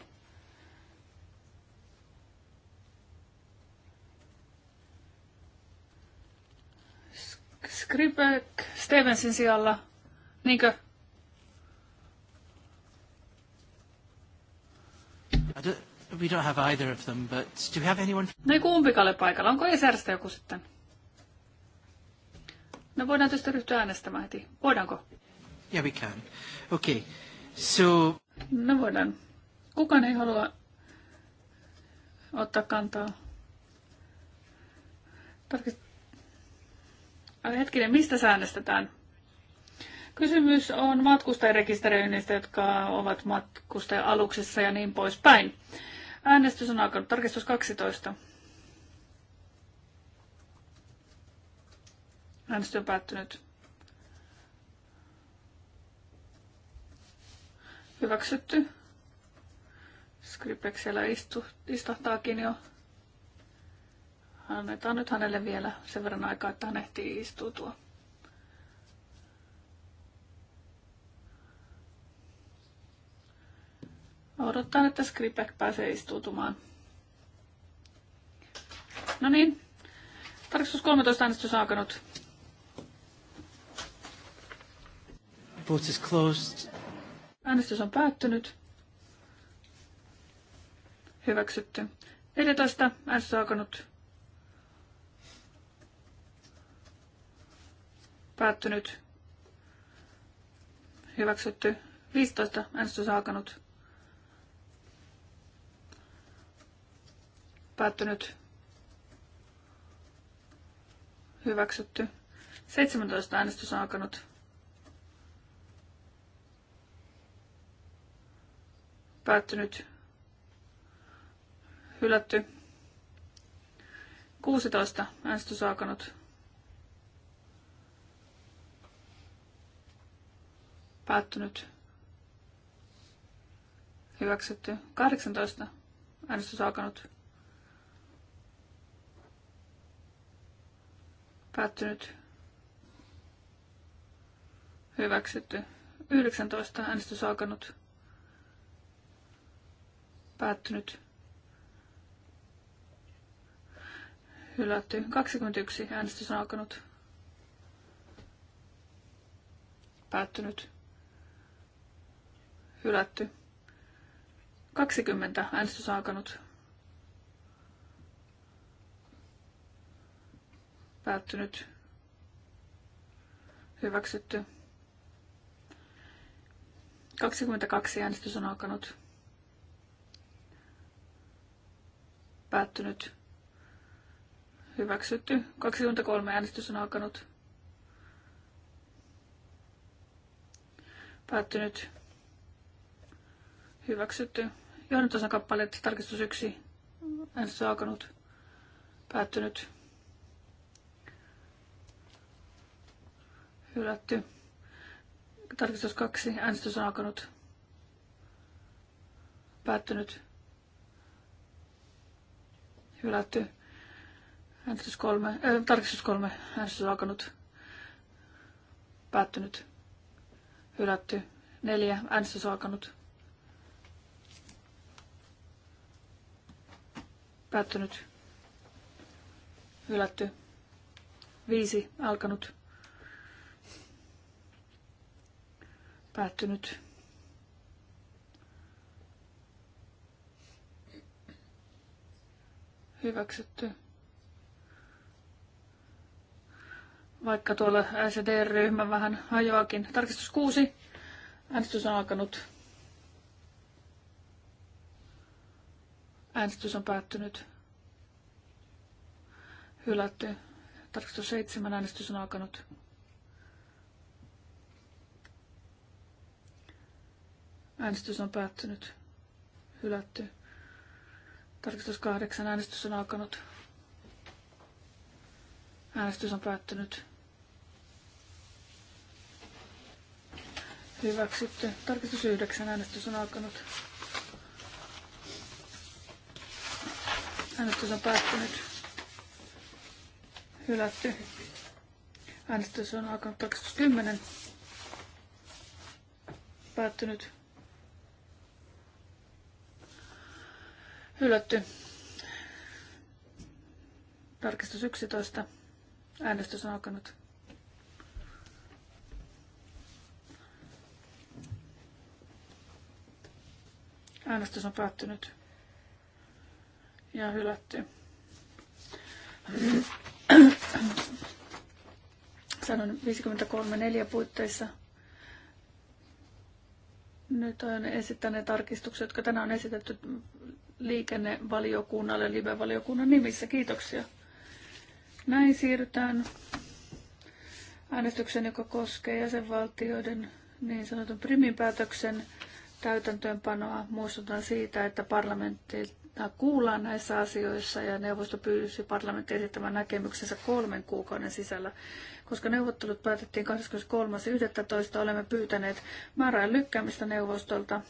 Speaker 2: Skripek Stevensin sijalla, niinkö?
Speaker 1: I don't, we don't have either of them, but do we have anyone...
Speaker 2: No ei kumpikalle paikalla. Onko Esärstä joku sitten? No voidaan tästä ryhtyä äänestämään heti. Voidaanko? Yeah, we can. Okay. So... No voidaan. Kukaan ei halua ottaa kantaa. Tarkist- Hetkinen, mistä säännöstetään? Kysymys on matkustajarekisteröinnistä, jotka ovat matkustaja aluksessa ja niin poispäin. Äänestys on alkanut. Tarkistus 12. Äänestys on päättynyt. Hyväksytty. Skripeksellä istu, istahtaakin jo. Annetaan nyt hänelle vielä sen verran aikaa, että hän ehtii istutua. Odottaa, että Skripek pääsee istuutumaan. No niin, tarkistus 13 äänestys on alkanut.
Speaker 1: is closed.
Speaker 2: Äänestys on päättynyt. Hyväksytty. 14. Äänestys on alkanut. päättynyt, hyväksytty, 15 äänestys alkanut, päättynyt, hyväksytty, 17 äänestys alkanut, päättynyt, hylätty, 16 äänestys alkanut, Päättynyt. Hyväksytty. 18. Äänestys alkanut. Päättynyt. Hyväksytty. 19. Äänestys alkanut. Päättynyt. Hylätty. 21. Äänestys on alkanut. Päättynyt. Hylätty. 20. Äänestys on alkanut. Päättynyt. Hyväksytty. 22. Äänestys on alkanut. Päättynyt. Hyväksytty. 23. Äänestys on alkanut. Päättynyt. Hyväksytty. Johdantosan kappaleet, tarkistus yksi Äänestys on alkanut. Päättynyt. Hylätty. Tarkistus kaksi Äänestys on alkanut. Päättynyt. Hylätty. Äänestys kolme, äh, tarkistus kolme. Äänestys on alkanut. Päättynyt. Hylätty. Neljä. Äänestys on alkanut. Päättynyt. Hylätty. Viisi. Alkanut. Päättynyt. Hyväksytty. Vaikka tuolla SED-ryhmä vähän hajoakin. Tarkistus kuusi. Äänestys on alkanut. Äänestys on päättynyt. Hylätty. Tarkistus 7. Äänestys on alkanut. Äänestys on päättynyt. Hylätty. Tarkistus 8. Äänestys on alkanut. Äänestys on päättynyt. Hyväksytty. Tarkistus 9. Äänestys on alkanut. Äänestys on päättynyt. Hylätty. Äänestys on alkanut 2010. Päättynyt. Hylätty. Tarkistus 11. Äänestys on alkanut. Äänestys on päättynyt ja hylätty. Sanon 53.4 puitteissa. Nyt on esittäneet tarkistukset, jotka tänään on esitetty liikennevaliokunnalle, live-valiokunnan nimissä. Kiitoksia. Näin siirrytään äänestykseen, joka koskee jäsenvaltioiden niin sanotun primin päätöksen täytäntöönpanoa. Muistutan siitä, että parlamentti kuullaan näissä asioissa ja neuvosto pyysi parlamentti esittämään näkemyksensä kolmen kuukauden sisällä. Koska neuvottelut päätettiin 23.11. olemme pyytäneet määrää lykkäämistä neuvostolta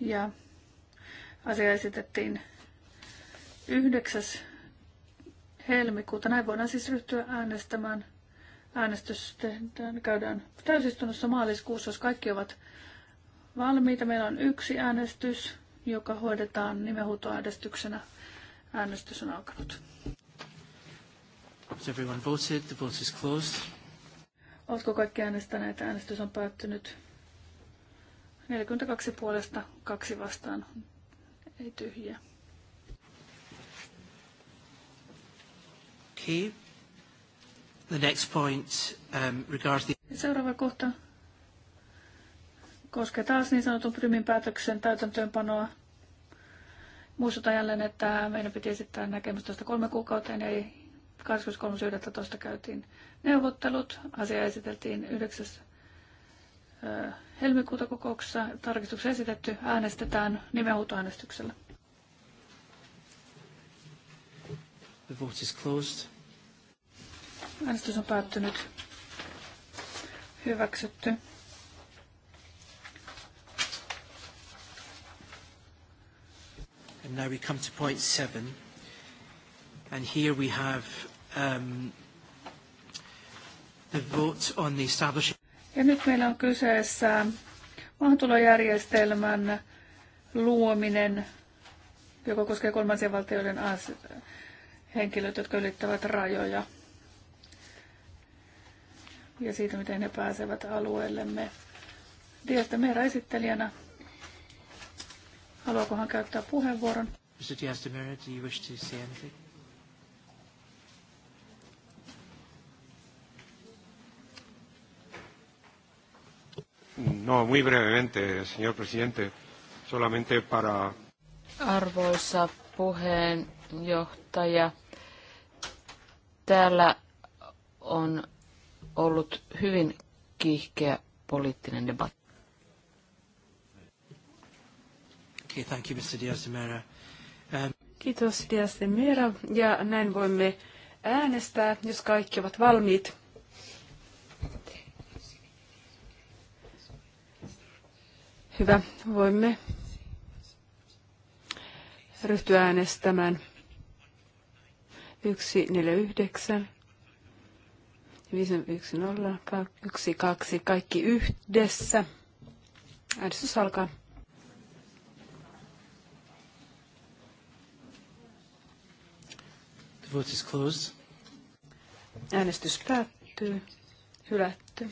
Speaker 2: ja asia esitettiin 9. helmikuuta. Näin voidaan siis ryhtyä äänestämään. Äänestys tehdään, käydään täysistunnossa maaliskuussa, jos kaikki ovat valmiita. Meillä on yksi äänestys joka hoidetaan nimenhuutoäänestyksenä. Äänestys on alkanut.
Speaker 1: Has everyone voted? The vote is closed.
Speaker 2: Oletko kaikki äänestäneet? Äänestys on päättynyt. 42 puolesta, kaksi vastaan. Ei tyhjiä.
Speaker 1: Okay. The next point um, regards the...
Speaker 2: Seuraava kohta koskee taas niin sanotun Prymin päätöksen täytäntöönpanoa. Muistutan jälleen, että meidän piti esittää näkemys tuosta kolme kuukauteen, eli 23.11. käytiin neuvottelut. Asia esiteltiin 9. helmikuuta kokouksessa. Tarkistuksen esitetty äänestetään nimenhuutoäänestyksellä.
Speaker 1: The vote is closed.
Speaker 2: Äänestys on päättynyt. Hyväksytty.
Speaker 1: And now we come to point seven. And here we have um, the vote on the establishment.
Speaker 2: Ja nyt meillä on kyseessä maahantulojärjestelmän luominen, joka koskee kolmansien valtioiden henkilöt, jotka ylittävät rajoja ja siitä, miten he pääsevät alueellemme. Tiedätte, meidän esittelijänä Haluaako hän käyttää puheenvuoron?
Speaker 1: Mr. Diaz de Mera, do you wish to say anything?
Speaker 3: No, muy brevemente, señor presidente. Solamente para... Arvoisa puheenjohtaja, täällä on ollut hyvin kiihkeä poliittinen debatti. Okay, thank you, Mr. Diaz de Mera. Um...
Speaker 1: Kiitos, Diaz de Mera. Ja näin voimme äänestää, jos kaikki ovat valmiit. Hyvä, voimme ryhtyä äänestämään. 149, 510, 12, kaikki yhdessä. Äänestys alkaa. The vote is closed. Äänestys päättyy. Hylätty.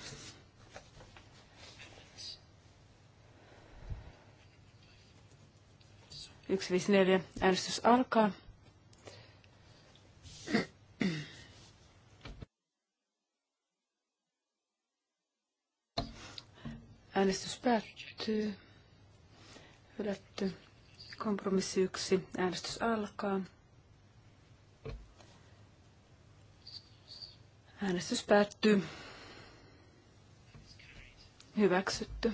Speaker 1: Yksi, viisi, neljä. Äänestys alkaa. Äänestys päättyy. Hylätty. Kompromissi yksi. Äänestys alkaa. Äänestys päättyy. Hyväksytty.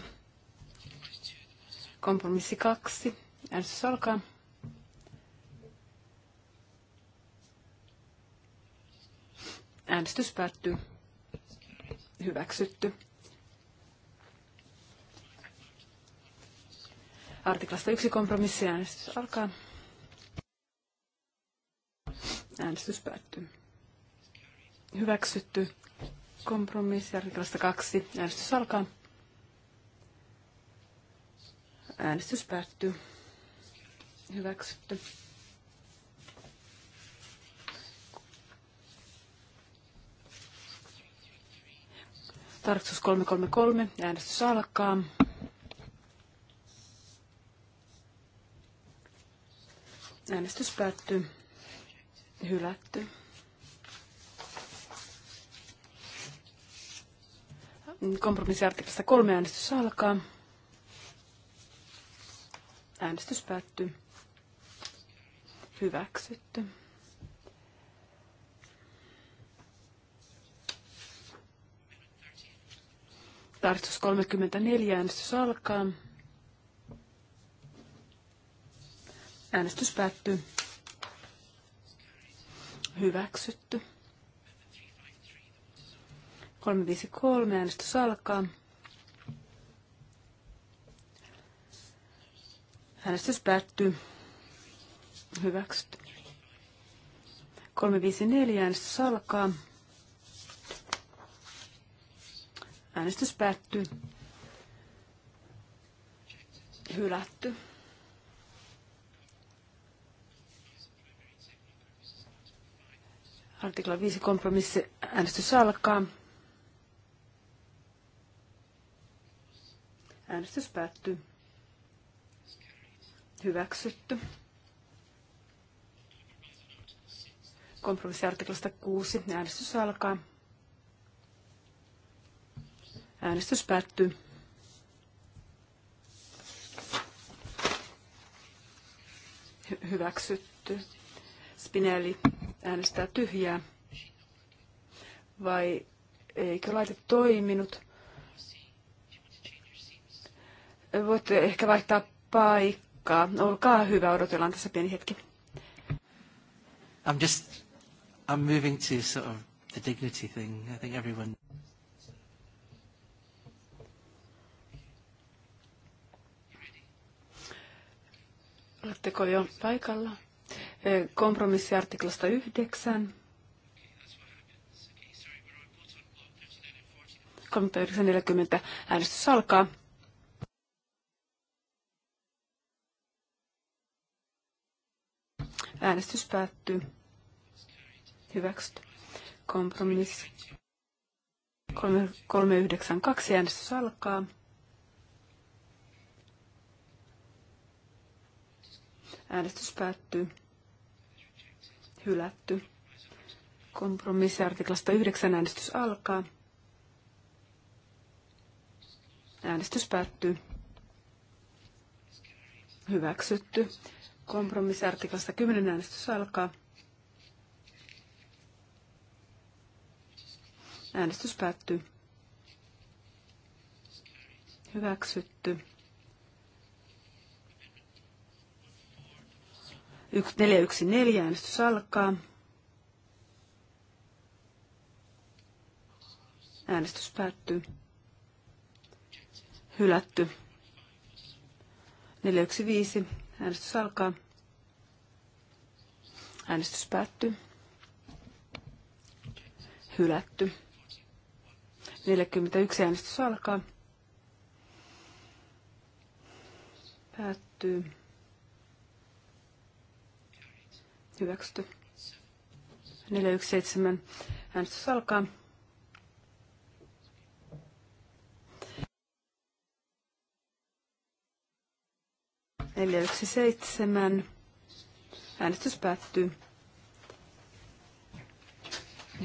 Speaker 1: Kompromissi kaksi. Äänestys alkaa. Äänestys päättyy. Hyväksytty. Artiklasta yksi Äänestys alkaa. Äänestys päättyy hyväksytty kompromissi artiklasta kaksi Äänestys alkaa. Äänestys päättyy. Hyväksytty. Tarkistus 333. Äänestys alkaa. Äänestys päättyy. Hylätty. kompromissiartiklasta kolme äänestys alkaa. Äänestys päättyy. Hyväksytty. Tarkistus 34, äänestys alkaa. Äänestys päättyy. Hyväksytty. 353 äänestys alkaa. Äänestys päättyy. Hyväksytty. 354 äänestys alkaa. Äänestys päättyy. Hylätty. Artikla 5 kompromissi. Äänestys alkaa. Äänestys päättyy. Hyväksytty. Kompromissiartiklasta 6. Äänestys alkaa. Äänestys päättyy. Hy- hyväksytty. Spinelli äänestää tyhjää. Vai eikö laite toiminut? Voitte ehkä vaihtaa paikkaa. Olkaa hyvä, odotellaan tässä pieni hetki. I'm just, I'm moving to sort of the dignity thing. I think everyone... Oletteko jo paikalla? Kompromissiartiklasta yhdeksän, 39.40 äänestys alkaa. Äänestys päättyy. Hyväksytty. Kompromissi. 392 äänestys alkaa. Äänestys päättyy. Hylätty. artiklasta 9 äänestys alkaa. Äänestys päättyy. Hyväksytty. Kompromissiartiklasta 10 äänestys alkaa. Äänestys päättyy. Hyväksytty. 414 äänestys alkaa. Äänestys päättyy. Hylätty. 415 Äänestys alkaa. Äänestys päättyy. Hylätty. 41 äänestys alkaa. Päättyy. Hyväksytty. 417 äänestys alkaa. 417. Äänestys päättyy.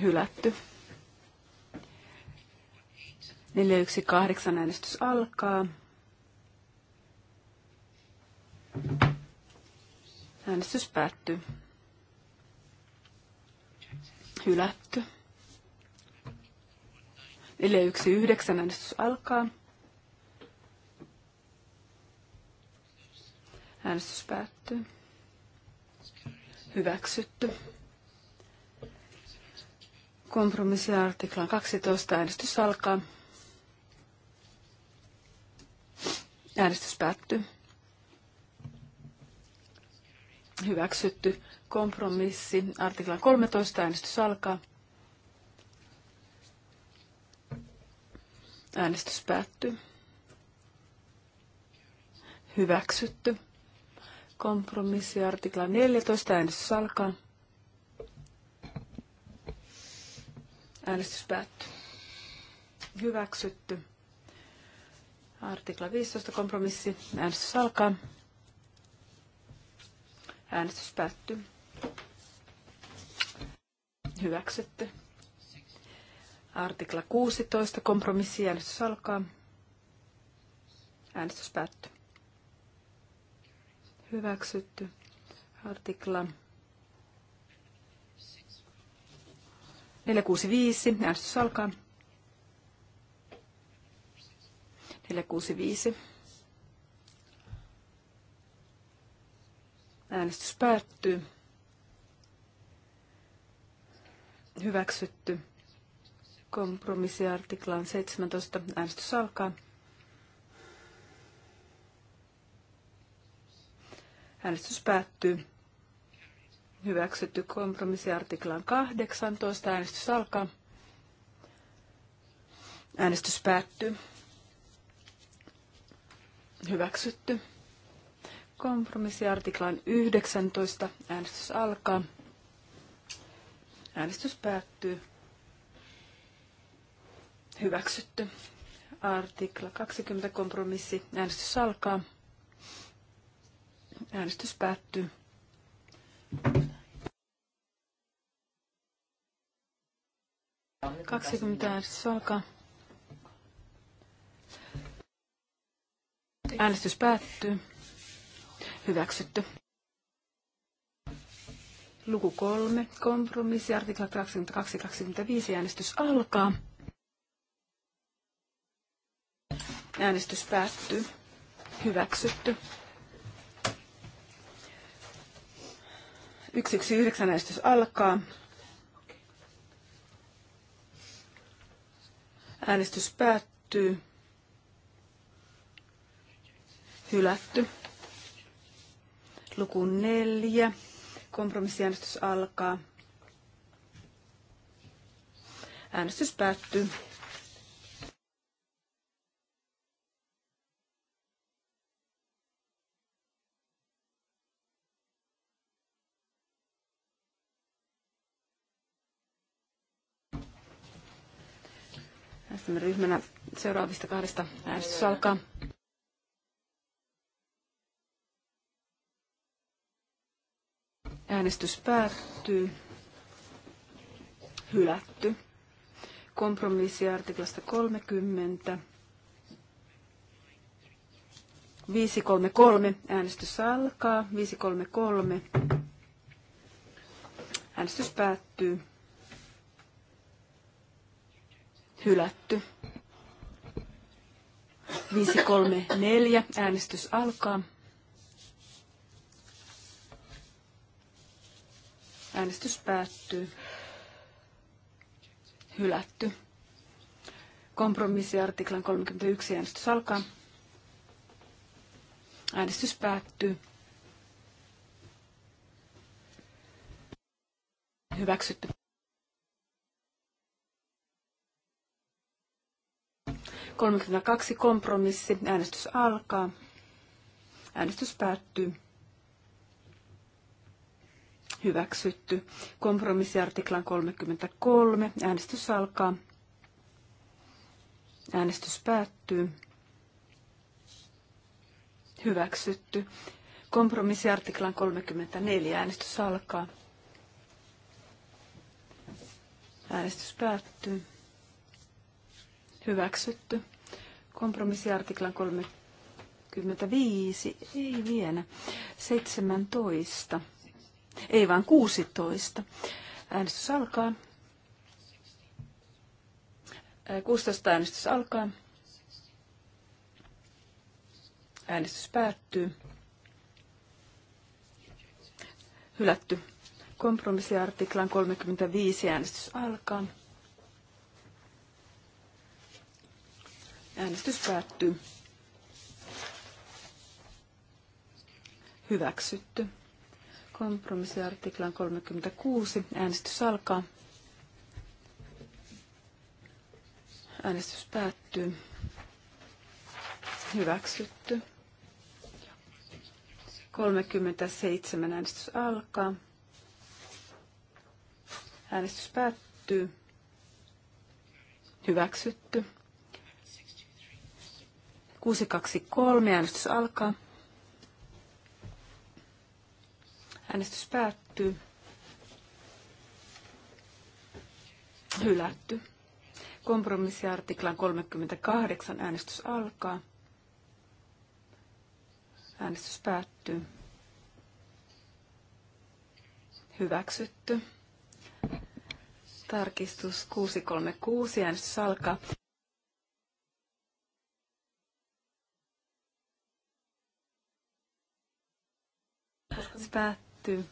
Speaker 1: Hylätty. 418 äänestys alkaa. Äänestys päättyy. Hylätty. 419 äänestys alkaa. Äänestys päättyy. Hyväksytty. Kompromissi artiklan 12 äänestys alkaa. Äänestys päättyy. Hyväksytty kompromissi. Artiklan 13 äänestys alkaa. Äänestys päättyy. Hyväksytty. Kompromissi artikla 14. Äänestys alkaa. Äänestys päättyy. Hyväksytty. Artikla 15 kompromissi. Äänestys alkaa. Äänestys päättyy. Hyväksytty. Artikla 16 kompromissi. Äänestys alkaa. Äänestys päättyy hyväksytty. Artikla 465, äänestys alkaa. 465. Äänestys päättyy. Hyväksytty. Kompromissiartiklaan 17. Äänestys alkaa. Äänestys päättyy. Hyväksytty kompromissiartiklan 18. Äänestys alkaa. Äänestys päättyy. Hyväksytty. Kompromissiartiklan 19. Äänestys alkaa. Äänestys päättyy. Hyväksytty. Artikla 20 kompromissi. Äänestys alkaa. Äänestys päättyy. Kaksikymmentä äänestys alkaa. Äänestys päättyy. Hyväksytty. Luku kolme, kompromissi, artikla 22.25, äänestys alkaa. Äänestys päättyy. Hyväksytty. 119 äänestys alkaa. Äänestys päättyy. Hylätty. Luku neljä. Kompromissiäänestys alkaa. Äänestys päättyy. äänestämme ryhmänä seuraavista kahdesta äänestys alkaa. Äänestys päättyy. Hylätty. Kompromissi artiklasta 30. 533. Äänestys alkaa. 533. Äänestys päättyy. hylätty. 534. Äänestys alkaa. Äänestys päättyy. Hylätty. Kompromissiartiklan 31. Äänestys alkaa. Äänestys päättyy. Hyväksytty. 32 kompromissi. Äänestys alkaa. Äänestys päättyy. Hyväksytty. Kompromissiartiklan 33. Äänestys alkaa. Äänestys päättyy. Hyväksytty. Kompromissiartiklan 34. Äänestys alkaa. Äänestys päättyy. Hyväksytty. Kompromissiartiklan 35. Ei vielä. 17. Ei vaan 16. Äänestys alkaa. 16 äänestys alkaa. Äänestys päättyy. Hylätty. Kompromissiartiklan 35 äänestys alkaa. Äänestys päättyy. Hyväksytty. Kompromissiartiklan 36. Äänestys alkaa. Äänestys päättyy. Hyväksytty. 37 äänestys alkaa. Äänestys päättyy. Hyväksytty. 623. Äänestys alkaa. Äänestys päättyy. Hylätty. Kompromissiartiklan 38 äänestys alkaa. Äänestys päättyy. Hyväksytty. Tarkistus 636. Äänestys alkaa. Äänestys päättyy.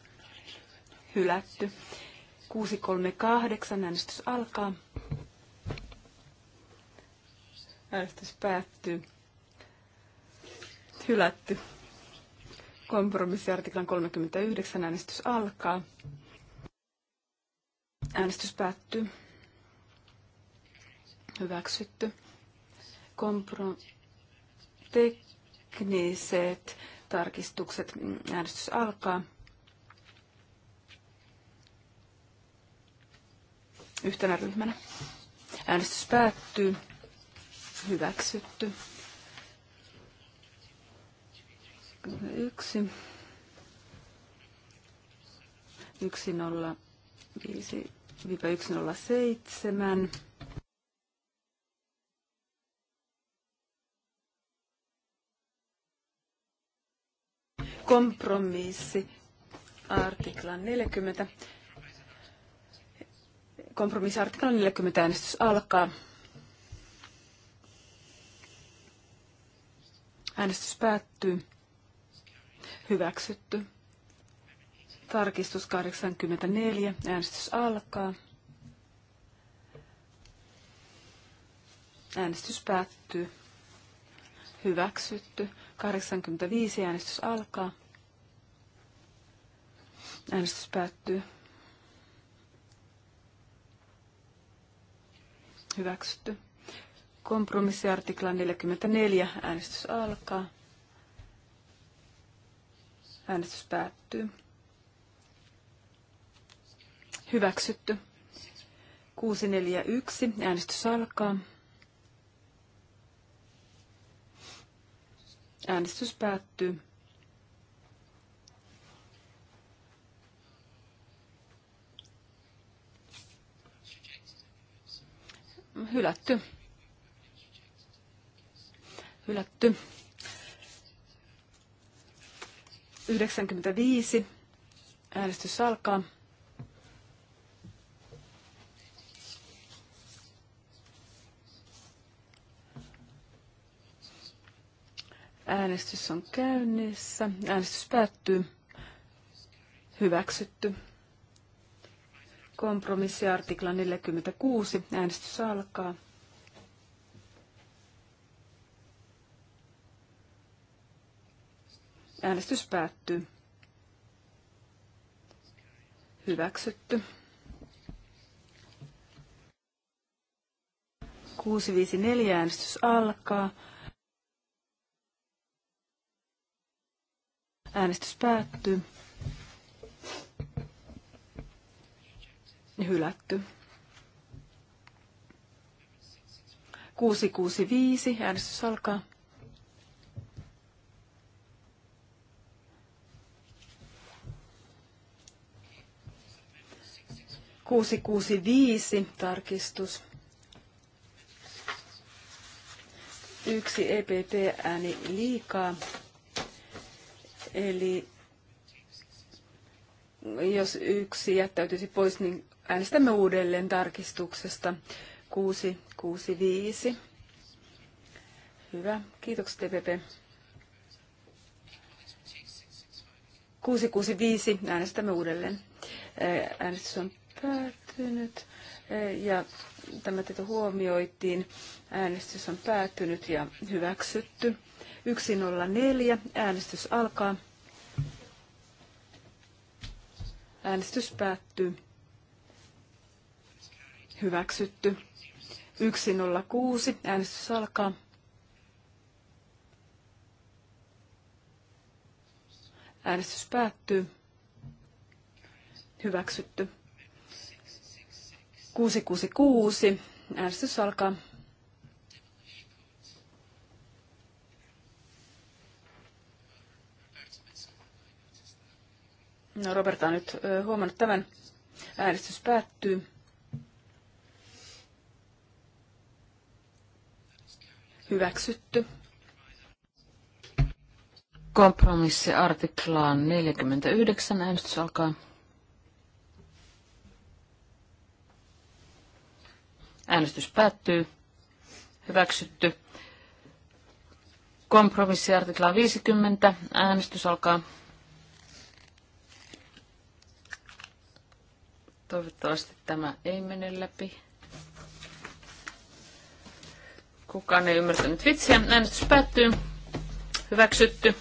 Speaker 1: Hylätty. 638 äänestys alkaa. Äänestys päättyy. Hylätty. Kompromissiartiklan 39 äänestys alkaa. Äänestys päättyy. Hyväksytty. Kompro- tekniset tarkistukset. Äänestys alkaa. Yhtenä ryhmänä. Äänestys päättyy. Hyväksytty. Yksi. Yksi nolla viisi. nolla seitsemän kompromissi artikla 40. Kompromissi artikla 40 äänestys alkaa. Äänestys päättyy. Hyväksytty. Tarkistus 84. Äänestys alkaa. Äänestys päättyy. Hyväksytty. 85. Äänestys alkaa. Äänestys päättyy. Hyväksytty. Kompromissiartikla 44. Äänestys alkaa. Äänestys päättyy. Hyväksytty. 641. Äänestys alkaa. Äänestys päättyy. hylätty. Hylätty. 95. Äänestys alkaa. Äänestys on käynnissä. Äänestys päättyy. Hyväksytty. Kompromissiartikla 46. Äänestys alkaa. Äänestys päättyy. Hyväksytty. 654 äänestys alkaa. Äänestys päättyy. hylätty. 665, äänestys alkaa. Kuusi kuusi viisi tarkistus. Yksi EPP-ääni liikaa. Eli jos yksi jättäytyisi pois, niin äänestämme uudelleen tarkistuksesta 665. Hyvä, kiitokset TPP. 665, äänestämme uudelleen. Äänestys on
Speaker 3: päättynyt
Speaker 1: ja tämä tieto huomioitiin. Äänestys on päättynyt ja hyväksytty. 104, äänestys alkaa. Äänestys päättyy. Hyväksytty. 106. Äänestys alkaa. Äänestys päättyy. Hyväksytty. 666. Äänestys alkaa. No Roberta on nyt huomannut tämän. Äänestys päättyy.
Speaker 3: Hyväksytty. Kompromissi artiklaan 49. Äänestys alkaa. Äänestys päättyy. Hyväksytty. Kompromissi artiklaan 50. Äänestys alkaa. Toivottavasti tämä ei mene läpi. Kukaan ei ymmärtänyt vitsiä. Äänestys päättyy. Hyväksytty.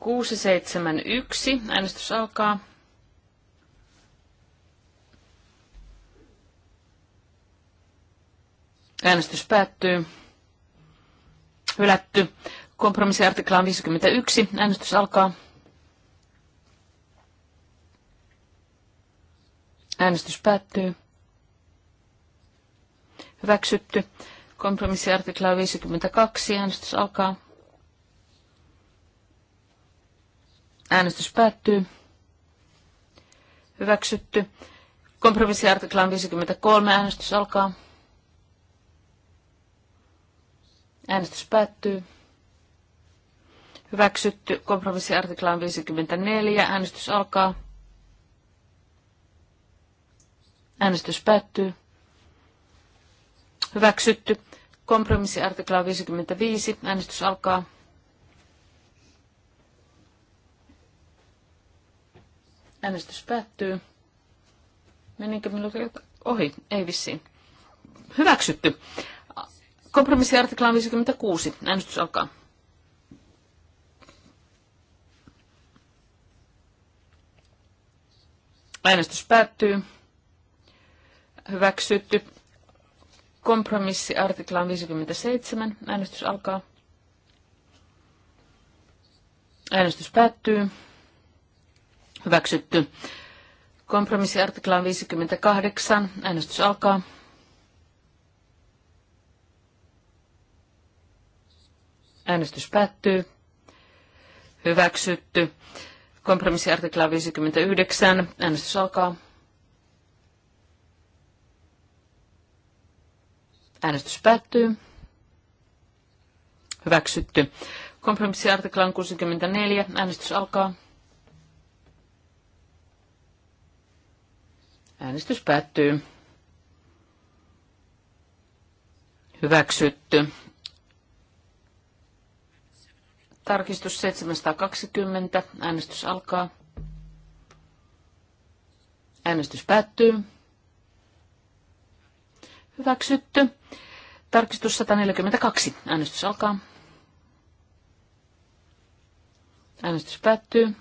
Speaker 3: Kuusi, seitsemän, yksi. Äänestys alkaa. Äänestys päättyy. Hylätty. Kompromissiartikla on 51. Äänestys alkaa. Äänestys päättyy. Hyväksytty. Kompromissiartikla 52. Äänestys alkaa. Äänestys päättyy. Hyväksytty. Kompromissiartiklaan 53. Äänestys alkaa. Äänestys päättyy. Hyväksytty. Kompromissiartiklaan 54. Äänestys alkaa. Äänestys päättyy. Hyväksytty. Kompromissi artiklaa 55. Äänestys alkaa. Äänestys päättyy. Meninkö minulta ohi? Ei vissiin. Hyväksytty. Kompromissi artiklaan 56. Äänestys alkaa. Äänestys päättyy hyväksytty. Kompromissi artiklaan 57. Äänestys alkaa. Äänestys päättyy. Hyväksytty. Kompromissi artiklaan 58. Äänestys alkaa. Äänestys päättyy. Hyväksytty. Kompromissi artiklaan 59. Äänestys alkaa. Äänestys päättyy. Hyväksytty. Kompromissiartiklan 64. Äänestys alkaa. Äänestys päättyy. Hyväksytty. Tarkistus 720. Äänestys alkaa. Äänestys päättyy. Hyväksytty. Tarkistus 142. Äänestys alkaa. Äänestys päättyy.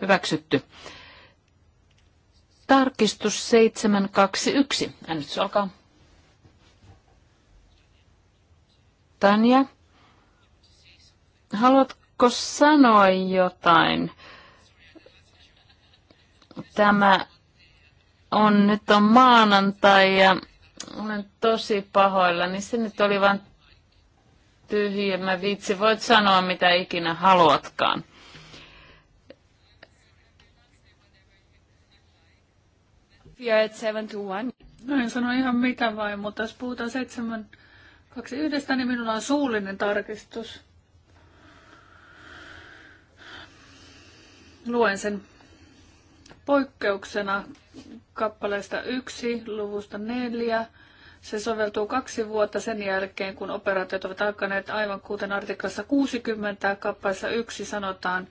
Speaker 3: Hyväksytty. Tarkistus 721. Äänestys alkaa. Tanja, haluatko sanoa jotain? Tämä on, nyt on maanantai ja olen tosi pahoilla. Niin Se nyt oli vain tyhjä. Mä vitsi, voit sanoa mitä ikinä haluatkaan.
Speaker 2: We are 7 to 1. No en sano ihan mitä vain, mutta jos puhutaan 7 2 yhdestä, niin minulla on suullinen tarkistus. Luen sen poikkeuksena kappaleesta 1 luvusta 4. Se soveltuu kaksi vuotta sen jälkeen, kun operaatiot ovat alkaneet, aivan kuten artiklassa 60 kappaleessa 1 sanotaan,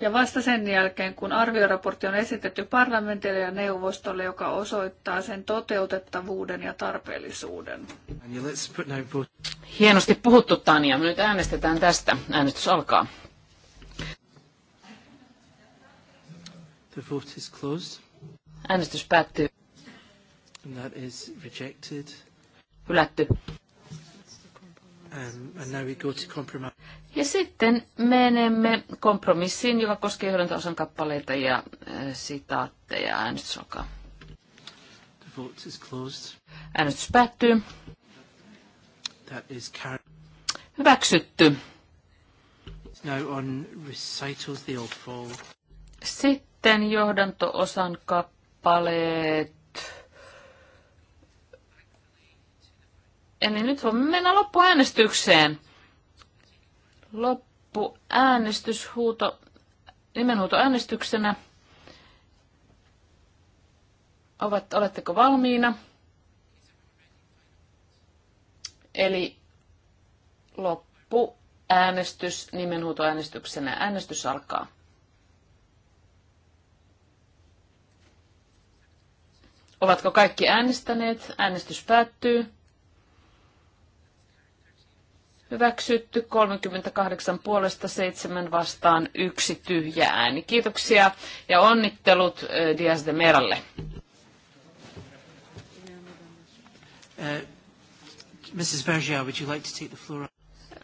Speaker 2: ja vasta sen jälkeen, kun arvioraportti on esitetty parlamentille ja neuvostolle, joka osoittaa sen toteutettavuuden ja tarpeellisuuden.
Speaker 3: No Hienosti puhuttu, Tania. nyt äänestetään tästä. Äänestys alkaa. The vote is closed. Äänestys päättyy. And that is rejected. Hylätty. Um, and now we go to compromise. Ja sitten menemme kompromissiin, joka koskee johdantaosan kappaleita ja äh, sitaatteja. Äänestys alkaa. The vote is closed. Äänestys päättyy. That is Hyväksytty.
Speaker 1: Now on recitals, they all fall.
Speaker 3: Sitten sitten johdanto-osan kappaleet. Eli nyt voimme mennä loppuäänestykseen. Loppuäänestys, huuto, nimenhuutoäänestyksenä. Ovat, oletteko valmiina? Eli loppuäänestys nimenhuutoäänestyksenä. Äänestys alkaa. Ovatko kaikki äänestäneet? Äänestys päättyy. Hyväksytty 38 puolesta 7 vastaan yksi tyhjä ääni. Kiitoksia ja onnittelut eh, Dias de Meralle. Uh, Mrs. would you like to take the floor?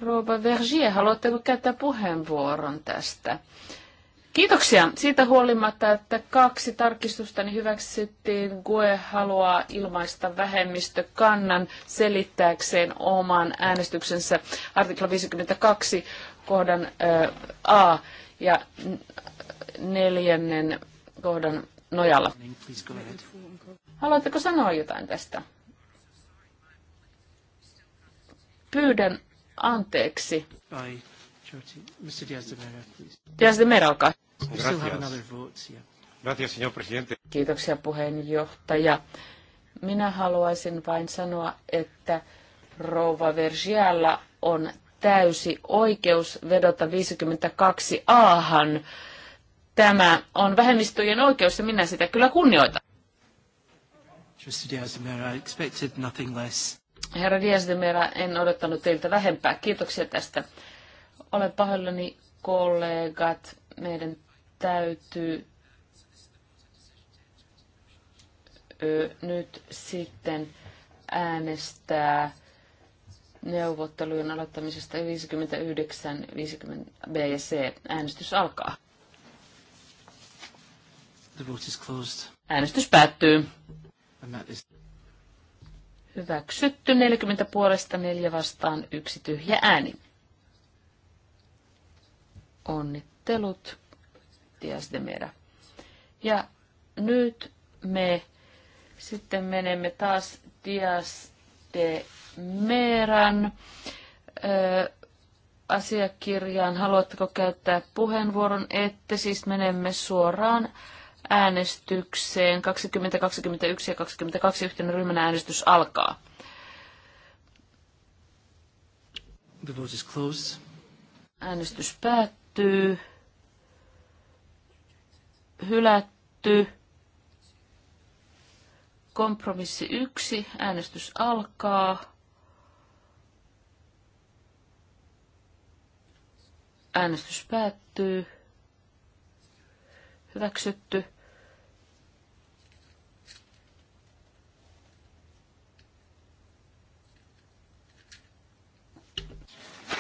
Speaker 3: Rouva Vergier, haluatteko käyttää puheenvuoron tästä? Kiitoksia siitä huolimatta, että kaksi tarkistusta niin hyväksyttiin. GUE haluaa ilmaista vähemmistökannan selittääkseen oman äänestyksensä artikla 52 kohdan ä, A ja neljännen kohdan nojalla. Haluatteko sanoa jotain tästä? Pyydän anteeksi. Ai. Security. Mr. Diaz de Mera, please. Diaz de Mera, olkaa. Gracias, señor presidente. Kiitoksia puheenjohtaja. Minä haluaisin vain sanoa, että rouva Vergialla on täysi oikeus vedota 52 aahan. Tämä on vähemmistöjen oikeus ja minä sitä kyllä kunnioitan. Herra Diaz de Mera, en odottanut teiltä vähempää. Kiitoksia tästä. Olen pahoillani kollegat, meidän täytyy nyt sitten äänestää neuvottelujen aloittamisesta 59, 50 B ja C. Äänestys alkaa. The vote is closed. Äänestys päättyy. Hyväksytty 40 puolesta, 4 vastaan, yksi tyhjä ääni. Onnittelut, Tias de Mera. Ja nyt me sitten menemme taas Tias de Meran ö, asiakirjaan. Haluatteko käyttää puheenvuoron? Ette, siis menemme suoraan äänestykseen. 20, 21 ja 22 yhtenä ryhmän äänestys alkaa.
Speaker 1: The vote is closed.
Speaker 3: Äänestys päättyy hylätty, hylätty, kompromissi yksi, äänestys alkaa, äänestys päättyy, hyväksytty,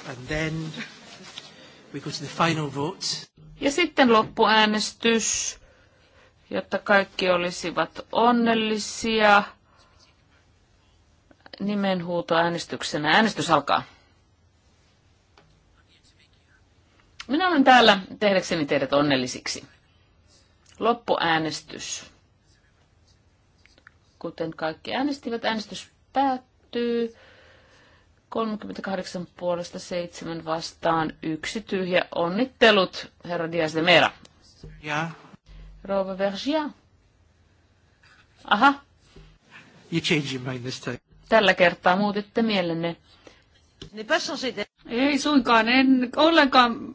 Speaker 1: And then We go to the final vote.
Speaker 3: Ja sitten loppuäänestys, jotta kaikki olisivat onnellisia. Nimenhuuto äänestyksenä. Äänestys alkaa. Minä olen täällä tehdäkseni teidät onnellisiksi. Loppuäänestys. Kuten kaikki äänestivät, äänestys päättyy. 38 puolesta 7 vastaan yksi tyhjä. Onnittelut, herra Diaz de Mera. Ja. Rouva Vergia. Aha.
Speaker 1: You change your mind this time.
Speaker 3: Tällä kertaa muutitte mielenne. Ei suinkaan, en ollenkaan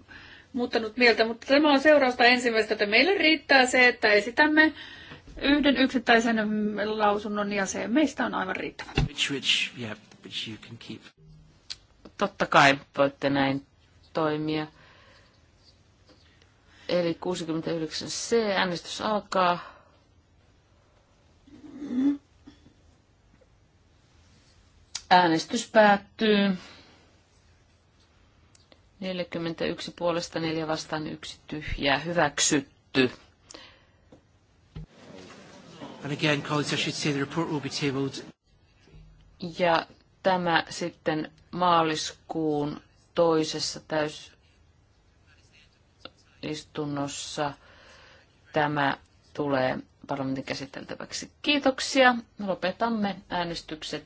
Speaker 2: muuttanut mieltä, mutta tämä on seurausta ensimmäistä, että meille riittää se, että esitämme yhden yksittäisen lausunnon ja se meistä on aivan riittävä.
Speaker 3: Which, which, yeah, which you can keep. Totta kai voitte näin toimia. Eli 69C, äänestys alkaa. Äänestys päättyy. 41 puolesta 4 vastaan 1 tyhjää. Hyväksytty. And again, colleagues, I should say the report will be tabled. Ja tämä sitten maaliskuun toisessa täysistunnossa tämä tulee parlamentin käsiteltäväksi. Kiitoksia. Lopetamme äänestykset.